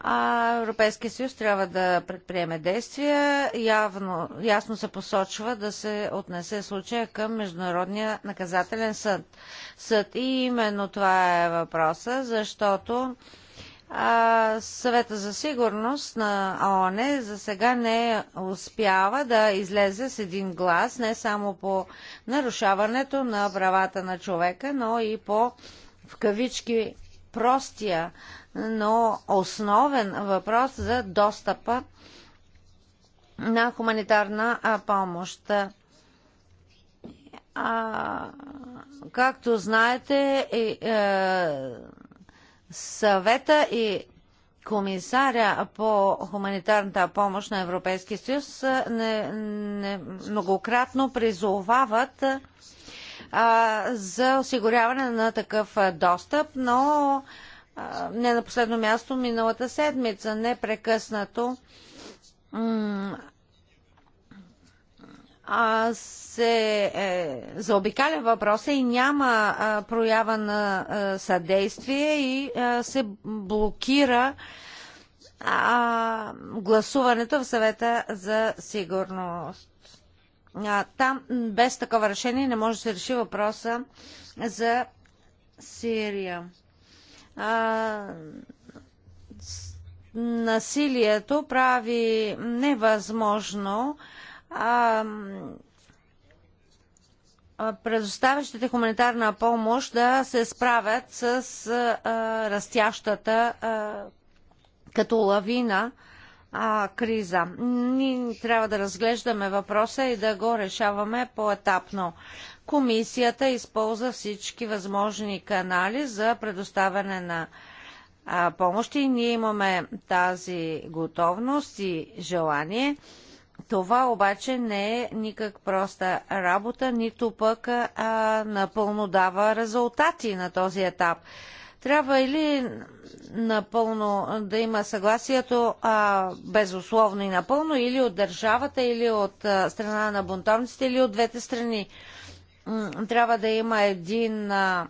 А Европейския съюз трябва да предприеме действия. Явно, ясно се посочва да се отнесе случая към Международния наказателен съд. съд. И именно това е въпроса, защото а, съвета за сигурност на ООН за сега не успява да излезе с един глас не само по нарушаването на правата на човека, но и по в кавички простия, но основен въпрос за достъпа на хуманитарна помощ. А, както знаете, е, е, Съвета и комисаря по хуманитарната помощ на Европейския съюз не, не, многократно призовават а, за осигуряване на такъв достъп, но а, не на последно място миналата седмица непрекъснато а, се е, заобикаля въпроса и няма а, проява на а, съдействие и а, се блокира а, гласуването в съвета за сигурност. А, там без такова решение не може да се реши въпроса за Сирия. А, насилието прави невъзможно а, предоставящите хуманитарна помощ да се справят с а, растящата а, като лавина а, криза. Ние трябва да разглеждаме въпроса и да го решаваме поетапно. Комисията използва всички възможни канали за предоставяне на а, помощи. Ние имаме тази готовност и желание. Това обаче не е никак проста работа, нито пък а, напълно дава резултати на този етап. Трябва или напълно да има съгласието а, безусловно и напълно, или от държавата, или от а, страна на бунтовниците, или от двете страни. Трябва да има един а,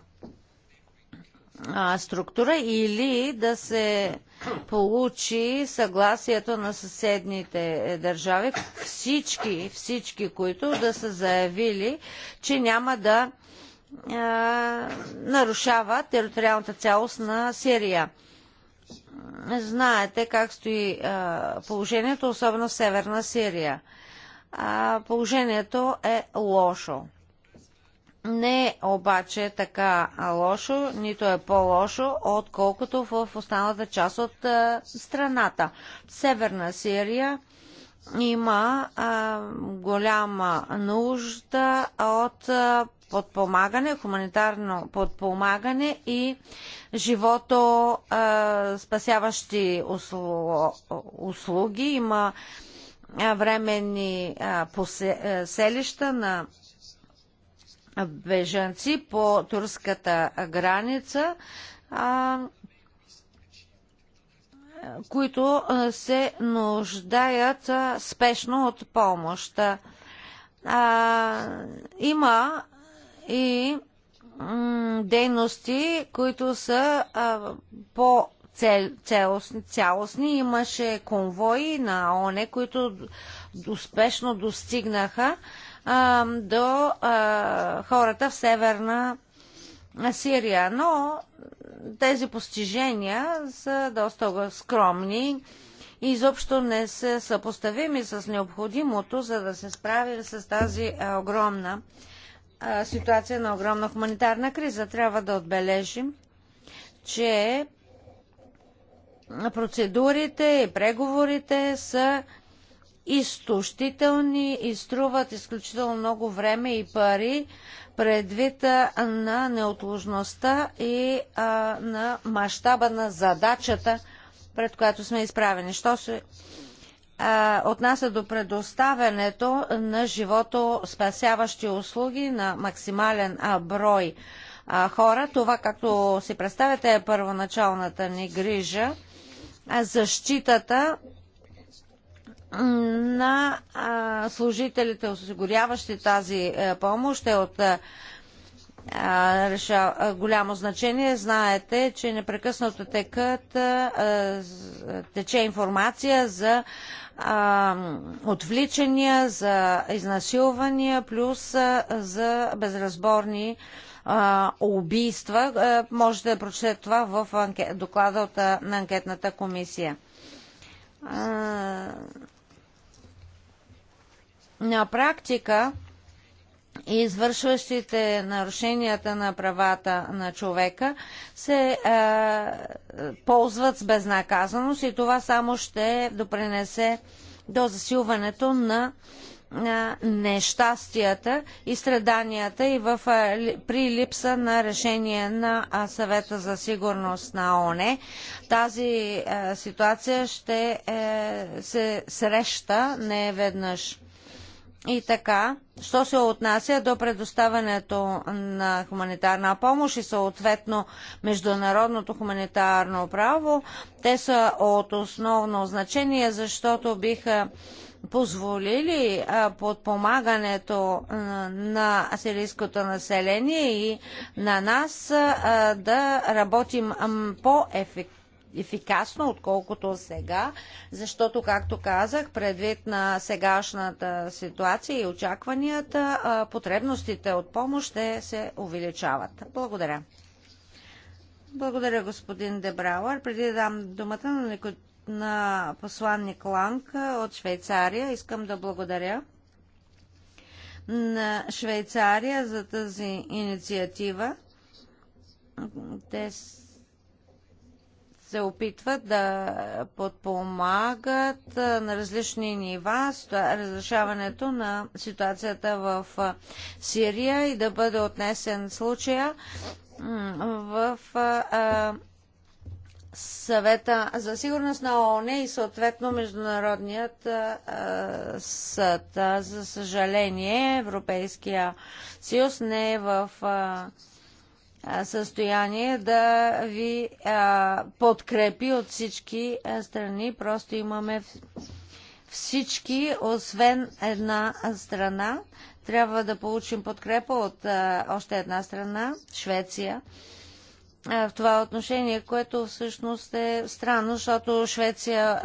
а, структура или да се получи съгласието на съседните държави, всички, всички, които да са заявили, че няма да е, нарушава териториалната цялост на Сирия. Знаете как стои е, положението, особено в Северна Сирия. Е, положението е лошо не е обаче така лошо, нито е по-лошо, отколкото в останалата част от страната. В Северна Сирия има а, голяма нужда от а, подпомагане, хуманитарно подпомагане и живото а, спасяващи услу, услуги. Има временни поселища на бежанци по турската граница, които се нуждаят спешно от помощ. има и дейности, които са по цялостни, цялостни. Имаше конвои на ОНЕ, които успешно достигнаха а, до а, хората в Северна Сирия. Но тези постижения са доста скромни и изобщо не са съпоставими с необходимото, за да се справим с тази огромна а, ситуация на огромна хуманитарна криза. Трябва да отбележим, че процедурите и преговорите са изтощителни и струват изключително много време и пари предвид на неотложността и а, на мащаба на задачата, пред която сме изправени. Що се а, отнася до предоставянето на живото спасяващи услуги на максимален а, брой а, хора, това, както си представяте, е първоначалната ни грижа защитата на служителите, осигуряващи тази е, помощ, е от е, е, голямо значение. Знаете, че непрекъснато текат, тече информация за отвличания, за изнасилвания, плюс за безразборни убийства. Можете да прочетете това в доклада на анкетната комисия на практика извършващите нарушенията на правата на човека се е, ползват с безнаказаност и това само ще допренесе до засилването на на нещастията и страданията и в, е, при липса на решение на съвета за сигурност на ООН. Тази е, ситуация ще е, се среща не веднъж. И така, що се отнася до предоставянето на хуманитарна помощ и съответно международното хуманитарно право, те са от основно значение, защото биха позволили подпомагането на сирийското население и на нас да работим по-ефективно ефикасно, отколкото сега, защото, както казах, предвид на сегашната ситуация и очакванията, потребностите от помощ ще се увеличават. Благодаря. Благодаря, господин Дебрауър. Преди да дам думата на, Нико... на посланник Ланг от Швейцария, искам да благодаря на Швейцария за тази инициатива. Те се опитват да подпомагат на различни нива разрешаването на ситуацията в Сирия и да бъде отнесен случая в съвета за сигурност на ООН и съответно Международният съд. За съжаление, Европейския съюз не е в състояние да ви подкрепи от всички страни. Просто имаме всички, освен една страна. Трябва да получим подкрепа от още една страна, Швеция, в това отношение, което всъщност е странно, защото Швеция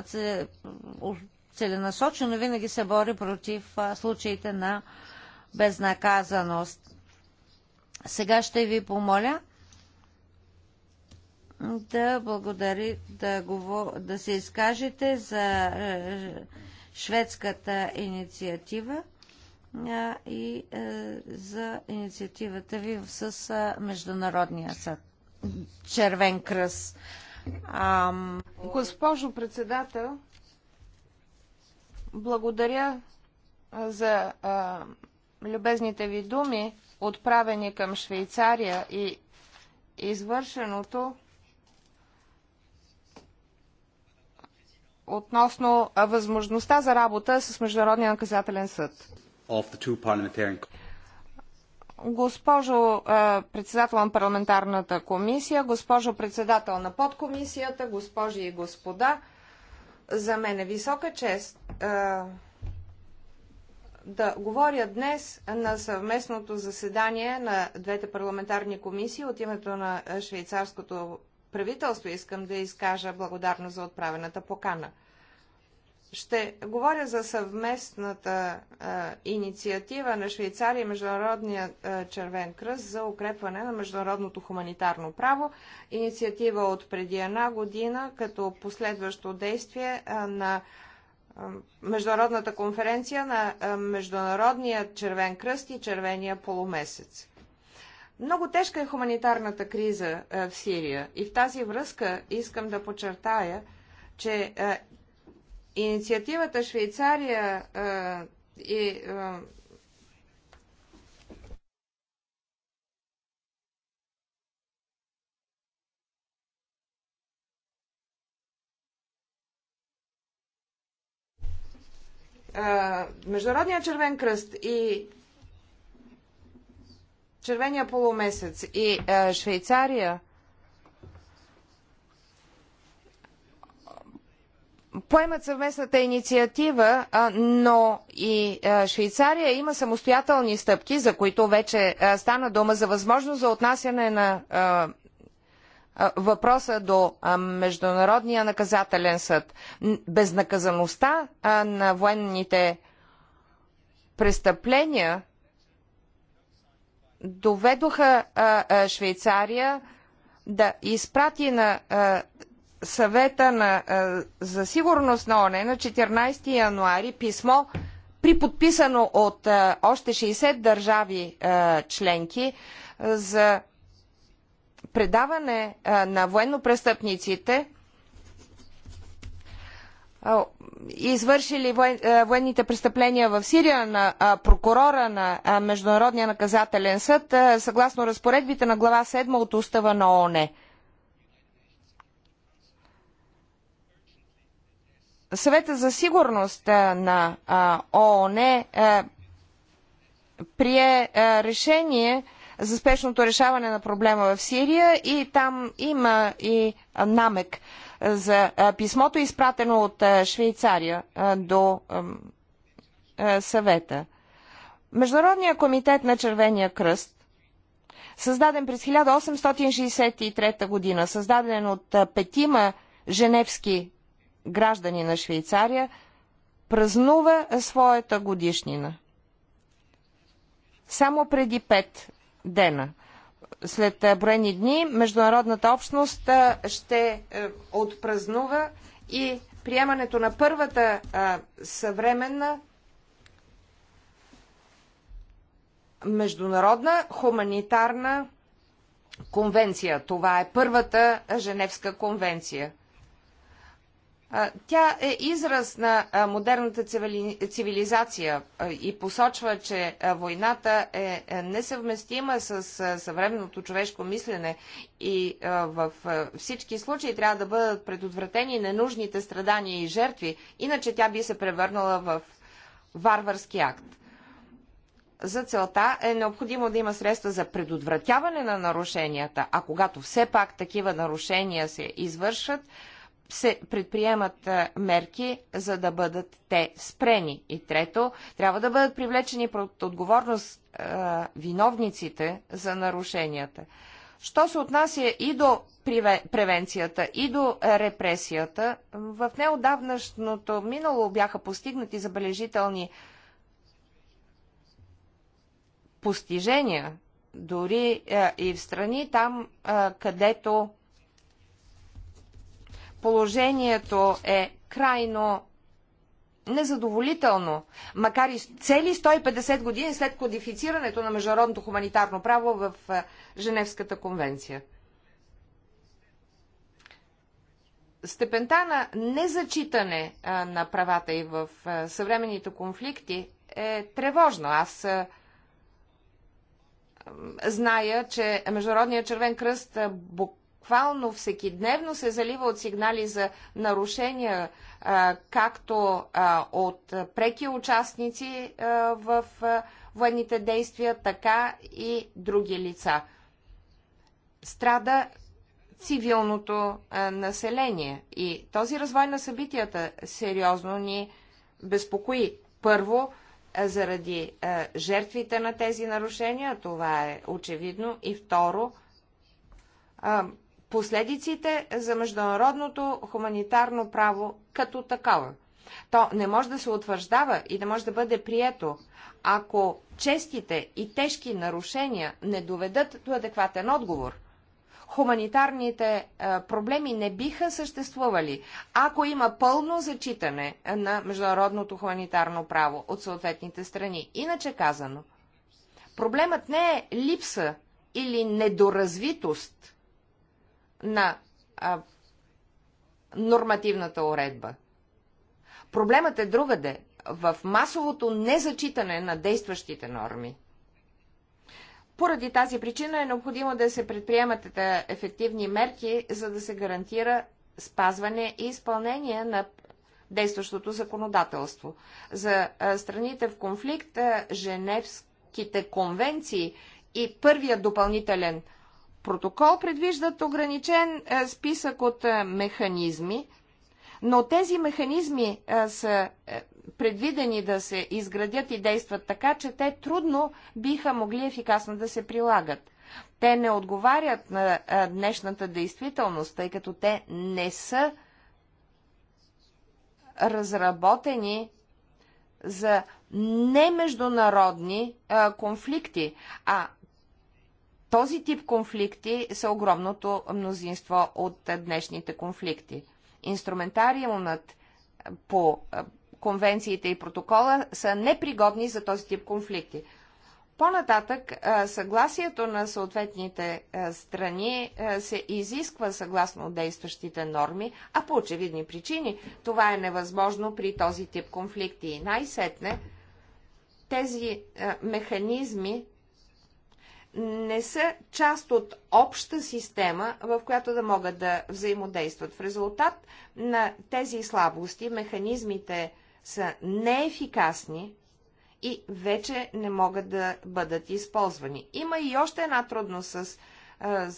целенасочено винаги се бори против случаите на безнаказаност. Сега ще ви помоля да благодари, да, го, да се изкажете за е, е, шведската инициатива и е, за инициативата ви с Международния съд. Червен кръс. Ам... Госпожо председател, благодаря за а, любезните ви думи отправени към Швейцария и извършеното относно възможността за работа с Международния наказателен съд. Госпожо председател на парламентарната комисия, госпожо председател на подкомисията, госпожи и господа, за мен е висока чест да говоря днес на съвместното заседание на двете парламентарни комисии от името на швейцарското правителство. Искам да изкажа благодарност за отправената покана. Ще говоря за съвместната а, инициатива на Швейцария и Международния а, червен кръст за укрепване на международното хуманитарно право. Инициатива от преди една година, като последващо действие а, на Международната конференция на Международния червен кръст и червения полумесец. Много тежка е хуманитарната криза в Сирия и в тази връзка искам да подчертая, че инициативата Швейцария и Международния червен кръст и Червения полумесец и а, Швейцария поемат съвместната инициатива, а, но и а, Швейцария има самостоятелни стъпки, за които вече стана дума за възможност за отнасяне на въпроса до Международния наказателен съд, безнаказаността на военните престъпления доведоха Швейцария да изпрати на съвета на, за сигурност на ОНЕ на 14 януари писмо, приподписано от още 60 държави членки за предаване на военнопрестъпниците, извършили военните престъпления в Сирия на прокурора на Международния наказателен съд, съгласно разпоредбите на глава 7 от устава на ООН. Съвета за сигурност на ООН прие решение за спешното решаване на проблема в Сирия и там има и намек за писмото, изпратено от Швейцария до съвета. Международният комитет на Червения кръст, създаден през 1863 година, създаден от петима женевски граждани на Швейцария, празнува своята годишнина. Само преди пет дена. След е, броени дни международната общност е, ще е, отпразнува и приемането на първата съвременна международна хуманитарна конвенция. Това е първата Женевска конвенция. Тя е израз на модерната цивилизация и посочва, че войната е, е несъвместима с съвременното човешко мислене и в всички случаи трябва да бъдат предотвратени ненужните страдания и жертви, иначе тя би се превърнала в варварски акт. За целта е необходимо да има средства за предотвратяване на нарушенията, а когато все пак такива нарушения се извършат, се предприемат мерки, за да бъдат те спрени. И трето, трябва да бъдат привлечени под отговорност виновниците за нарушенията. Що се отнася и до превенцията, и до репресията, в неодавнашното минало бяха постигнати забележителни постижения, дори и в страни там, където положението е крайно незадоволително, макар и цели 150 години след кодифицирането на международното хуманитарно право в Женевската конвенция. Степента на незачитане на правата и в съвременните конфликти е тревожно. Аз зная, че Международният червен кръст буквално всекидневно се залива от сигнали за нарушения, както от преки участници в военните действия, така и други лица. Страда цивилното население и този развой на събитията сериозно ни безпокои. Първо, заради жертвите на тези нарушения, това е очевидно, и второ, последиците за международното хуманитарно право като такава. То не може да се утвърждава и не може да бъде прието, ако честите и тежки нарушения не доведат до адекватен отговор. Хуманитарните е, проблеми не биха съществували, ако има пълно зачитане на международното хуманитарно право от съответните страни. Иначе казано, проблемът не е липса или недоразвитост – на а, нормативната уредба. Проблемът е другаде в масовото незачитане на действащите норми. Поради тази причина е необходимо да се предприемат е, ефективни мерки, за да се гарантира спазване и изпълнение на действащото законодателство. За е, страните в конфликт е, Женевските конвенции и първия допълнителен протокол предвиждат ограничен е, списък от е, механизми, но тези механизми е, са предвидени да се изградят и действат така, че те трудно биха могли ефикасно да се прилагат. Те не отговарят на днешната действителност, тъй като те не са разработени за немеждународни конфликти, а този тип конфликти са огромното мнозинство от днешните конфликти. Инструментариумът по конвенциите и протокола са непригодни за този тип конфликти. По-нататък, съгласието на съответните страни се изисква съгласно действащите норми, а по очевидни причини това е невъзможно при този тип конфликти. И най-сетне тези механизми не са част от обща система, в която да могат да взаимодействат. В резултат на тези слабости механизмите са неефикасни и вече не могат да бъдат използвани. Има и още една трудност с а,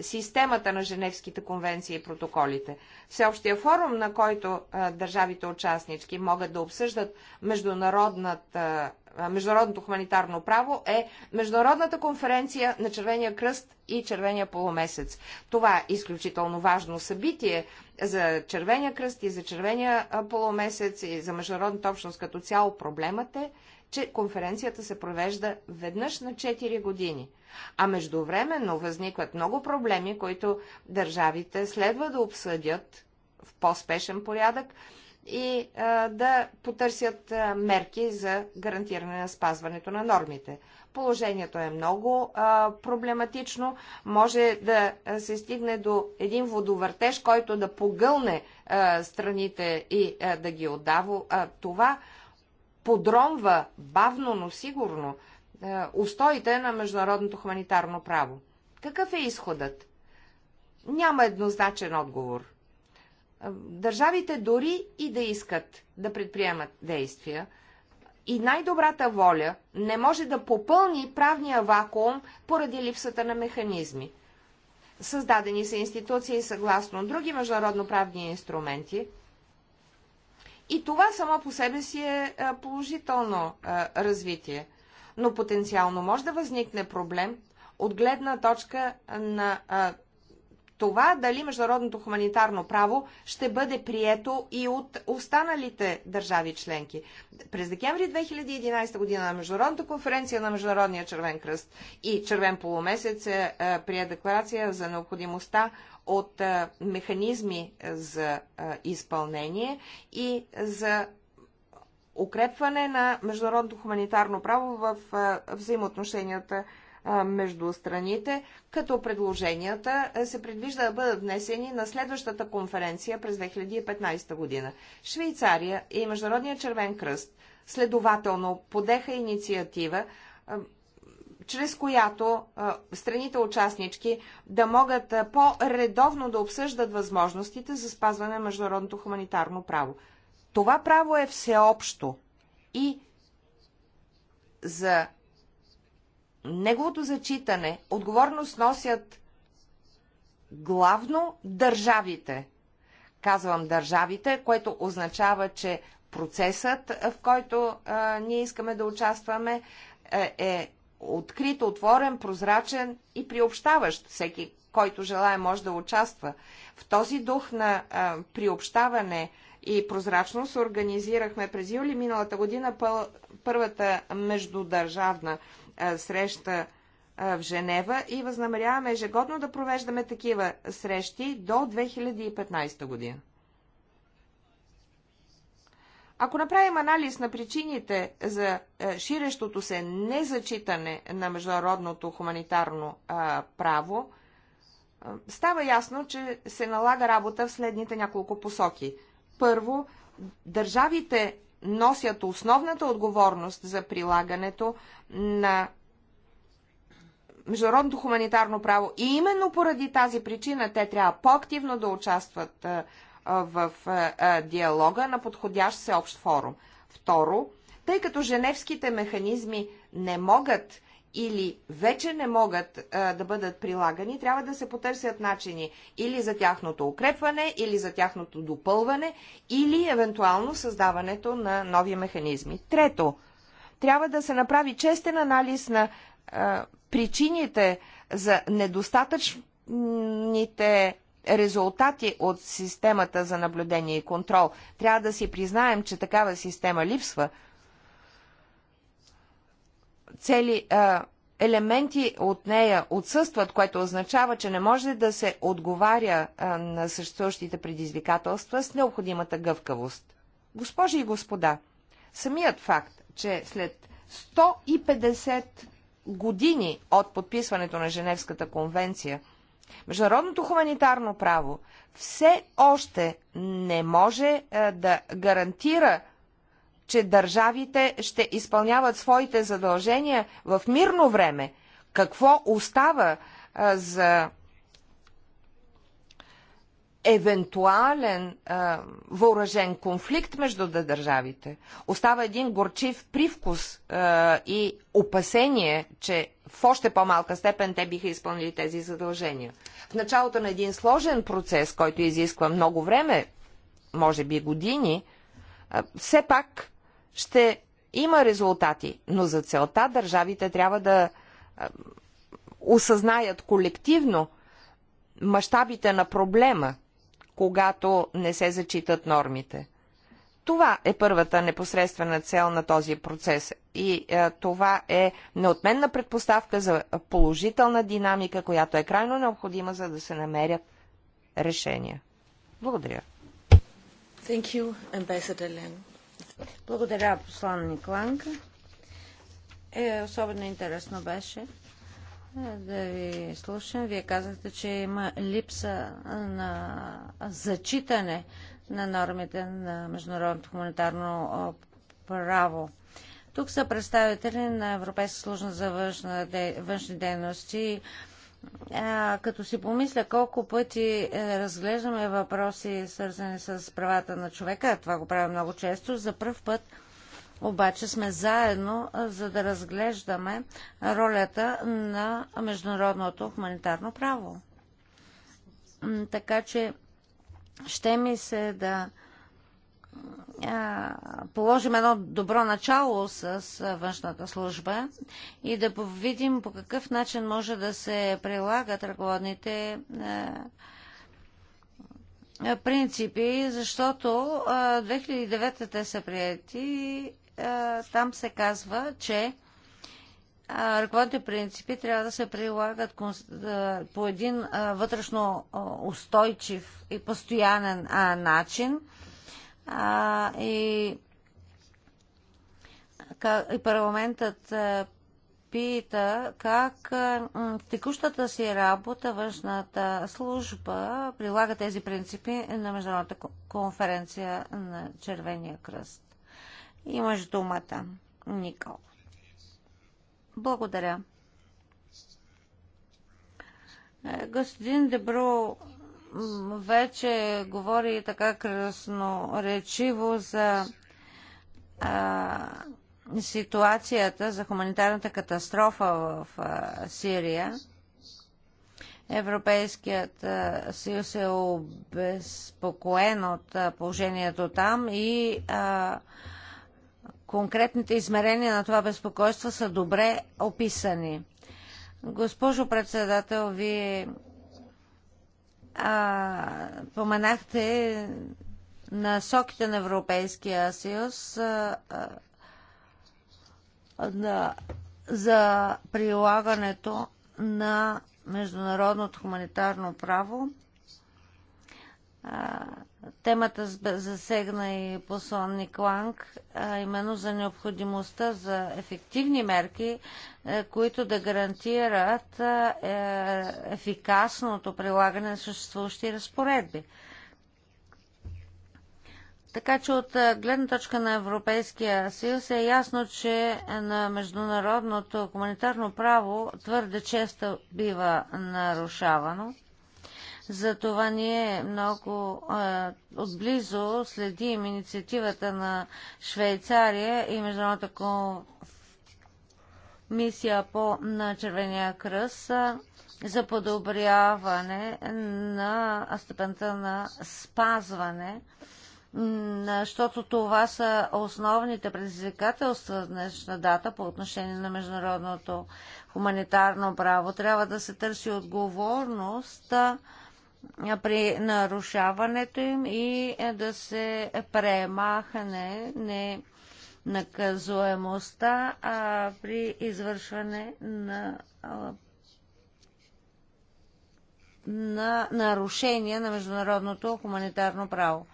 системата на Женевските конвенции и протоколите. Всеобщия форум, на който а, държавите участнички могат да обсъждат международната международното хуманитарно право е Международната конференция на Червения кръст и Червения полумесец. Това е изключително важно събитие за Червения кръст и за Червения полумесец и за международната общност като цяло. Проблемът е, че конференцията се провежда веднъж на 4 години. А междувременно възникват много проблеми, които държавите следва да обсъдят в по-спешен порядък и а, да потърсят а, мерки за гарантиране на спазването на нормите. Положението е много а, проблематично. Може да се стигне до един водовъртеж, който да погълне а, страните и а, да ги отдава. А, това подромва бавно, но сигурно а, устоите на международното хуманитарно право. Какъв е изходът? Няма еднозначен отговор – държавите дори и да искат да предприемат действия, и най-добрата воля не може да попълни правния вакуум поради липсата на механизми. Създадени са институции съгласно други международноправни инструменти. И това само по себе си е, е положително е, развитие. Но потенциално може да възникне проблем от гледна точка на е, това дали международното хуманитарно право ще бъде прието и от останалите държави членки. През декември 2011 година на Международната конференция на Международния червен кръст и червен полумесец е, е, прие декларация за необходимостта от е, механизми за е, изпълнение и за укрепване на международното хуманитарно право в е, взаимоотношенията между страните, като предложенията се предвижда да бъдат внесени на следващата конференция през 2015 година. Швейцария и Международният червен кръст следователно подеха инициатива, чрез която страните участнички да могат по-редовно да обсъждат възможностите за спазване на международното хуманитарно право. Това право е всеобщо и за неговото зачитане отговорност носят главно държавите. Казвам държавите, което означава, че процесът, в който а, ние искаме да участваме, е, е открит, отворен, прозрачен и приобщаващ. Всеки, който желая, може да участва. В този дух на а, приобщаване и прозрачност организирахме през юли миналата година пъл, първата междудържавна среща в Женева и възнамеряваме ежегодно да провеждаме такива срещи до 2015 година. Ако направим анализ на причините за ширещото се незачитане на международното хуманитарно право, става ясно, че се налага работа в следните няколко посоки. Първо, държавите носят основната отговорност за прилагането на международното хуманитарно право. И именно поради тази причина те трябва по-активно да участват в диалога на подходящ се общ форум. Второ, тъй като женевските механизми не могат или вече не могат а, да бъдат прилагани, трябва да се потърсят начини или за тяхното укрепване, или за тяхното допълване, или евентуално създаването на нови механизми. Трето, трябва да се направи честен анализ на а, причините за недостатъчните резултати от системата за наблюдение и контрол. Трябва да си признаем, че такава система липсва – цели елементи от нея отсъстват, което означава, че не може да се отговаря на съществуващите предизвикателства с необходимата гъвкавост. Госпожи и господа, самият факт, че след 150 години от подписването на Женевската конвенция, международното хуманитарно право все още не може да гарантира че държавите ще изпълняват своите задължения в мирно време. Какво остава а, за евентуален а, въоръжен конфликт между държавите? Остава един горчив привкус а, и опасение, че в още по-малка степен те биха изпълнили тези задължения. В началото на един сложен процес, който изисква много време, може би години, все пак ще има резултати, но за целта държавите трябва да осъзнаят колективно мащабите на проблема, когато не се зачитат нормите. Това е първата непосредствена цел на този процес и е, това е неотменна предпоставка за положителна динамика, която е крайно необходима, за да се намерят решения. Благодаря. Thank you, благодаря, посланник Ланка. Е, особено интересно беше е, да ви слушам. Вие казахте, че има липса на зачитане на нормите на международното хуманитарно право. Тук са представители на Европейска служба за външни дейности, а, като си помисля колко пъти е, разглеждаме въпроси, свързани с правата на човека, това го правя много често, за първ път обаче сме заедно, за да разглеждаме ролята на международното хуманитарно право. Така че ще ми се да положим едно добро начало с външната служба и да видим по какъв начин може да се прилагат ръководните принципи, защото 2009 те са прияти. Там се казва, че ръководните принципи трябва да се прилагат по един вътрешно устойчив и постоянен начин – а, и, как, и парламентът а, пита как а, в текущата си работа външната служба прилага тези принципи на Международната конференция на Червения кръст. Имаш думата, Никол. Благодаря. Е, господин Дебро вече говори така красноречиво за а, ситуацията, за хуманитарната катастрофа в а, Сирия. Европейският съюз е обезпокоен от а, положението там и а, конкретните измерения на това безпокойство са добре описани. Госпожо председател, вие Поменахте насоките на Европейския съюз да, за прилагането на международното хуманитарно право Темата засегна и посланник Ланг, а именно за необходимостта за ефективни мерки, е, които да гарантират е, ефикасното прилагане на съществуващи разпоредби. Така че от е, гледна точка на Европейския съюз е ясно, че на международното хуманитарно право твърде често бива нарушавано затова ние много е, отблизо следим инициативата на Швейцария и Международната комисия по, на Червения кръст за подобряване на степента на спазване, защото това са основните предизвикателства в днешна дата по отношение на международното хуманитарно право. Трябва да се търси отговорност при нарушаването им и е, да се премахне не наказуемостта а при извършване на на нарушения на международното хуманитарно право.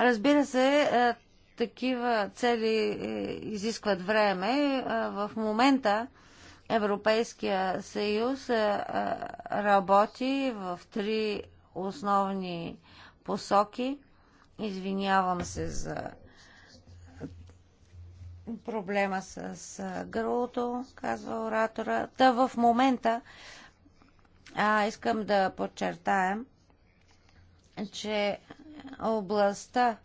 Разбира се, е, такива цели е, изискват време. В момента Европейския съюз е, е, работи в три основни посоки. Извинявам се за проблема с гърлото, казва оратора. Та в момента а, искам да подчертаем, че областта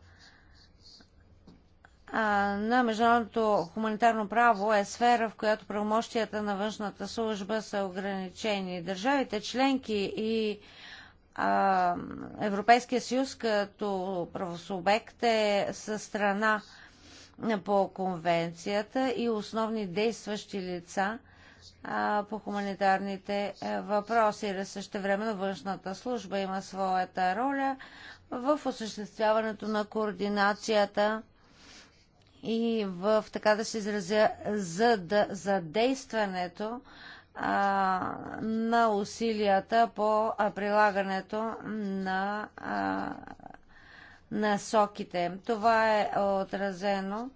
на международното хуманитарно право е сфера, в която правомощията на външната служба са ограничени. Държавите членки и а, Европейския съюз като правосубект е със страна по конвенцията и основни действащи лица а, по хуманитарните е, въпроси. Също време външната служба има своята роля в осъществяването на координацията и в, така да се изразя, за, да, за действането а, на усилията по прилагането на а, насоките. Това е отразено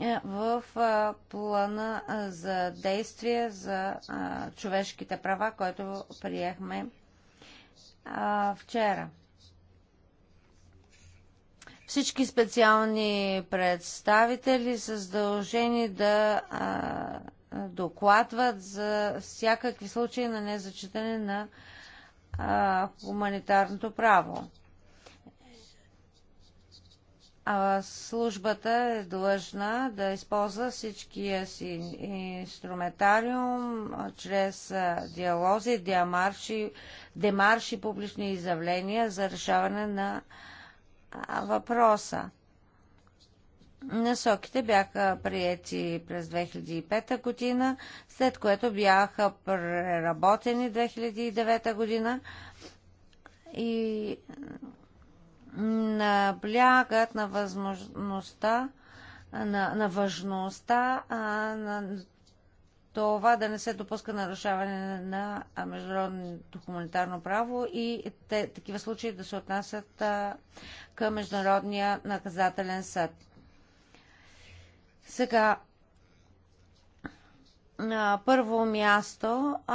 е, в а, плана за действие за а, човешките права, който приехме а, вчера. Всички специални представители са задължени да а, докладват за всякакви случаи на незачитане на а, хуманитарното право. А службата е длъжна да използва всичкия си инструментариум чрез диалози, демарши, демарши публични изявления за решаване на въпроса. Насоките бяха приети през 2005 година, след което бяха преработени 2009 година и наблягат на възможността на, на важността а, на това да не се допуска нарушаване на международното хуманитарно право и те, такива случаи да се отнасят а, към Международния наказателен съд. Сега, на първо място, а,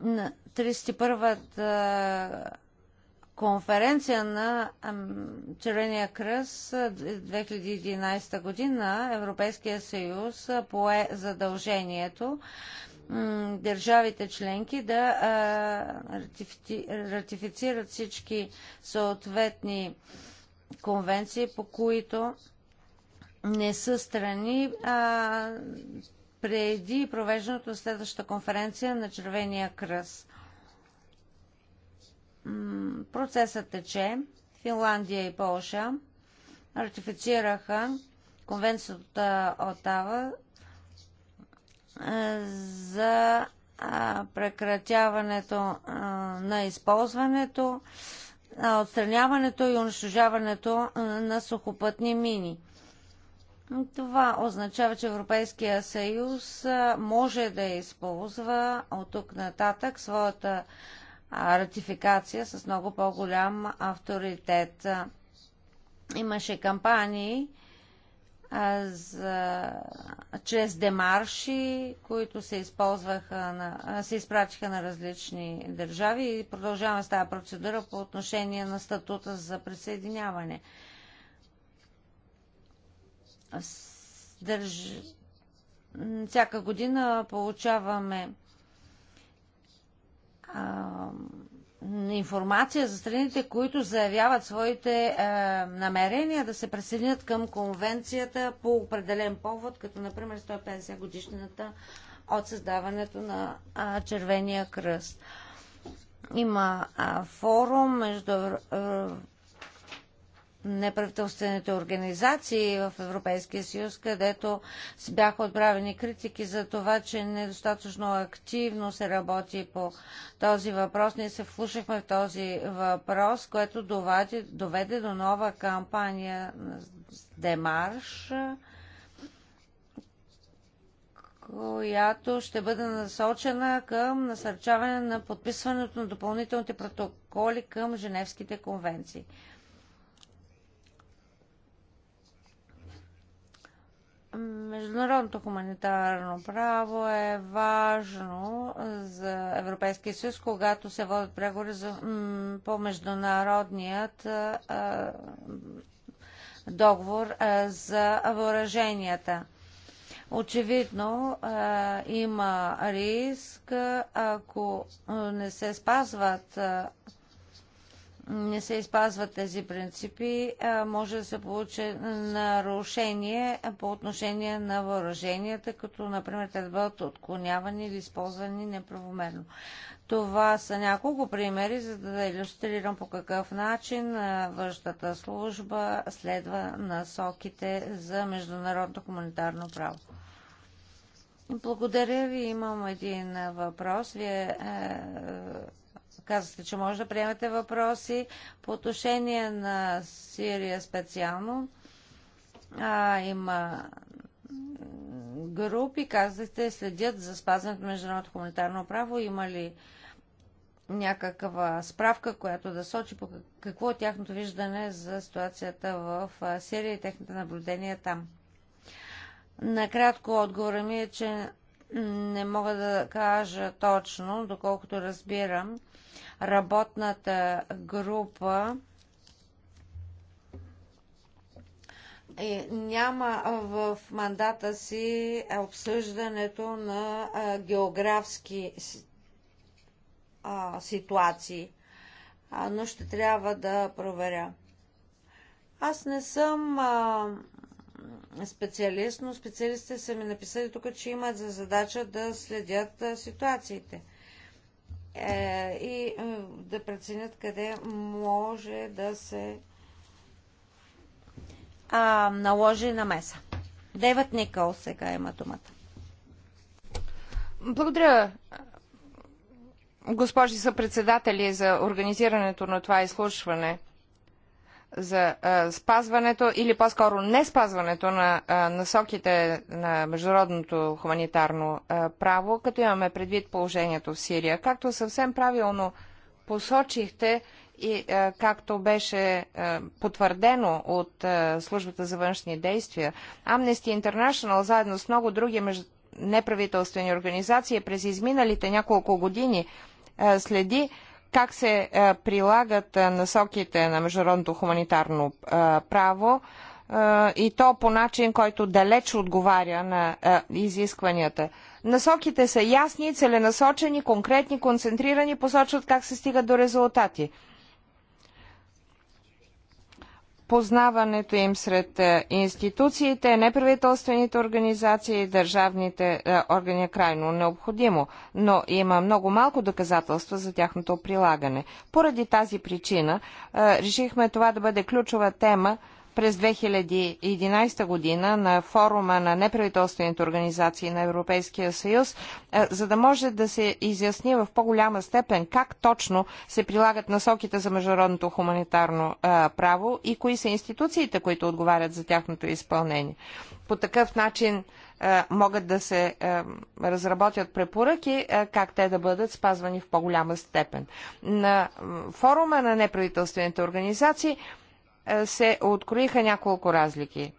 на 31-та конференция на Червения кръст 2011 година Европейския съюз пое задължението държавите членки да ратифицират всички съответни конвенции, по които не са страни а, преди провеждането на следващата конференция на Червения кръст процесът тече. Финландия и Полша ратифицираха конвенцията от АВА за прекратяването на използването, отстраняването и унищожаването на сухопътни мини. Това означава, че Европейския съюз може да използва от тук нататък своята ратификация с много по-голям авторитет. Имаше кампании за, чрез демарши, които се, използваха на, се изпратиха на различни държави и продължаваме с тази процедура по отношение на статута за присъединяване. Държ... Всяка година получаваме информация за страните, които заявяват своите а, намерения да се присъединят към конвенцията по определен повод, като например 150 годишната от създаването на а, Червения кръст. Има а, форум между неправителствените организации в Европейския съюз, където си бяха отправени критики за това, че недостатъчно активно се работи по този въпрос. Ние се вслушахме в този въпрос, което доведе, доведе до нова кампания Демарш, която ще бъде насочена към насърчаване на подписването на допълнителните протоколи към Женевските конвенции. Международното хуманитарно право е важно за Европейския съюз, когато се водят преговори за, по международният а, договор а, за въоръженията. Очевидно а, има риск, ако не се спазват не се изпазват тези принципи, може да се получи нарушение по отношение на въоръженията, като например те да бъдат отклонявани или използвани неправомерно. Това са няколко примери, за да иллюстрирам по какъв начин външната служба следва насоките за международно хуманитарно право. Благодаря ви. Имам един въпрос. Вие е, Казахте, че може да приемате въпроси по отношение на Сирия специално. А, има групи, казахте, следят за спазването на международното хуманитарно право. Има ли някаква справка, която да сочи по какво е тяхното виждане за ситуацията в Сирия и техните наблюдения там? Накратко отговора ми е, че не мога да кажа точно, доколкото разбирам. Работната група е, няма в мандата си обсъждането на географски ситуации, но ще трябва да проверя. Аз не съм специалист, но специалистите са ми написали тук, че имат за задача да следят ситуациите. Е, и е, да преценят къде може да се а, наложи намеса. Девът Никол сега има думата. Благодаря, госпожи съпредседатели, за организирането на това изслушване за а, спазването или по-скоро не спазването на а, насоките на международното хуманитарно а, право, като имаме предвид положението в Сирия. Както съвсем правилно посочихте и а, както беше а, потвърдено от а, Службата за външни действия, Amnesty International заедно с много други неправителствени организации през изминалите няколко години а, следи как се е, прилагат е, насоките на международното хуманитарно е, право и то по начин, който далеч отговаря на изискванията. Насоките са ясни, целенасочени, конкретни, концентрирани, посочват как се стига до резултати познаването им сред е, институциите, неправителствените организации и държавните е, органи е крайно необходимо, но има много малко доказателства за тяхното прилагане. Поради тази причина е, решихме това да бъде ключова тема през 2011 година на форума на неправителствените организации на Европейския съюз, е, за да може да се изясни в по-голяма степен как точно се прилагат насоките за международното хуманитарно е, право и кои са институциите, които отговарят за тяхното изпълнение. По такъв начин е, могат да се разработят препоръки, как те да бъдат спазвани в по-голяма степен. На форума на неправителствените организации е, се откроиха няколко разлики.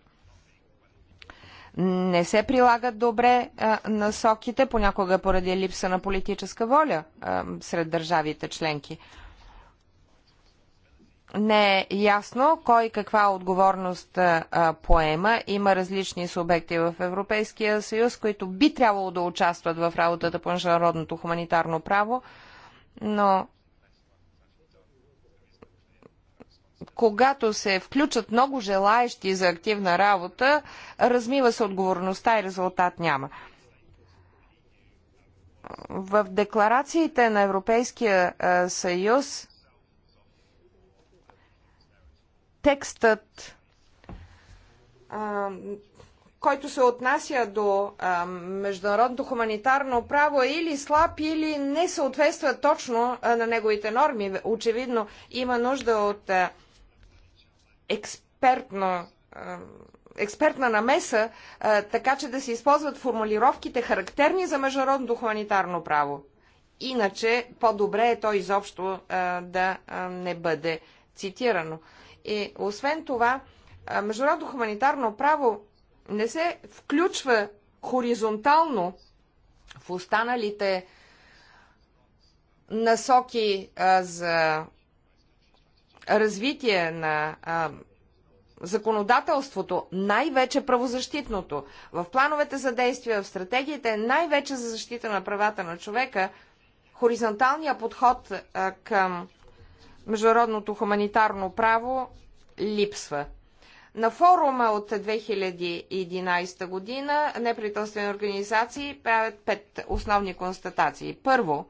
Не се прилагат добре е, насоките, понякога поради липса на политическа воля е, сред държавите членки. Не е ясно кой каква отговорност поема. Има различни субекти в Европейския съюз, които би трябвало да участват в работата по международното хуманитарно право, но когато се включат много желаещи за активна работа, размива се отговорността и резултат няма. В декларациите на Европейския съюз текстът, който се отнася до международното хуманитарно право е или слаб, или не съответства точно на неговите норми. Очевидно има нужда от експертно, експертна намеса, така че да се използват формулировките характерни за международното хуманитарно право. Иначе по-добре е то изобщо да не бъде цитирано. И освен това, международното хуманитарно право не се включва хоризонтално в останалите насоки за развитие на а, законодателството, най-вече правозащитното, в плановете за действие в стратегиите, е най-вече за защита на правата на човека, хоризонталният подход а, към международното хуманитарно право липсва. На форума от 2011 година неправителствени организации правят пет основни констатации. Първо,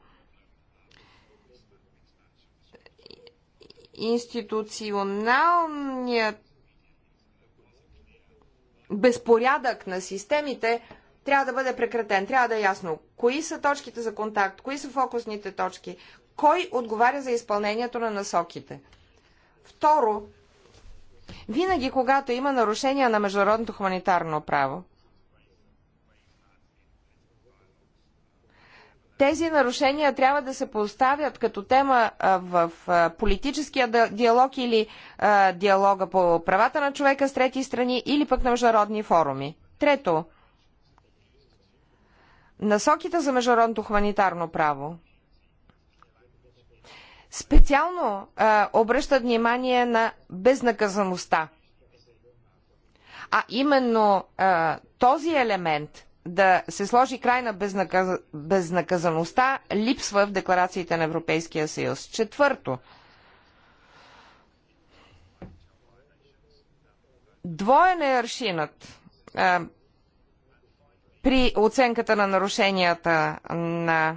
институционалният безпорядък на системите трябва да бъде прекратен. Трябва да е ясно кои са точките за контакт, кои са фокусните точки, кой отговаря за изпълнението на насоките. Второ, винаги когато има нарушения на международното хуманитарно право, Тези нарушения трябва да се поставят като тема в политическия диалог или диалога по правата на човека с трети страни или пък на международни форуми. Трето, насоките за международното хуманитарно право специално а, обръщат внимание на безнаказаността. А именно а, този елемент да се сложи край на безнаказ... безнаказаността липсва в декларациите на Европейския съюз. Четвърто, двоен е аршинът а, при оценката на нарушенията на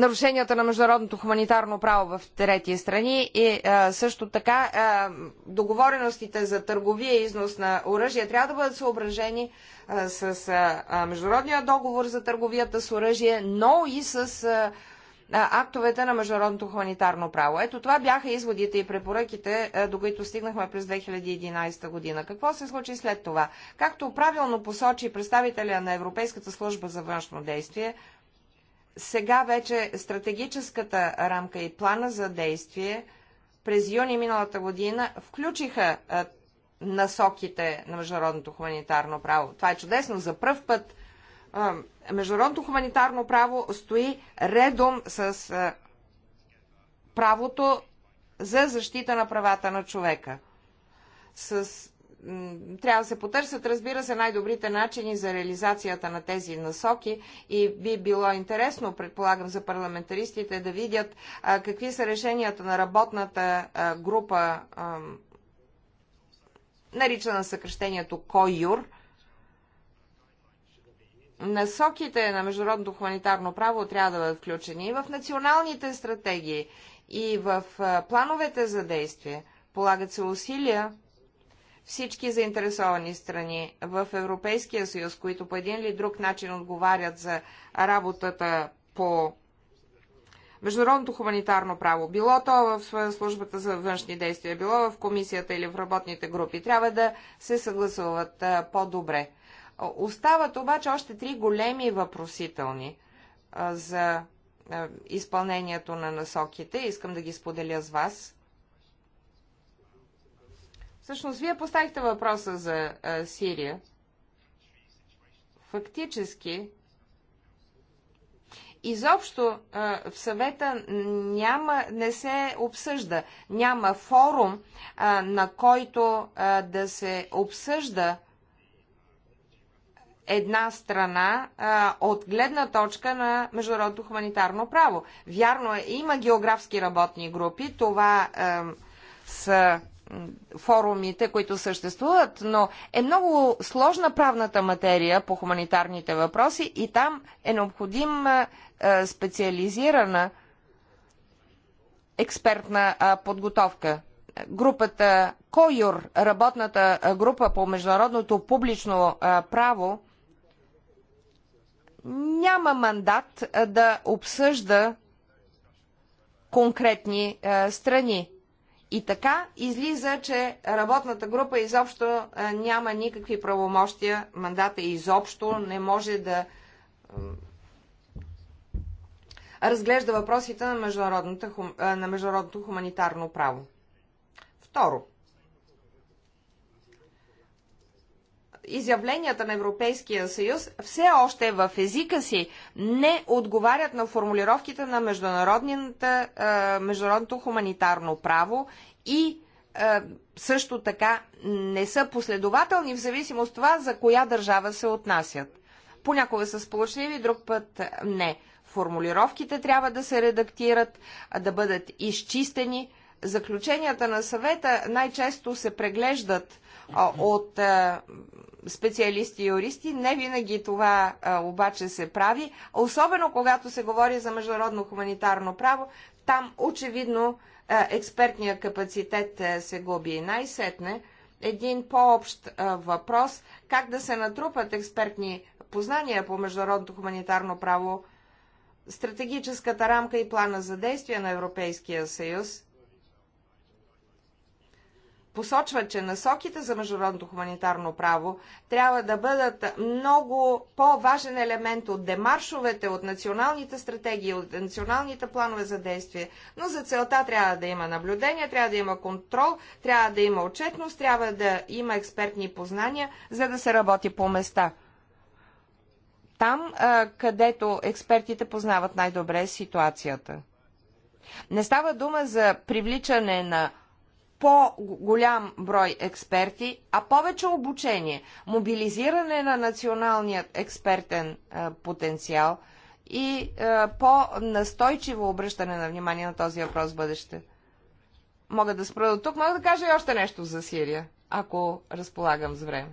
нарушенията на международното хуманитарно право в трети страни и е, също така е, договореностите за търговия и износ на оръжие трябва да бъдат съображени е, с международния договор за търговията с оръжие, но и с актовете на международното хуманитарно право. Ето това бяха изводите и препоръките, до които стигнахме през 2011 година. Какво се случи след това? Както правилно посочи представителя на Европейската служба за външно действие, сега вече стратегическата рамка и плана за действие през юни миналата година включиха насоките на международното хуманитарно право. Това е чудесно. За първ път международното хуманитарно право стои редом с правото за защита на правата на човека. С трябва да се потърсят, разбира се, най-добрите начини за реализацията на тези насоки и би било интересно, предполагам, за парламентаристите да видят а, какви са решенията на работната а, група, а, наричана съкрещението КОЮР. Насоките на международното хуманитарно право трябва да бъдат включени и в националните стратегии, и в плановете за действие. Полагат се усилия всички заинтересовани страни в Европейския съюз, които по един или друг начин отговарят за работата по международното хуманитарно право, било то в службата за външни действия, било в комисията или в работните групи, трябва да се съгласуват по-добре. Остават обаче още три големи въпросителни за изпълнението на насоките. Искам да ги споделя с вас. Всъщност, вие поставихте въпроса за а, Сирия. Фактически, изобщо а, в съвета няма, не се обсъжда, няма форум, а, на който а, да се обсъжда една страна а, от гледна точка на международното хуманитарно право. Вярно е, има географски работни групи, това а, са форумите, които съществуват, но е много сложна правната материя по хуманитарните въпроси и там е необходима специализирана експертна подготовка. Групата КОЮР, работната група по международното публично право, няма мандат да обсъжда конкретни страни и така излиза, че работната група изобщо е, няма никакви правомощия, мандата изобщо не може да разглежда въпросите на международното, е, на международното хуманитарно право. Второ, изявленията на Европейския съюз все още в езика си не отговарят на формулировките на международното хуманитарно право и също така не са последователни в зависимост от това за коя държава се отнасят. Понякога са сполучливи, друг път не. Формулировките трябва да се редактират, да бъдат изчистени. Заключенията на съвета най-често се преглеждат от специалисти и юристи. Не винаги това а, обаче се прави, особено когато се говори за международно хуманитарно право. Там очевидно а, експертния капацитет а, се губи. И най-сетне един по-общ въпрос как да се натрупат експертни познания по международното хуманитарно право, стратегическата рамка и плана за действие на Европейския съюз – посочва, че насоките за международното хуманитарно право трябва да бъдат много по-важен елемент от демаршовете, от националните стратегии, от националните планове за действие. Но за целта трябва да има наблюдение, трябва да има контрол, трябва да има отчетност, трябва да има експертни познания, за да се работи по места. Там, където експертите познават най-добре ситуацията. Не става дума за привличане на по-голям брой експерти, а повече обучение, мобилизиране на националният експертен е, потенциал и е, по-настойчиво обръщане на внимание на този въпрос в бъдеще. Мога да спра до тук, мога да кажа и още нещо за Сирия, ако разполагам с време.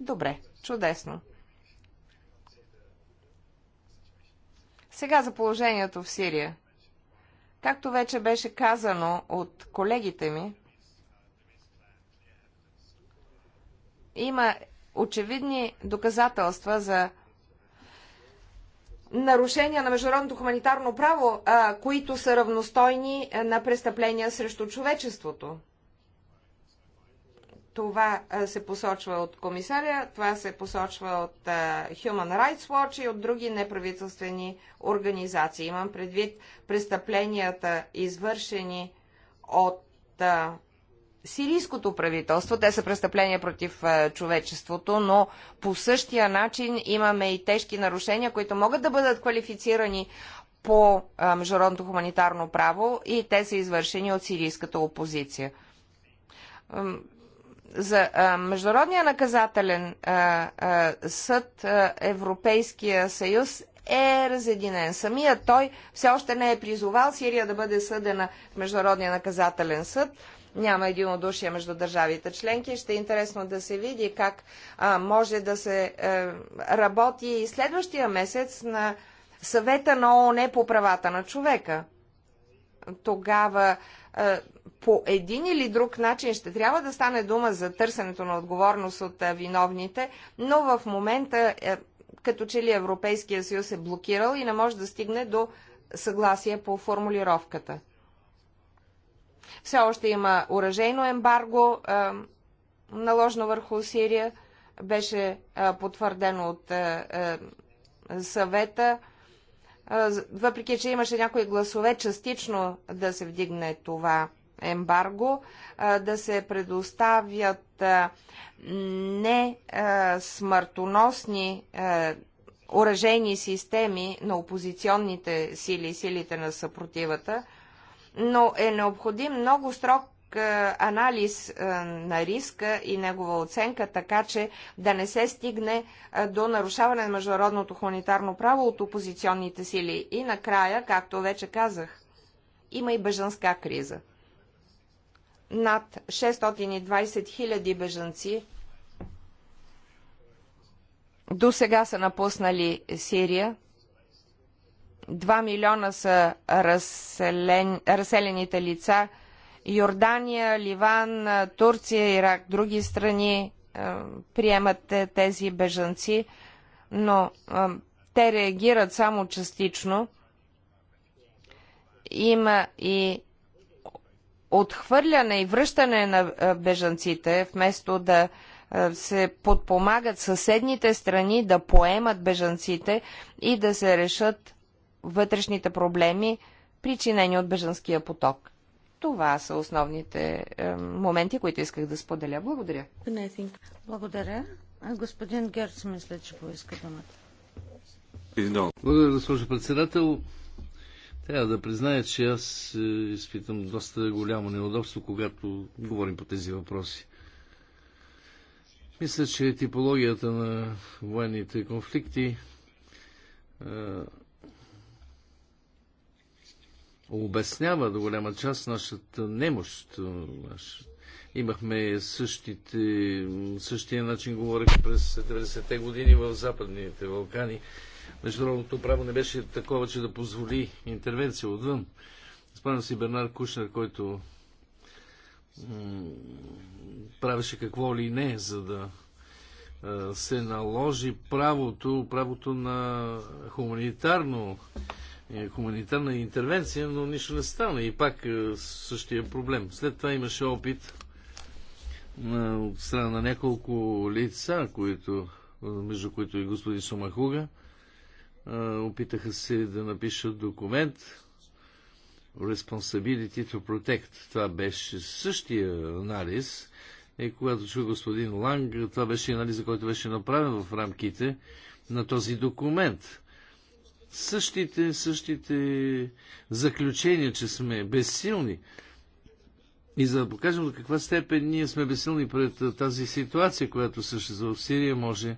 Добре, чудесно. Сега за положението в Сирия. Както вече беше казано от колегите ми, има очевидни доказателства за нарушения на международното хуманитарно право, които са равностойни на престъпления срещу човечеството. Това се посочва от комисаря, това се посочва от Human Rights Watch и от други неправителствени организации. Имам предвид престъпленията, извършени от сирийското правителство. Те са престъпления против човечеството, но по същия начин имаме и тежки нарушения, които могат да бъдат квалифицирани по международното хуманитарно право и те са извършени от сирийската опозиция за Международния наказателен съд Европейския съюз е разединен. Самия той все още не е призовал Сирия да бъде съдена в Международния наказателен съд. Няма единодушие между държавите членки. Ще е интересно да се види как а, може да се а, е, работи и следващия месец на съвета на ООН по правата на човека. Тогава по един или друг начин ще трябва да стане дума за търсенето на отговорност от виновните, но в момента е, като че ли Европейския съюз е блокирал и не може да стигне до съгласие по формулировката. Все още има оръжейно ембарго, наложено върху Сирия, беше потвърдено от съвета въпреки че имаше някои гласове частично да се вдигне това ембарго, да се предоставят не смъртоносни оръжейни системи на опозиционните сили, силите на съпротивата, но е необходим много строг е, анализ е, на риска и негова оценка, така че да не се стигне е, до нарушаване на международното хуманитарно право от опозиционните сили. И накрая, както вече казах, има и бежанска криза. Над 620 хиляди бежанци до сега са напуснали Сирия. 2 милиона са разселен, разселените лица – Йордания, Ливан, Турция, Ирак, други страни приемат е, тези бежанци, но те реагират само частично. Има и отхвърляне и връщане на бежанците, вместо да се подпомагат съседните страни да поемат бежанците и да се решат вътрешните проблеми, причинени от бежанския поток. Това са основните е, моменти, които исках да споделя. Благодаря. Благодаря. Господин Герц, мисля, че поиска думата. Благодаря, госпожо председател. Трябва да призная, че аз е, изпитам доста голямо неудобство, когато говорим по тези въпроси. Мисля, че типологията на военните конфликти е, обяснява до голяма част нашата немощ. Имахме същите, същия начин, говорих през 90-те години в Западните Балкани. Международното право не беше такова, че да позволи интервенция отвън. Спомням си Бернар Кушнер, който правеше какво ли не, за да се наложи правото, правото на хуманитарно е, хуманитарна интервенция, но нищо не стана и пак е, същия проблем. След това имаше опит на, е, от страна на няколко лица, които, между които и господин Сомахуга, опитаха се да напишат документ Responsibility to Protect. Това беше същия анализ. И когато чу господин Ланг, това беше анализа, който беше направен в рамките на този документ същите, същите заключения, че сме безсилни. И за да покажем до каква степен ние сме безсилни пред тази ситуация, която съществува в Сирия, може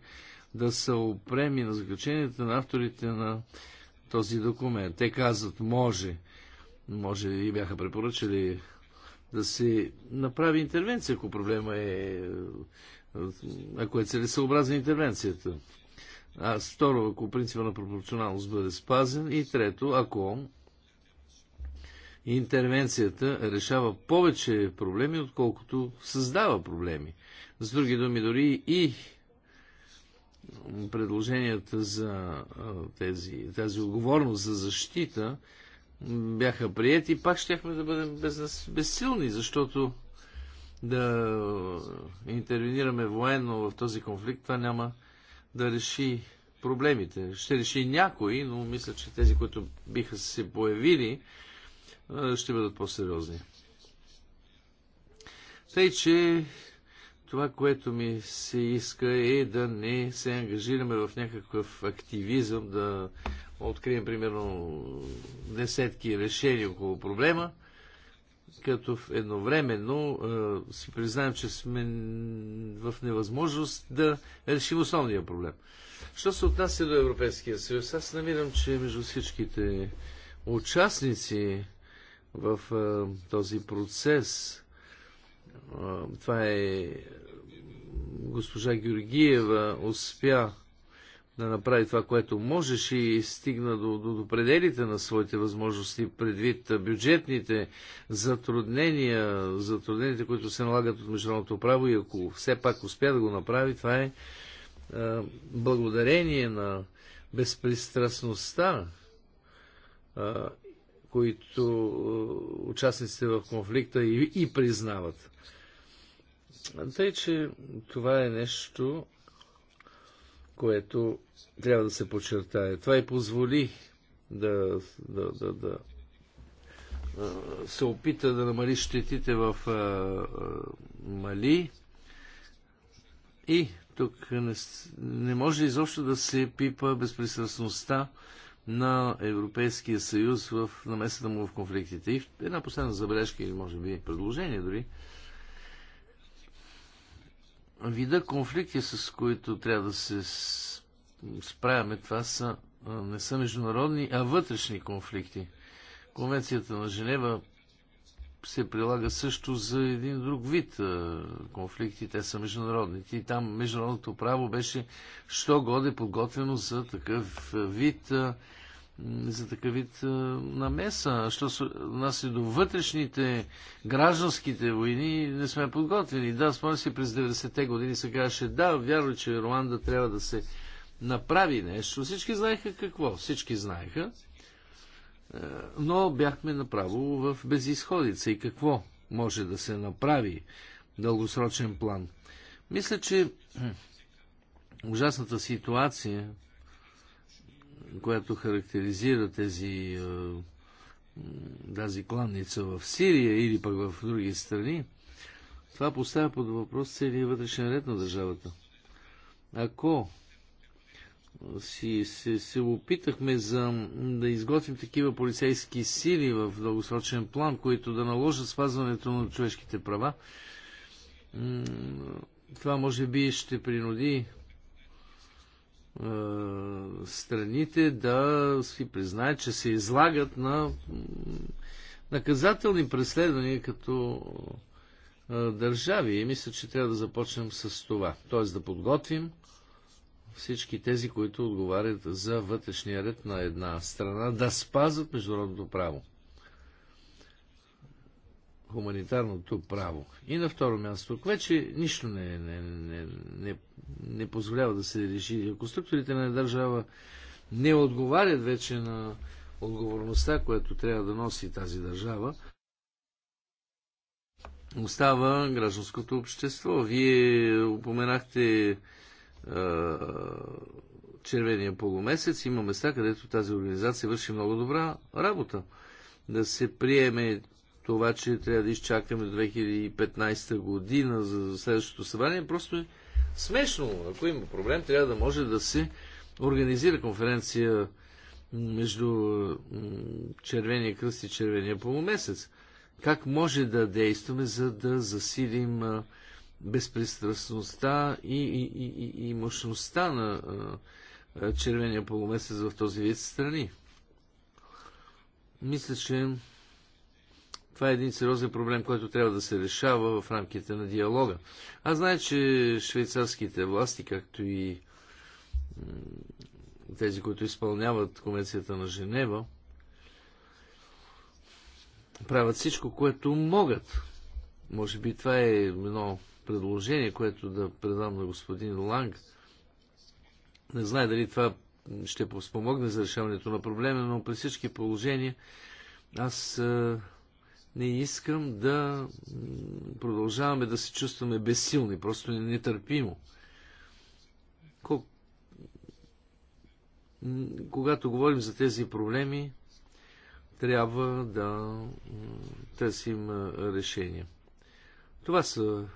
да се опреми на заключенията на авторите на този документ. Те казват, може, може и бяха препоръчали да се направи интервенция, ако проблема е, ако е целесъобразна интервенцията. А второ, ако принципа на пропорционалност бъде спазен. И трето, ако интервенцията решава повече проблеми, отколкото създава проблеми. С други думи, дори и предложенията за тези, тази отговорност за защита бяха прияти, пак щяхме да бъдем без, безсилни, защото да интервенираме военно в този конфликт, това няма да реши проблемите. Ще реши някои, но мисля, че тези, които биха се появили, ще бъдат по-сериозни. Тъй, че това, което ми се иска е да не се ангажираме в някакъв активизъм, да открием примерно десетки решения около проблема, като едновременно е, си признаем, че сме в невъзможност да решим основния проблем. Що се отнася до Европейския съюз, аз намирам, че между всичките участници в е, този процес, е, това е госпожа Георгиева, успя да направи това, което можеше и стигна до, до, до пределите на своите възможности, предвид бюджетните затруднения, затруднените, които се налагат от международното право и ако все пак успя да го направи, това е а, благодарение на безпристрастността, а, които а, участниците в конфликта и, и признават. Тъй, че това е нещо, което трябва да се подчертае. Това и позволи да, да, да, да се опита да намали щетите в а, а, Мали. И тук не, не може изобщо да се пипа безпристрастността на Европейския съюз в намесата му в конфликтите. И една последна забележка или може би предложение дори вида конфликти, с които трябва да се справяме, това са, не са международни, а вътрешни конфликти. Конвенцията на Женева се прилага също за един друг вид конфликти. Те са международните. И там международното право беше що годе подготвено за такъв вид за такъв вид намеса. Що се нас и до вътрешните гражданските войни не сме подготвени. Да, спомням си през 90-те години се казваше, да, вярно, че Руанда трябва да се направи нещо. Всички знаеха какво. Всички знаеха. Е, но бяхме направо в безисходица. И какво може да се направи дългосрочен план? Мисля, че ужасната ситуация която характеризира тези, тази кланница в Сирия или пък в други страни, това поставя под въпрос целият вътрешен ред на държавата. Ако си, се, се опитахме за, да изготвим такива полицейски сили в дългосрочен план, които да наложат спазването на човешките права, това може би ще принуди е, страните да си признаят, че се излагат на наказателни преследвания като е, държави. И мисля, че трябва да започнем с това. Т.е. да подготвим всички тези, които отговарят за вътрешния ред на една страна, да спазват международното право хуманитарното право. И на второ място, тук вече нищо не, не, не, не, не позволява да се реши. Ако структурите на държава не отговарят вече на отговорността, която трябва да носи тази държава, остава гражданското общество. Вие упоменахте е, червения полумесец. Има места, където тази организация върши много добра работа. Да се приеме това, че трябва да изчакаме 2015 година за следващото събрание, просто е смешно. Ако има проблем, трябва да може да се организира конференция между Червения кръст и Червения полумесец. Как може да действаме, за да засилим безпристрастността и, и, и, и мощността на Червения полумесец в този вид страни? Мисля, че това е един сериозен проблем, който трябва да се решава в рамките на диалога. Аз знае, че швейцарските власти, както и тези, които изпълняват Конвенцията на Женева, правят всичко, което могат. Може би това е едно предложение, което да предам на господин Ланг. Не знае дали това ще спомогне за решаването на проблема, но при всички положения аз не искам да продължаваме да се чувстваме безсилни, просто нетърпимо. Когато говорим за тези проблеми, трябва да търсим решение. Това са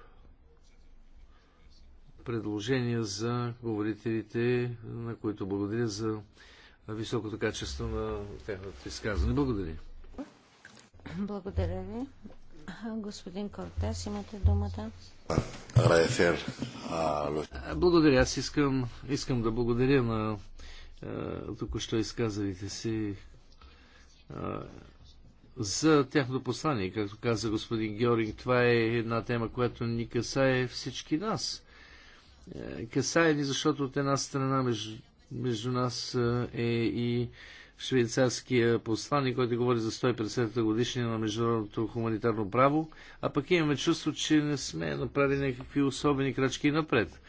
предложения за говорителите, на които благодаря за високото качество на тяхното изказване. Благодаря. Благодаря ви. Господин Кортес, имате думата. Благодаря. Аз искам, искам да благодаря на току-що изказалите си за тяхното послание. Както каза господин Георинг, това е една тема, която ни касае всички нас. Е, касае ни, защото от една страна между, между нас е и швейцарския посланник, който говори за 150-та годишния на международното хуманитарно право, а пък имаме чувство, че не сме направили някакви особени крачки напред.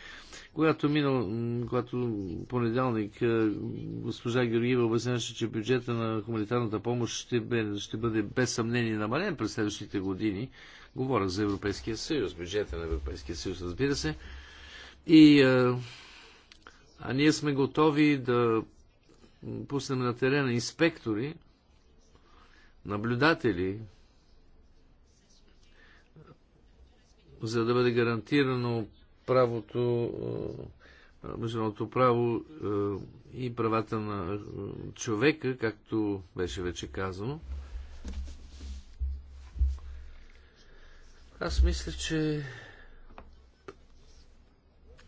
Когато минал, когато понеделник е, госпожа Георгиева обясняваше, че бюджета на хуманитарната помощ ще, бъде, ще бъде без съмнение намален през следващите години, говоря за Европейския съюз, бюджета на Европейския съюз, разбира се, и а, е, а ние сме готови да пуснем на терена инспектори, наблюдатели, за да бъде гарантирано правото, е, международното право е, и правата на е, човека, както беше вече казано. Аз мисля, че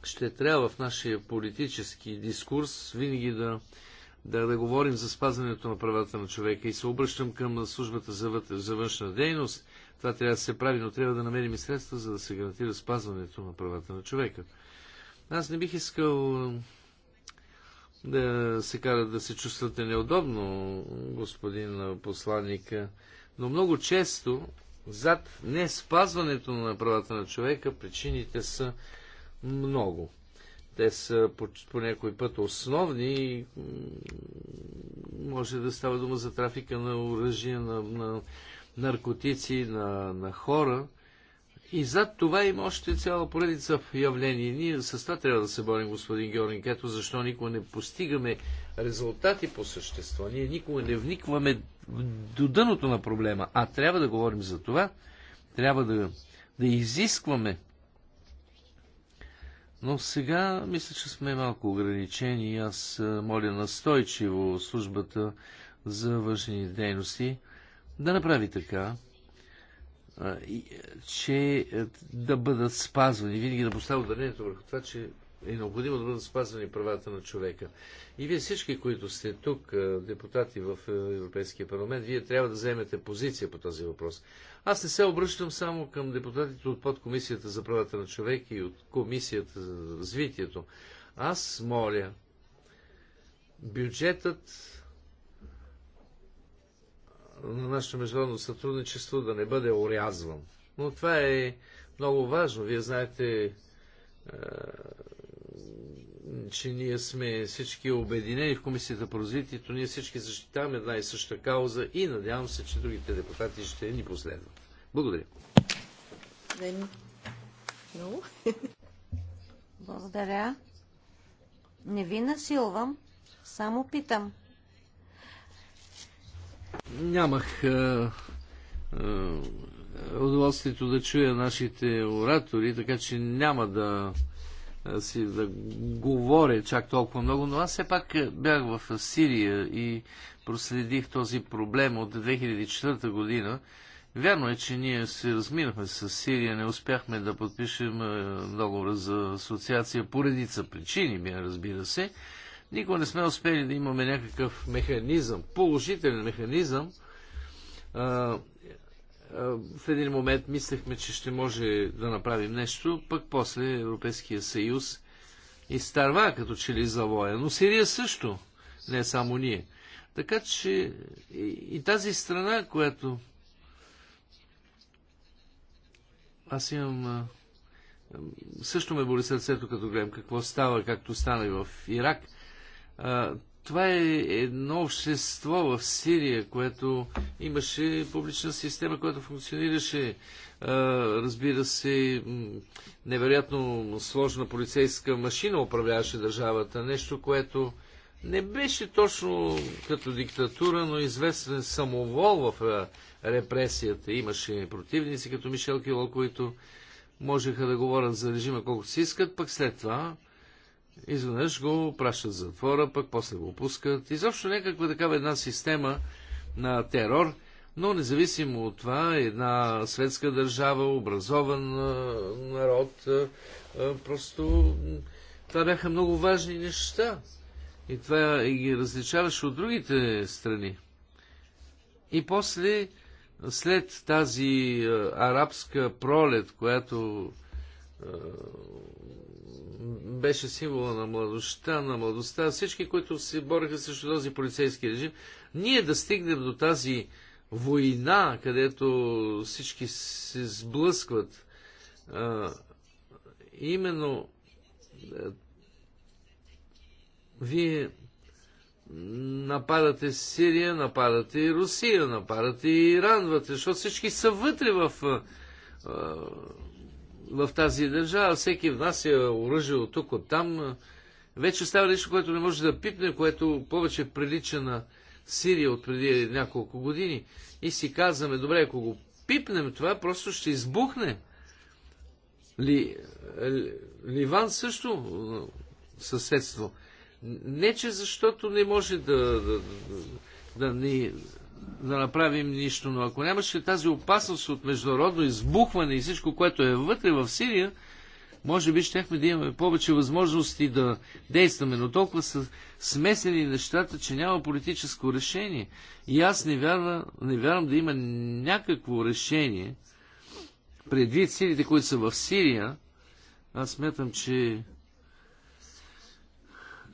ще трябва в нашия политически дискурс винаги да да, да говорим за спазването на правата на човека и се обръщам към службата за, вътре, за външна дейност. Това трябва да се прави, но трябва да намерим и средства, за да се гарантира спазването на правата на човека. Аз не бих искал да се карат да се чувствате неудобно, господин посланник, но много често зад не спазването на правата на човека причините са много. Те са по, по някой път основни и може да става дума за трафика на оръжия, на, на наркотици, на, на хора. И зад това има още цяла поредица явления. Ние с това трябва да се борим, господин Георгин, ето защо никога не постигаме резултати по същество. Ние никога не вникваме до дъното на проблема, а трябва да говорим за това, трябва да, да изискваме но сега мисля, че сме малко ограничени и аз е, моля настойчиво службата за външни дейности да направи така, е, е, че да бъдат спазвани, винаги да поставя ударението върху това, че е необходимо да бъдат спазвани правата на човека. И вие всички, които сте тук, депутати в Европейския парламент, вие трябва да вземете позиция по този въпрос. Аз не се обръщам само към депутатите от подкомисията за правата на човека и от комисията за развитието. Аз моля бюджетът на нашето международно сътрудничество да не бъде орязван. Но това е много важно. Вие знаете е, че ние сме всички обединени в Комисията по развитието, ние всички защитаваме една и съща кауза и надявам се, че другите депутати ще ни последват. Благодаря. Благодаря. Не ви насилвам, само питам. Нямах а, е, а, е, удоволствието да чуя нашите оратори, така че няма да си да говоря чак толкова много, но аз все пак бях в Сирия и проследих този проблем от 2004 година. Вярно е, че ние се разминахме с Сирия, не успяхме да подпишем договор за асоциация по редица причини, ми разбира се. Никога не сме успели да имаме някакъв механизъм, положителен механизъм, в един момент мислехме, че ще може да направим нещо, пък после Европейския съюз изтърва като че ли завоя. Но Сирия също, не само ние. Така че и тази страна, която аз имам... Също ме боли сърцето, като гледам какво става, както стана и в Ирак това е едно общество в Сирия, което имаше публична система, която функционираше, разбира се, невероятно сложна полицейска машина управляваше държавата. Нещо, което не беше точно като диктатура, но известен самовол в репресията. Имаше противници като Мишел Кило, които можеха да говорят за режима колкото си искат, пък след това изведнъж го пращат в затвора, пък после го пускат. Изобщо някаква такава една система на терор, но независимо от това, една светска държава, образован народ, просто това бяха много важни неща. И това ги различаваше от другите страни. И после, след тази арабска пролет, която беше символа на младостта, на младостта, всички, които се бореха срещу този полицейски режим, ние да стигнем до тази война, където всички се сблъскват, а, именно а, вие нападате Сирия, нападате и Русия, нападате и Иран вътре, защото всички са вътре в а, в тази държава, всеки внася е оръжие от тук, от там. Вече става нещо, което не може да пипне, което повече прилича на Сирия от преди няколко години. И си казваме, добре, ако го пипнем това, просто ще избухне. Ли, Ливан също съседство. Не, че защото не може да, да, да, да ни да направим нищо. Но ако нямаше тази опасност от международно избухване и всичко, което е вътре в Сирия, може би щехме да имаме повече възможности да действаме, но толкова са смесени нещата, че няма политическо решение. И аз не вярвам, не вярвам да има някакво решение предвид силите, които са в Сирия. Аз смятам, че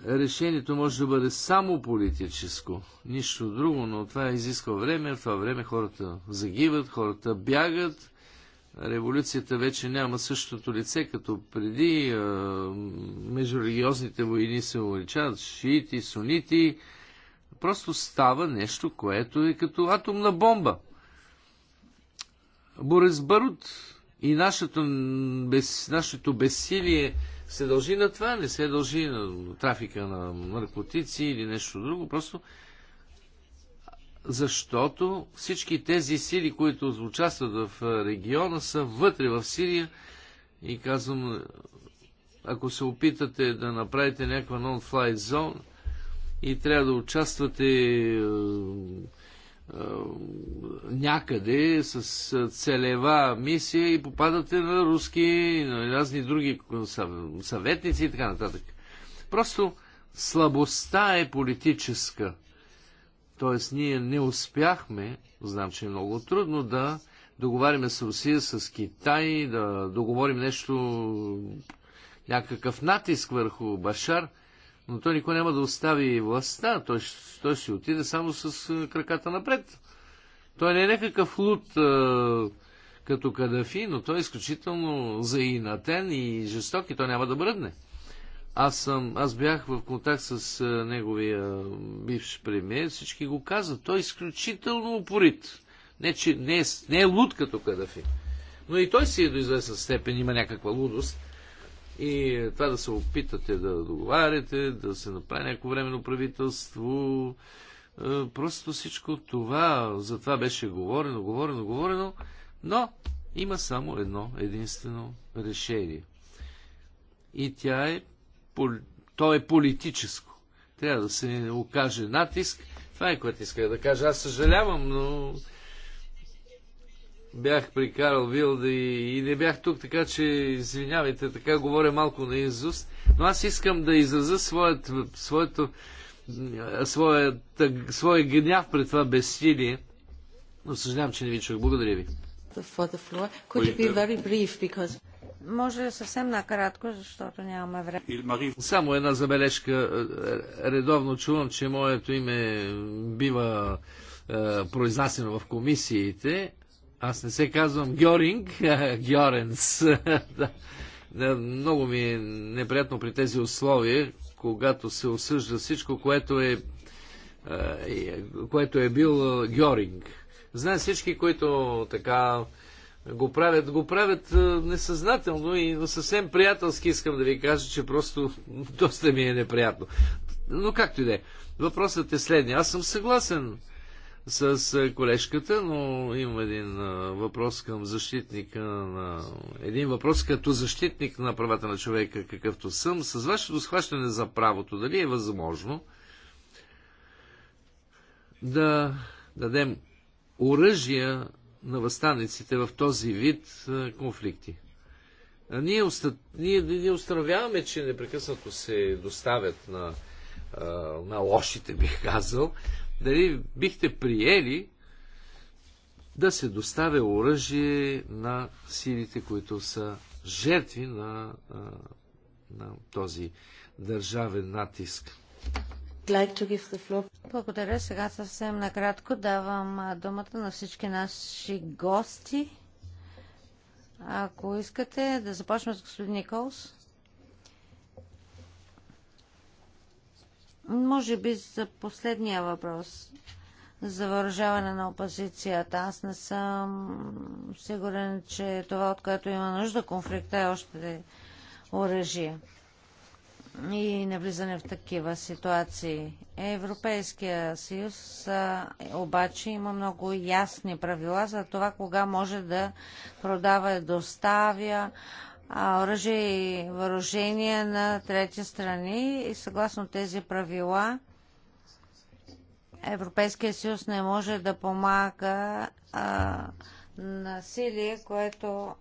решението може да бъде само политическо, нищо друго, но това изисква време. В това време хората загиват, хората бягат. Революцията вече няма същото лице, като преди. Междурелигиозните войни се увеличават, шиити, сунити. Просто става нещо, което е като атомна бомба. Борис и нашето, без, нашето безсилие се дължи на това, не се дължи на трафика на наркотици или нещо друго, просто защото всички тези сили, които участват в региона, са вътре в Сирия и казвам, ако се опитате да направите някаква non-fly zone и трябва да участвате някъде с целева мисия и попадате на руски, на разни други съветници и така нататък. Просто слабостта е политическа. Тоест ние не успяхме, знам, че е много трудно да договаряме с Русия, с Китай, да договорим нещо, някакъв натиск върху Башар – но той никой няма да остави властта, той, той ще отиде само с краката напред. Той не е някакъв луд като Кадафи, но той е изключително заинатен и жесток и той няма да бръдне. Аз, съм, аз бях в контакт с неговия бивш премиер, всички го казват. Той е изключително упорит. Не, че не е, не е луд като Кадафи. Но и той си е до известна степен, има някаква лудост. И това да се опитате да договаряте, да се направи някакво временно правителство, е, просто всичко това, за това беше говорено, говорено, говорено, но има само едно единствено решение. И тя е, то е политическо. Трябва да се окаже натиск. Това е което исках да кажа. Аз съжалявам, но бях при Карл Вилд и, и не бях тук, така че извинявайте, така говоря малко на изуст, но аз искам да изразя своят, своето, своят, своя гняв пред това безсилие, но съжалявам, че не ви чух. Благодаря ви. Because... Може съвсем накратко, защото нямаме време. Само една забележка. Редовно чувам, че моето име бива е, произнасено в комисиите аз не се казвам Гьоринг, а Гьоренс. да. Да, много ми е неприятно при тези условия, когато се осъжда всичко, което е, е което е бил Гьоринг. Знае всички, които така го правят, го правят е, несъзнателно и съвсем приятелски искам да ви кажа, че просто доста ми е неприятно. Но както и да е. Въпросът е следния. Аз съм съгласен с колежката, но имам един въпрос към защитника на... Един въпрос като защитник на правата на човека, какъвто съм. С вашето схващане за правото, дали е възможно да дадем оръжия на възстанниците в този вид конфликти? А ние, уста... ние, ние установяваме, че непрекъснато се доставят на на лошите, бих казал, дали бихте приели да се доставя оръжие на силите, които са жертви на, на този държавен натиск. Благодаря. Сега съвсем накратко давам думата на всички наши гости. Ако искате да започнем с господин Николс. Може би за последния въпрос за въоръжаване на опозицията. Аз не съм сигурен, че това, от което има нужда конфликта, е още е оръжие и навлизане в такива ситуации. Европейския съюз обаче има много ясни правила за това кога може да продава и доставя оръжие и въоръжение на трети страни и съгласно тези правила Европейския съюз не може да помага насилие, което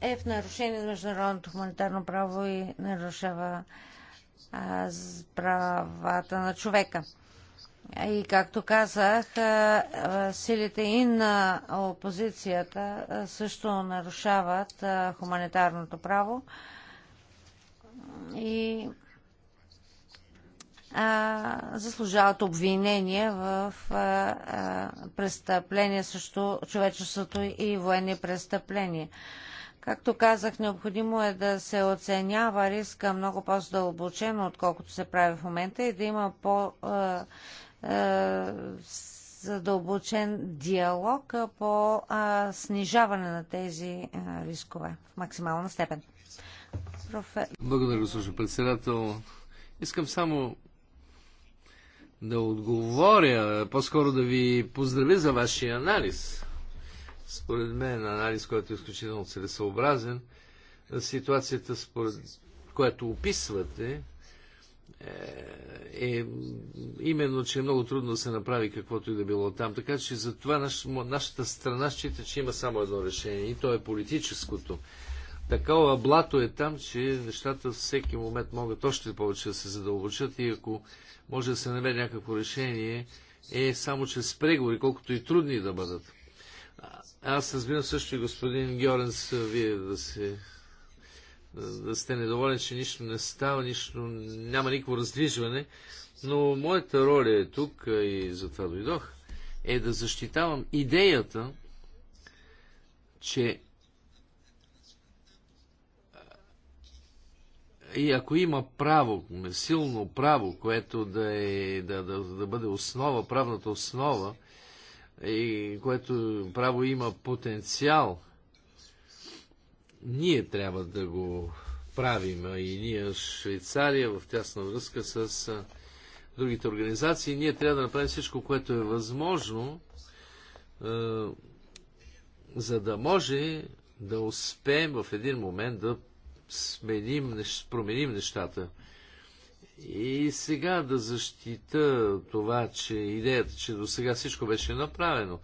е в нарушение на международното хуманитарно право и нарушава правата на човека. И както казах, силите и на опозицията също нарушават хуманитарното право. И заслужават обвинения в престъпления срещу човечеството и военни престъпления. Както казах, необходимо е да се оценява риска много по-задълбочено, отколкото се прави в момента и да има по- е, задълбочен диалог по снижаване на тези е, рискове в максимална степен. Благодаря, госпожо председател. Искам само да отговоря, по-скоро да ви поздравя за вашия анализ. Според мен анализ, който е изключително целесообразен. Ситуацията, според която описвате, е, е именно, че е много трудно да се направи каквото и да било там. Така че за това наш, нашата страна счита, че има само едно решение и то е политическото. Такова блато е там, че нещата всеки момент могат още повече да се задълбочат и ако може да се намери някакво решение, е само чрез преговори, колкото и трудни да бъдат. Аз разбирам също и господин Георенс, вие да се да сте недоволен, че нищо не става, нищо, няма никакво раздвижване, но моята роля е тук и затова дойдох, е да защитавам идеята, че и ако има право, силно право, което да, е, да, да, да бъде основа, правната основа, и което право има потенциал ние трябва да го правим, а и ние Швейцария в тясна връзка с другите организации. Ние трябва да направим всичко, което е възможно, е, за да може да успеем в един момент да сменим, променим нещата. И сега да защита това, че идеята, че до сега всичко беше направено.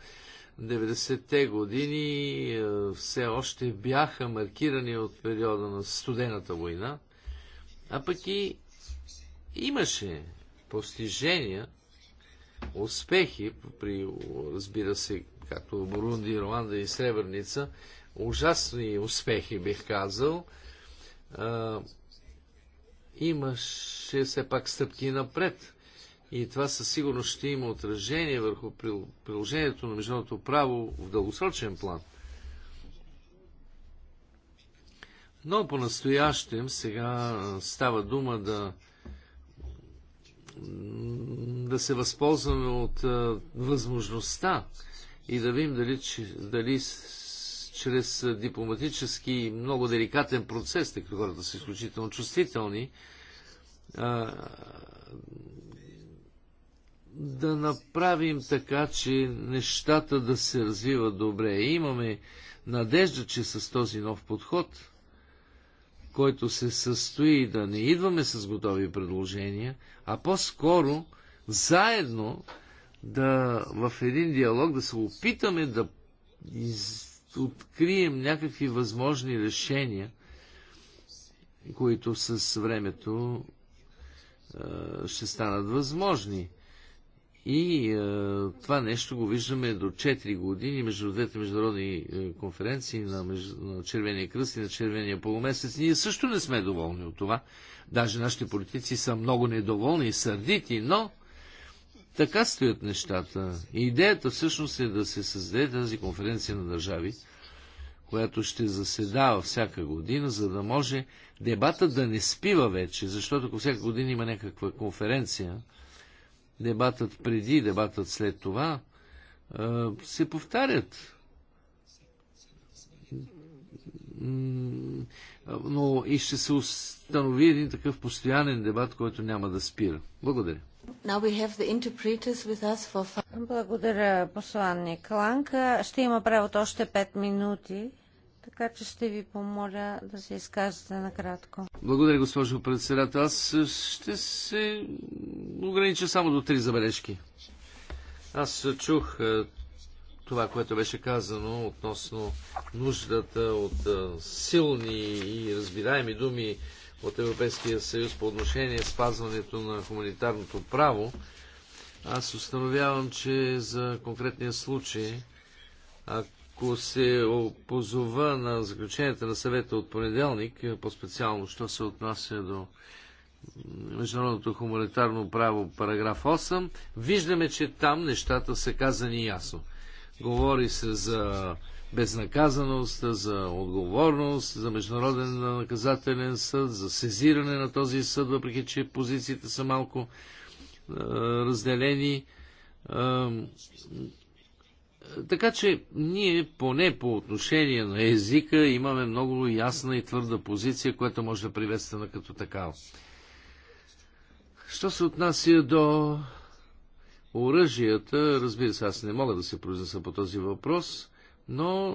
90-те години е, все още бяха маркирани от периода на студената война, а пък и имаше постижения, успехи при, разбира се, както Бурунди, Руанда и Сребърница, ужасни успехи, бих казал. А, е, имаше все пак стъпки напред и това със сигурност ще има отражение върху приложението на международното право в дългосрочен план. Но по-настоящем сега става дума да да се възползваме от а, възможността и да видим дали, че, дали чрез дипломатически много деликатен процес, тъй като хората са изключително чувствителни, а, да направим така, че нещата да се развиват добре. И имаме надежда, че с този нов подход, който се състои да не идваме с готови предложения, а по-скоро заедно да в един диалог да се опитаме да из... открием някакви възможни решения, които с времето ще станат възможни и е, това нещо го виждаме до 4 години между двете международни е, конференции на, меж... на Червения кръст и на Червения полумесец. Ние също не сме доволни от това. Даже нашите политици са много недоволни и сърдити, но така стоят нещата. И идеята всъщност е да се създаде тази конференция на държави, която ще заседава всяка година, за да може дебата да не спива вече, защото ако всяка година има някаква конференция, дебатът преди, дебатът след това се повтарят. Но и ще се установи един такъв постоянен дебат, който няма да спира. Благодаря. For... Благодаря, посланник Ланка. Ще има правото още 5 минути така че ще ви помоля да се изкажете накратко. Благодаря, госпожо председател. Аз ще се огранича само до три забележки. Аз чух е, това, което беше казано относно нуждата от е, силни и разбираеми думи от Европейския съюз по отношение спазването на хуманитарното право. Аз установявам, че за конкретния случай, ако ако се позова на заключенията на съвета от понеделник, е, по-специално, що се отнася до международното хуманитарно право, параграф 8, виждаме, че там нещата са казани ясно. Говори се за безнаказаност, за отговорност, за международен наказателен съд, за сезиране на този съд, въпреки че позициите са малко е, разделени. Така че ние поне по отношение на езика имаме много ясна и твърда позиция, която може да приветстваме като такава. Що се отнася до оръжията, разбира се, аз не мога да се произнеса по този въпрос, но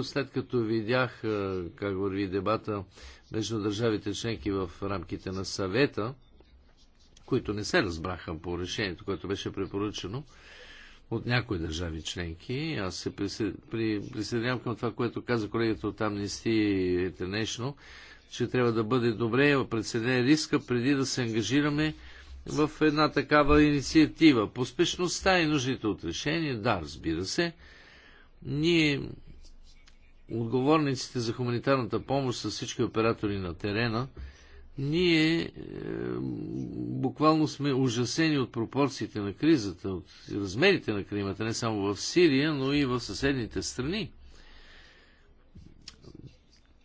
е, след като видях е, как върви дебата между държавите членки в рамките на съвета, които не се разбраха по решението, което беше препоръчено, е, от някои държави членки. Аз се присъединявам към това, което каза колегата от Amnesty International, че трябва да бъде добре преценен риска преди да се ангажираме в една такава инициатива. Поспешността и нуждите от решение, да, разбира се. Ние, отговорниците за хуманитарната помощ с всички оператори на терена, ние е, буквално сме ужасени от пропорциите на кризата, от размерите на климата, не само в Сирия, но и в съседните страни.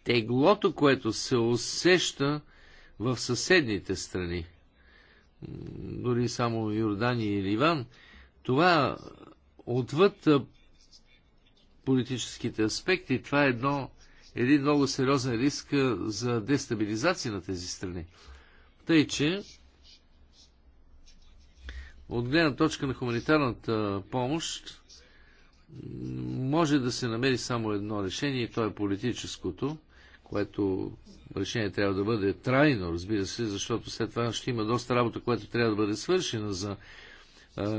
Теглото, което се усеща в съседните страни, дори само Йордания и Ливан, това отвъд политическите аспекти, това е едно един много сериозен риск за дестабилизация на тези страни. Тъй, че от гледна точка на хуманитарната помощ може да се намери само едно решение и то е политическото, което решение трябва да бъде трайно, разбира се, защото след това ще има доста работа, която трябва да бъде свършена за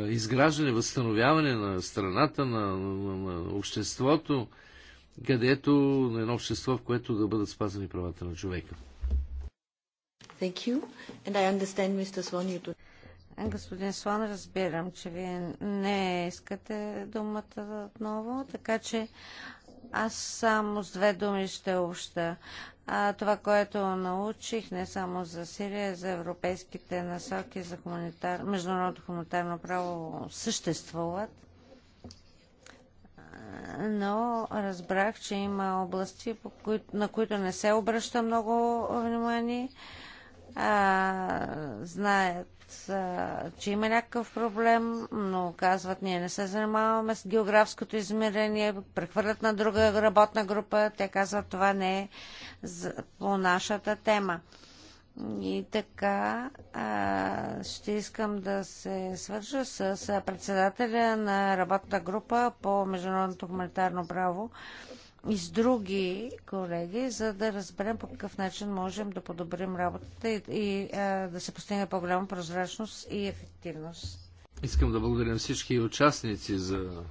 изграждане, възстановяване на страната, на, на, на обществото, където на едно общество, в което да бъдат спазани правата на човека. Thank you. And I understand, Mr. Swan, you Господин Слон, разбирам, че вие не искате думата отново, така че аз само с две думи ще обща. А, това, което научих не само за Сирия, за европейските насоки за хуманитар... международно хуманитарно право съществуват но разбрах, че има области, на които не се обръща много внимание. А, знаят, а, че има някакъв проблем, но казват, ние не се занимаваме с географското измерение, прехвърлят на друга работна група. Те казват, това не е по нашата тема. И така а, ще искам да се свържа с, председателя на работната група по международното хуманитарно право и с други колеги, за да разберем по какъв начин можем да подобрим работата и, и а, да се постигне по-голяма прозрачност и ефективност. Искам да благодаря всички участници за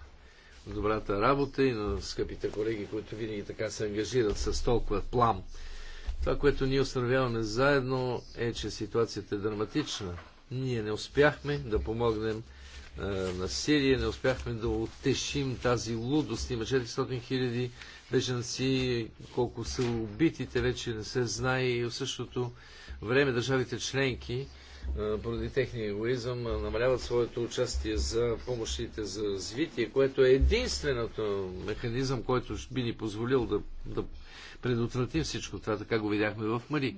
добрата работа и на скъпите колеги, които винаги така се ангажират с толкова плам. Това, което ние установяваме заедно е, че ситуацията е драматична. Ние не успяхме да помогнем е, на Сирия, не успяхме да отешим тази лудост. Има 400 хиляди беженци, колко са убитите, вече не се знае и в същото време държавите членки поради техния егоизъм намаляват своето участие за помощите за развитие, което е единственото механизъм, който би ни позволил да, да предотврати всичко това, така го видяхме в Мари.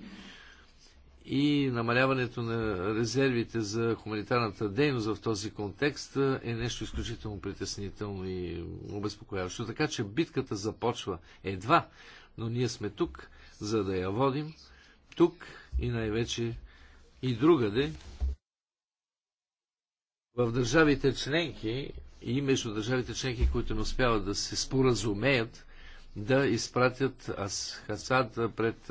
И намаляването на резервите за хуманитарната дейност в този контекст е нещо изключително притеснително и обезпокояващо. Така че битката започва едва, но ние сме тук, за да я водим. Тук и най-вече и другаде. В държавите членки и между държавите членки, които не успяват да се споразумеят, да изпратят Хасад пред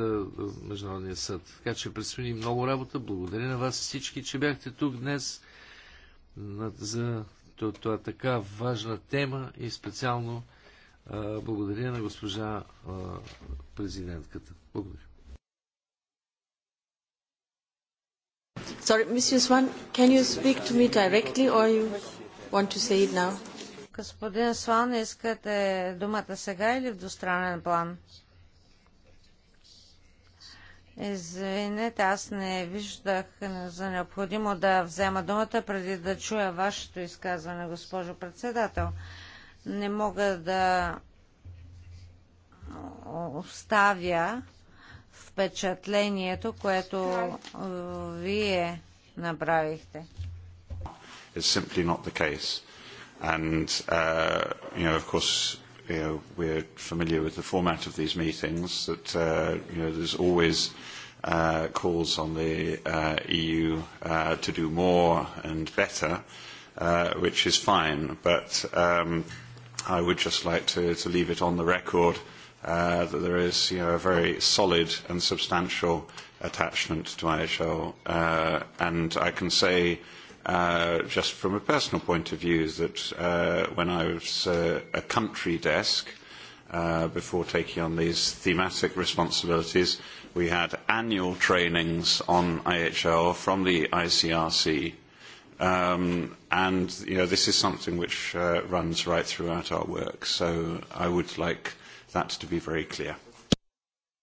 Международния съд. Така че предстои много работа. Благодаря на вас всички, че бяхте тук днес за това така важна тема и специално благодаря на госпожа президентката. Благодаря. Sorry, Mr. Swan, can you speak to me directly or you want to say it now? Господин Сван, искате думата сега или в двустранен план? Извинете, аз не виждах за необходимо да взема думата преди да чуя вашето изказване, госпожо председател. Не мога да оставя впечатлението, което вие направихте. It's simply not the case. And, uh, you know, of course, you know, we're familiar with the format of these meetings, that, uh, you know, there's always uh, calls on the uh, EU uh, to do more and better, uh, which is fine. But um, I would just like to, to leave it on the record uh, that there is you know, a very solid and substantial attachment to IHL. Uh, and I can say uh, just from a personal point of view, is that uh, when I was uh, a country desk, uh, before taking on these thematic responsibilities, we had annual trainings on IHL from the ICRC. Um, and, you know, this is something which uh, runs right throughout our work. So I would like that to be very clear.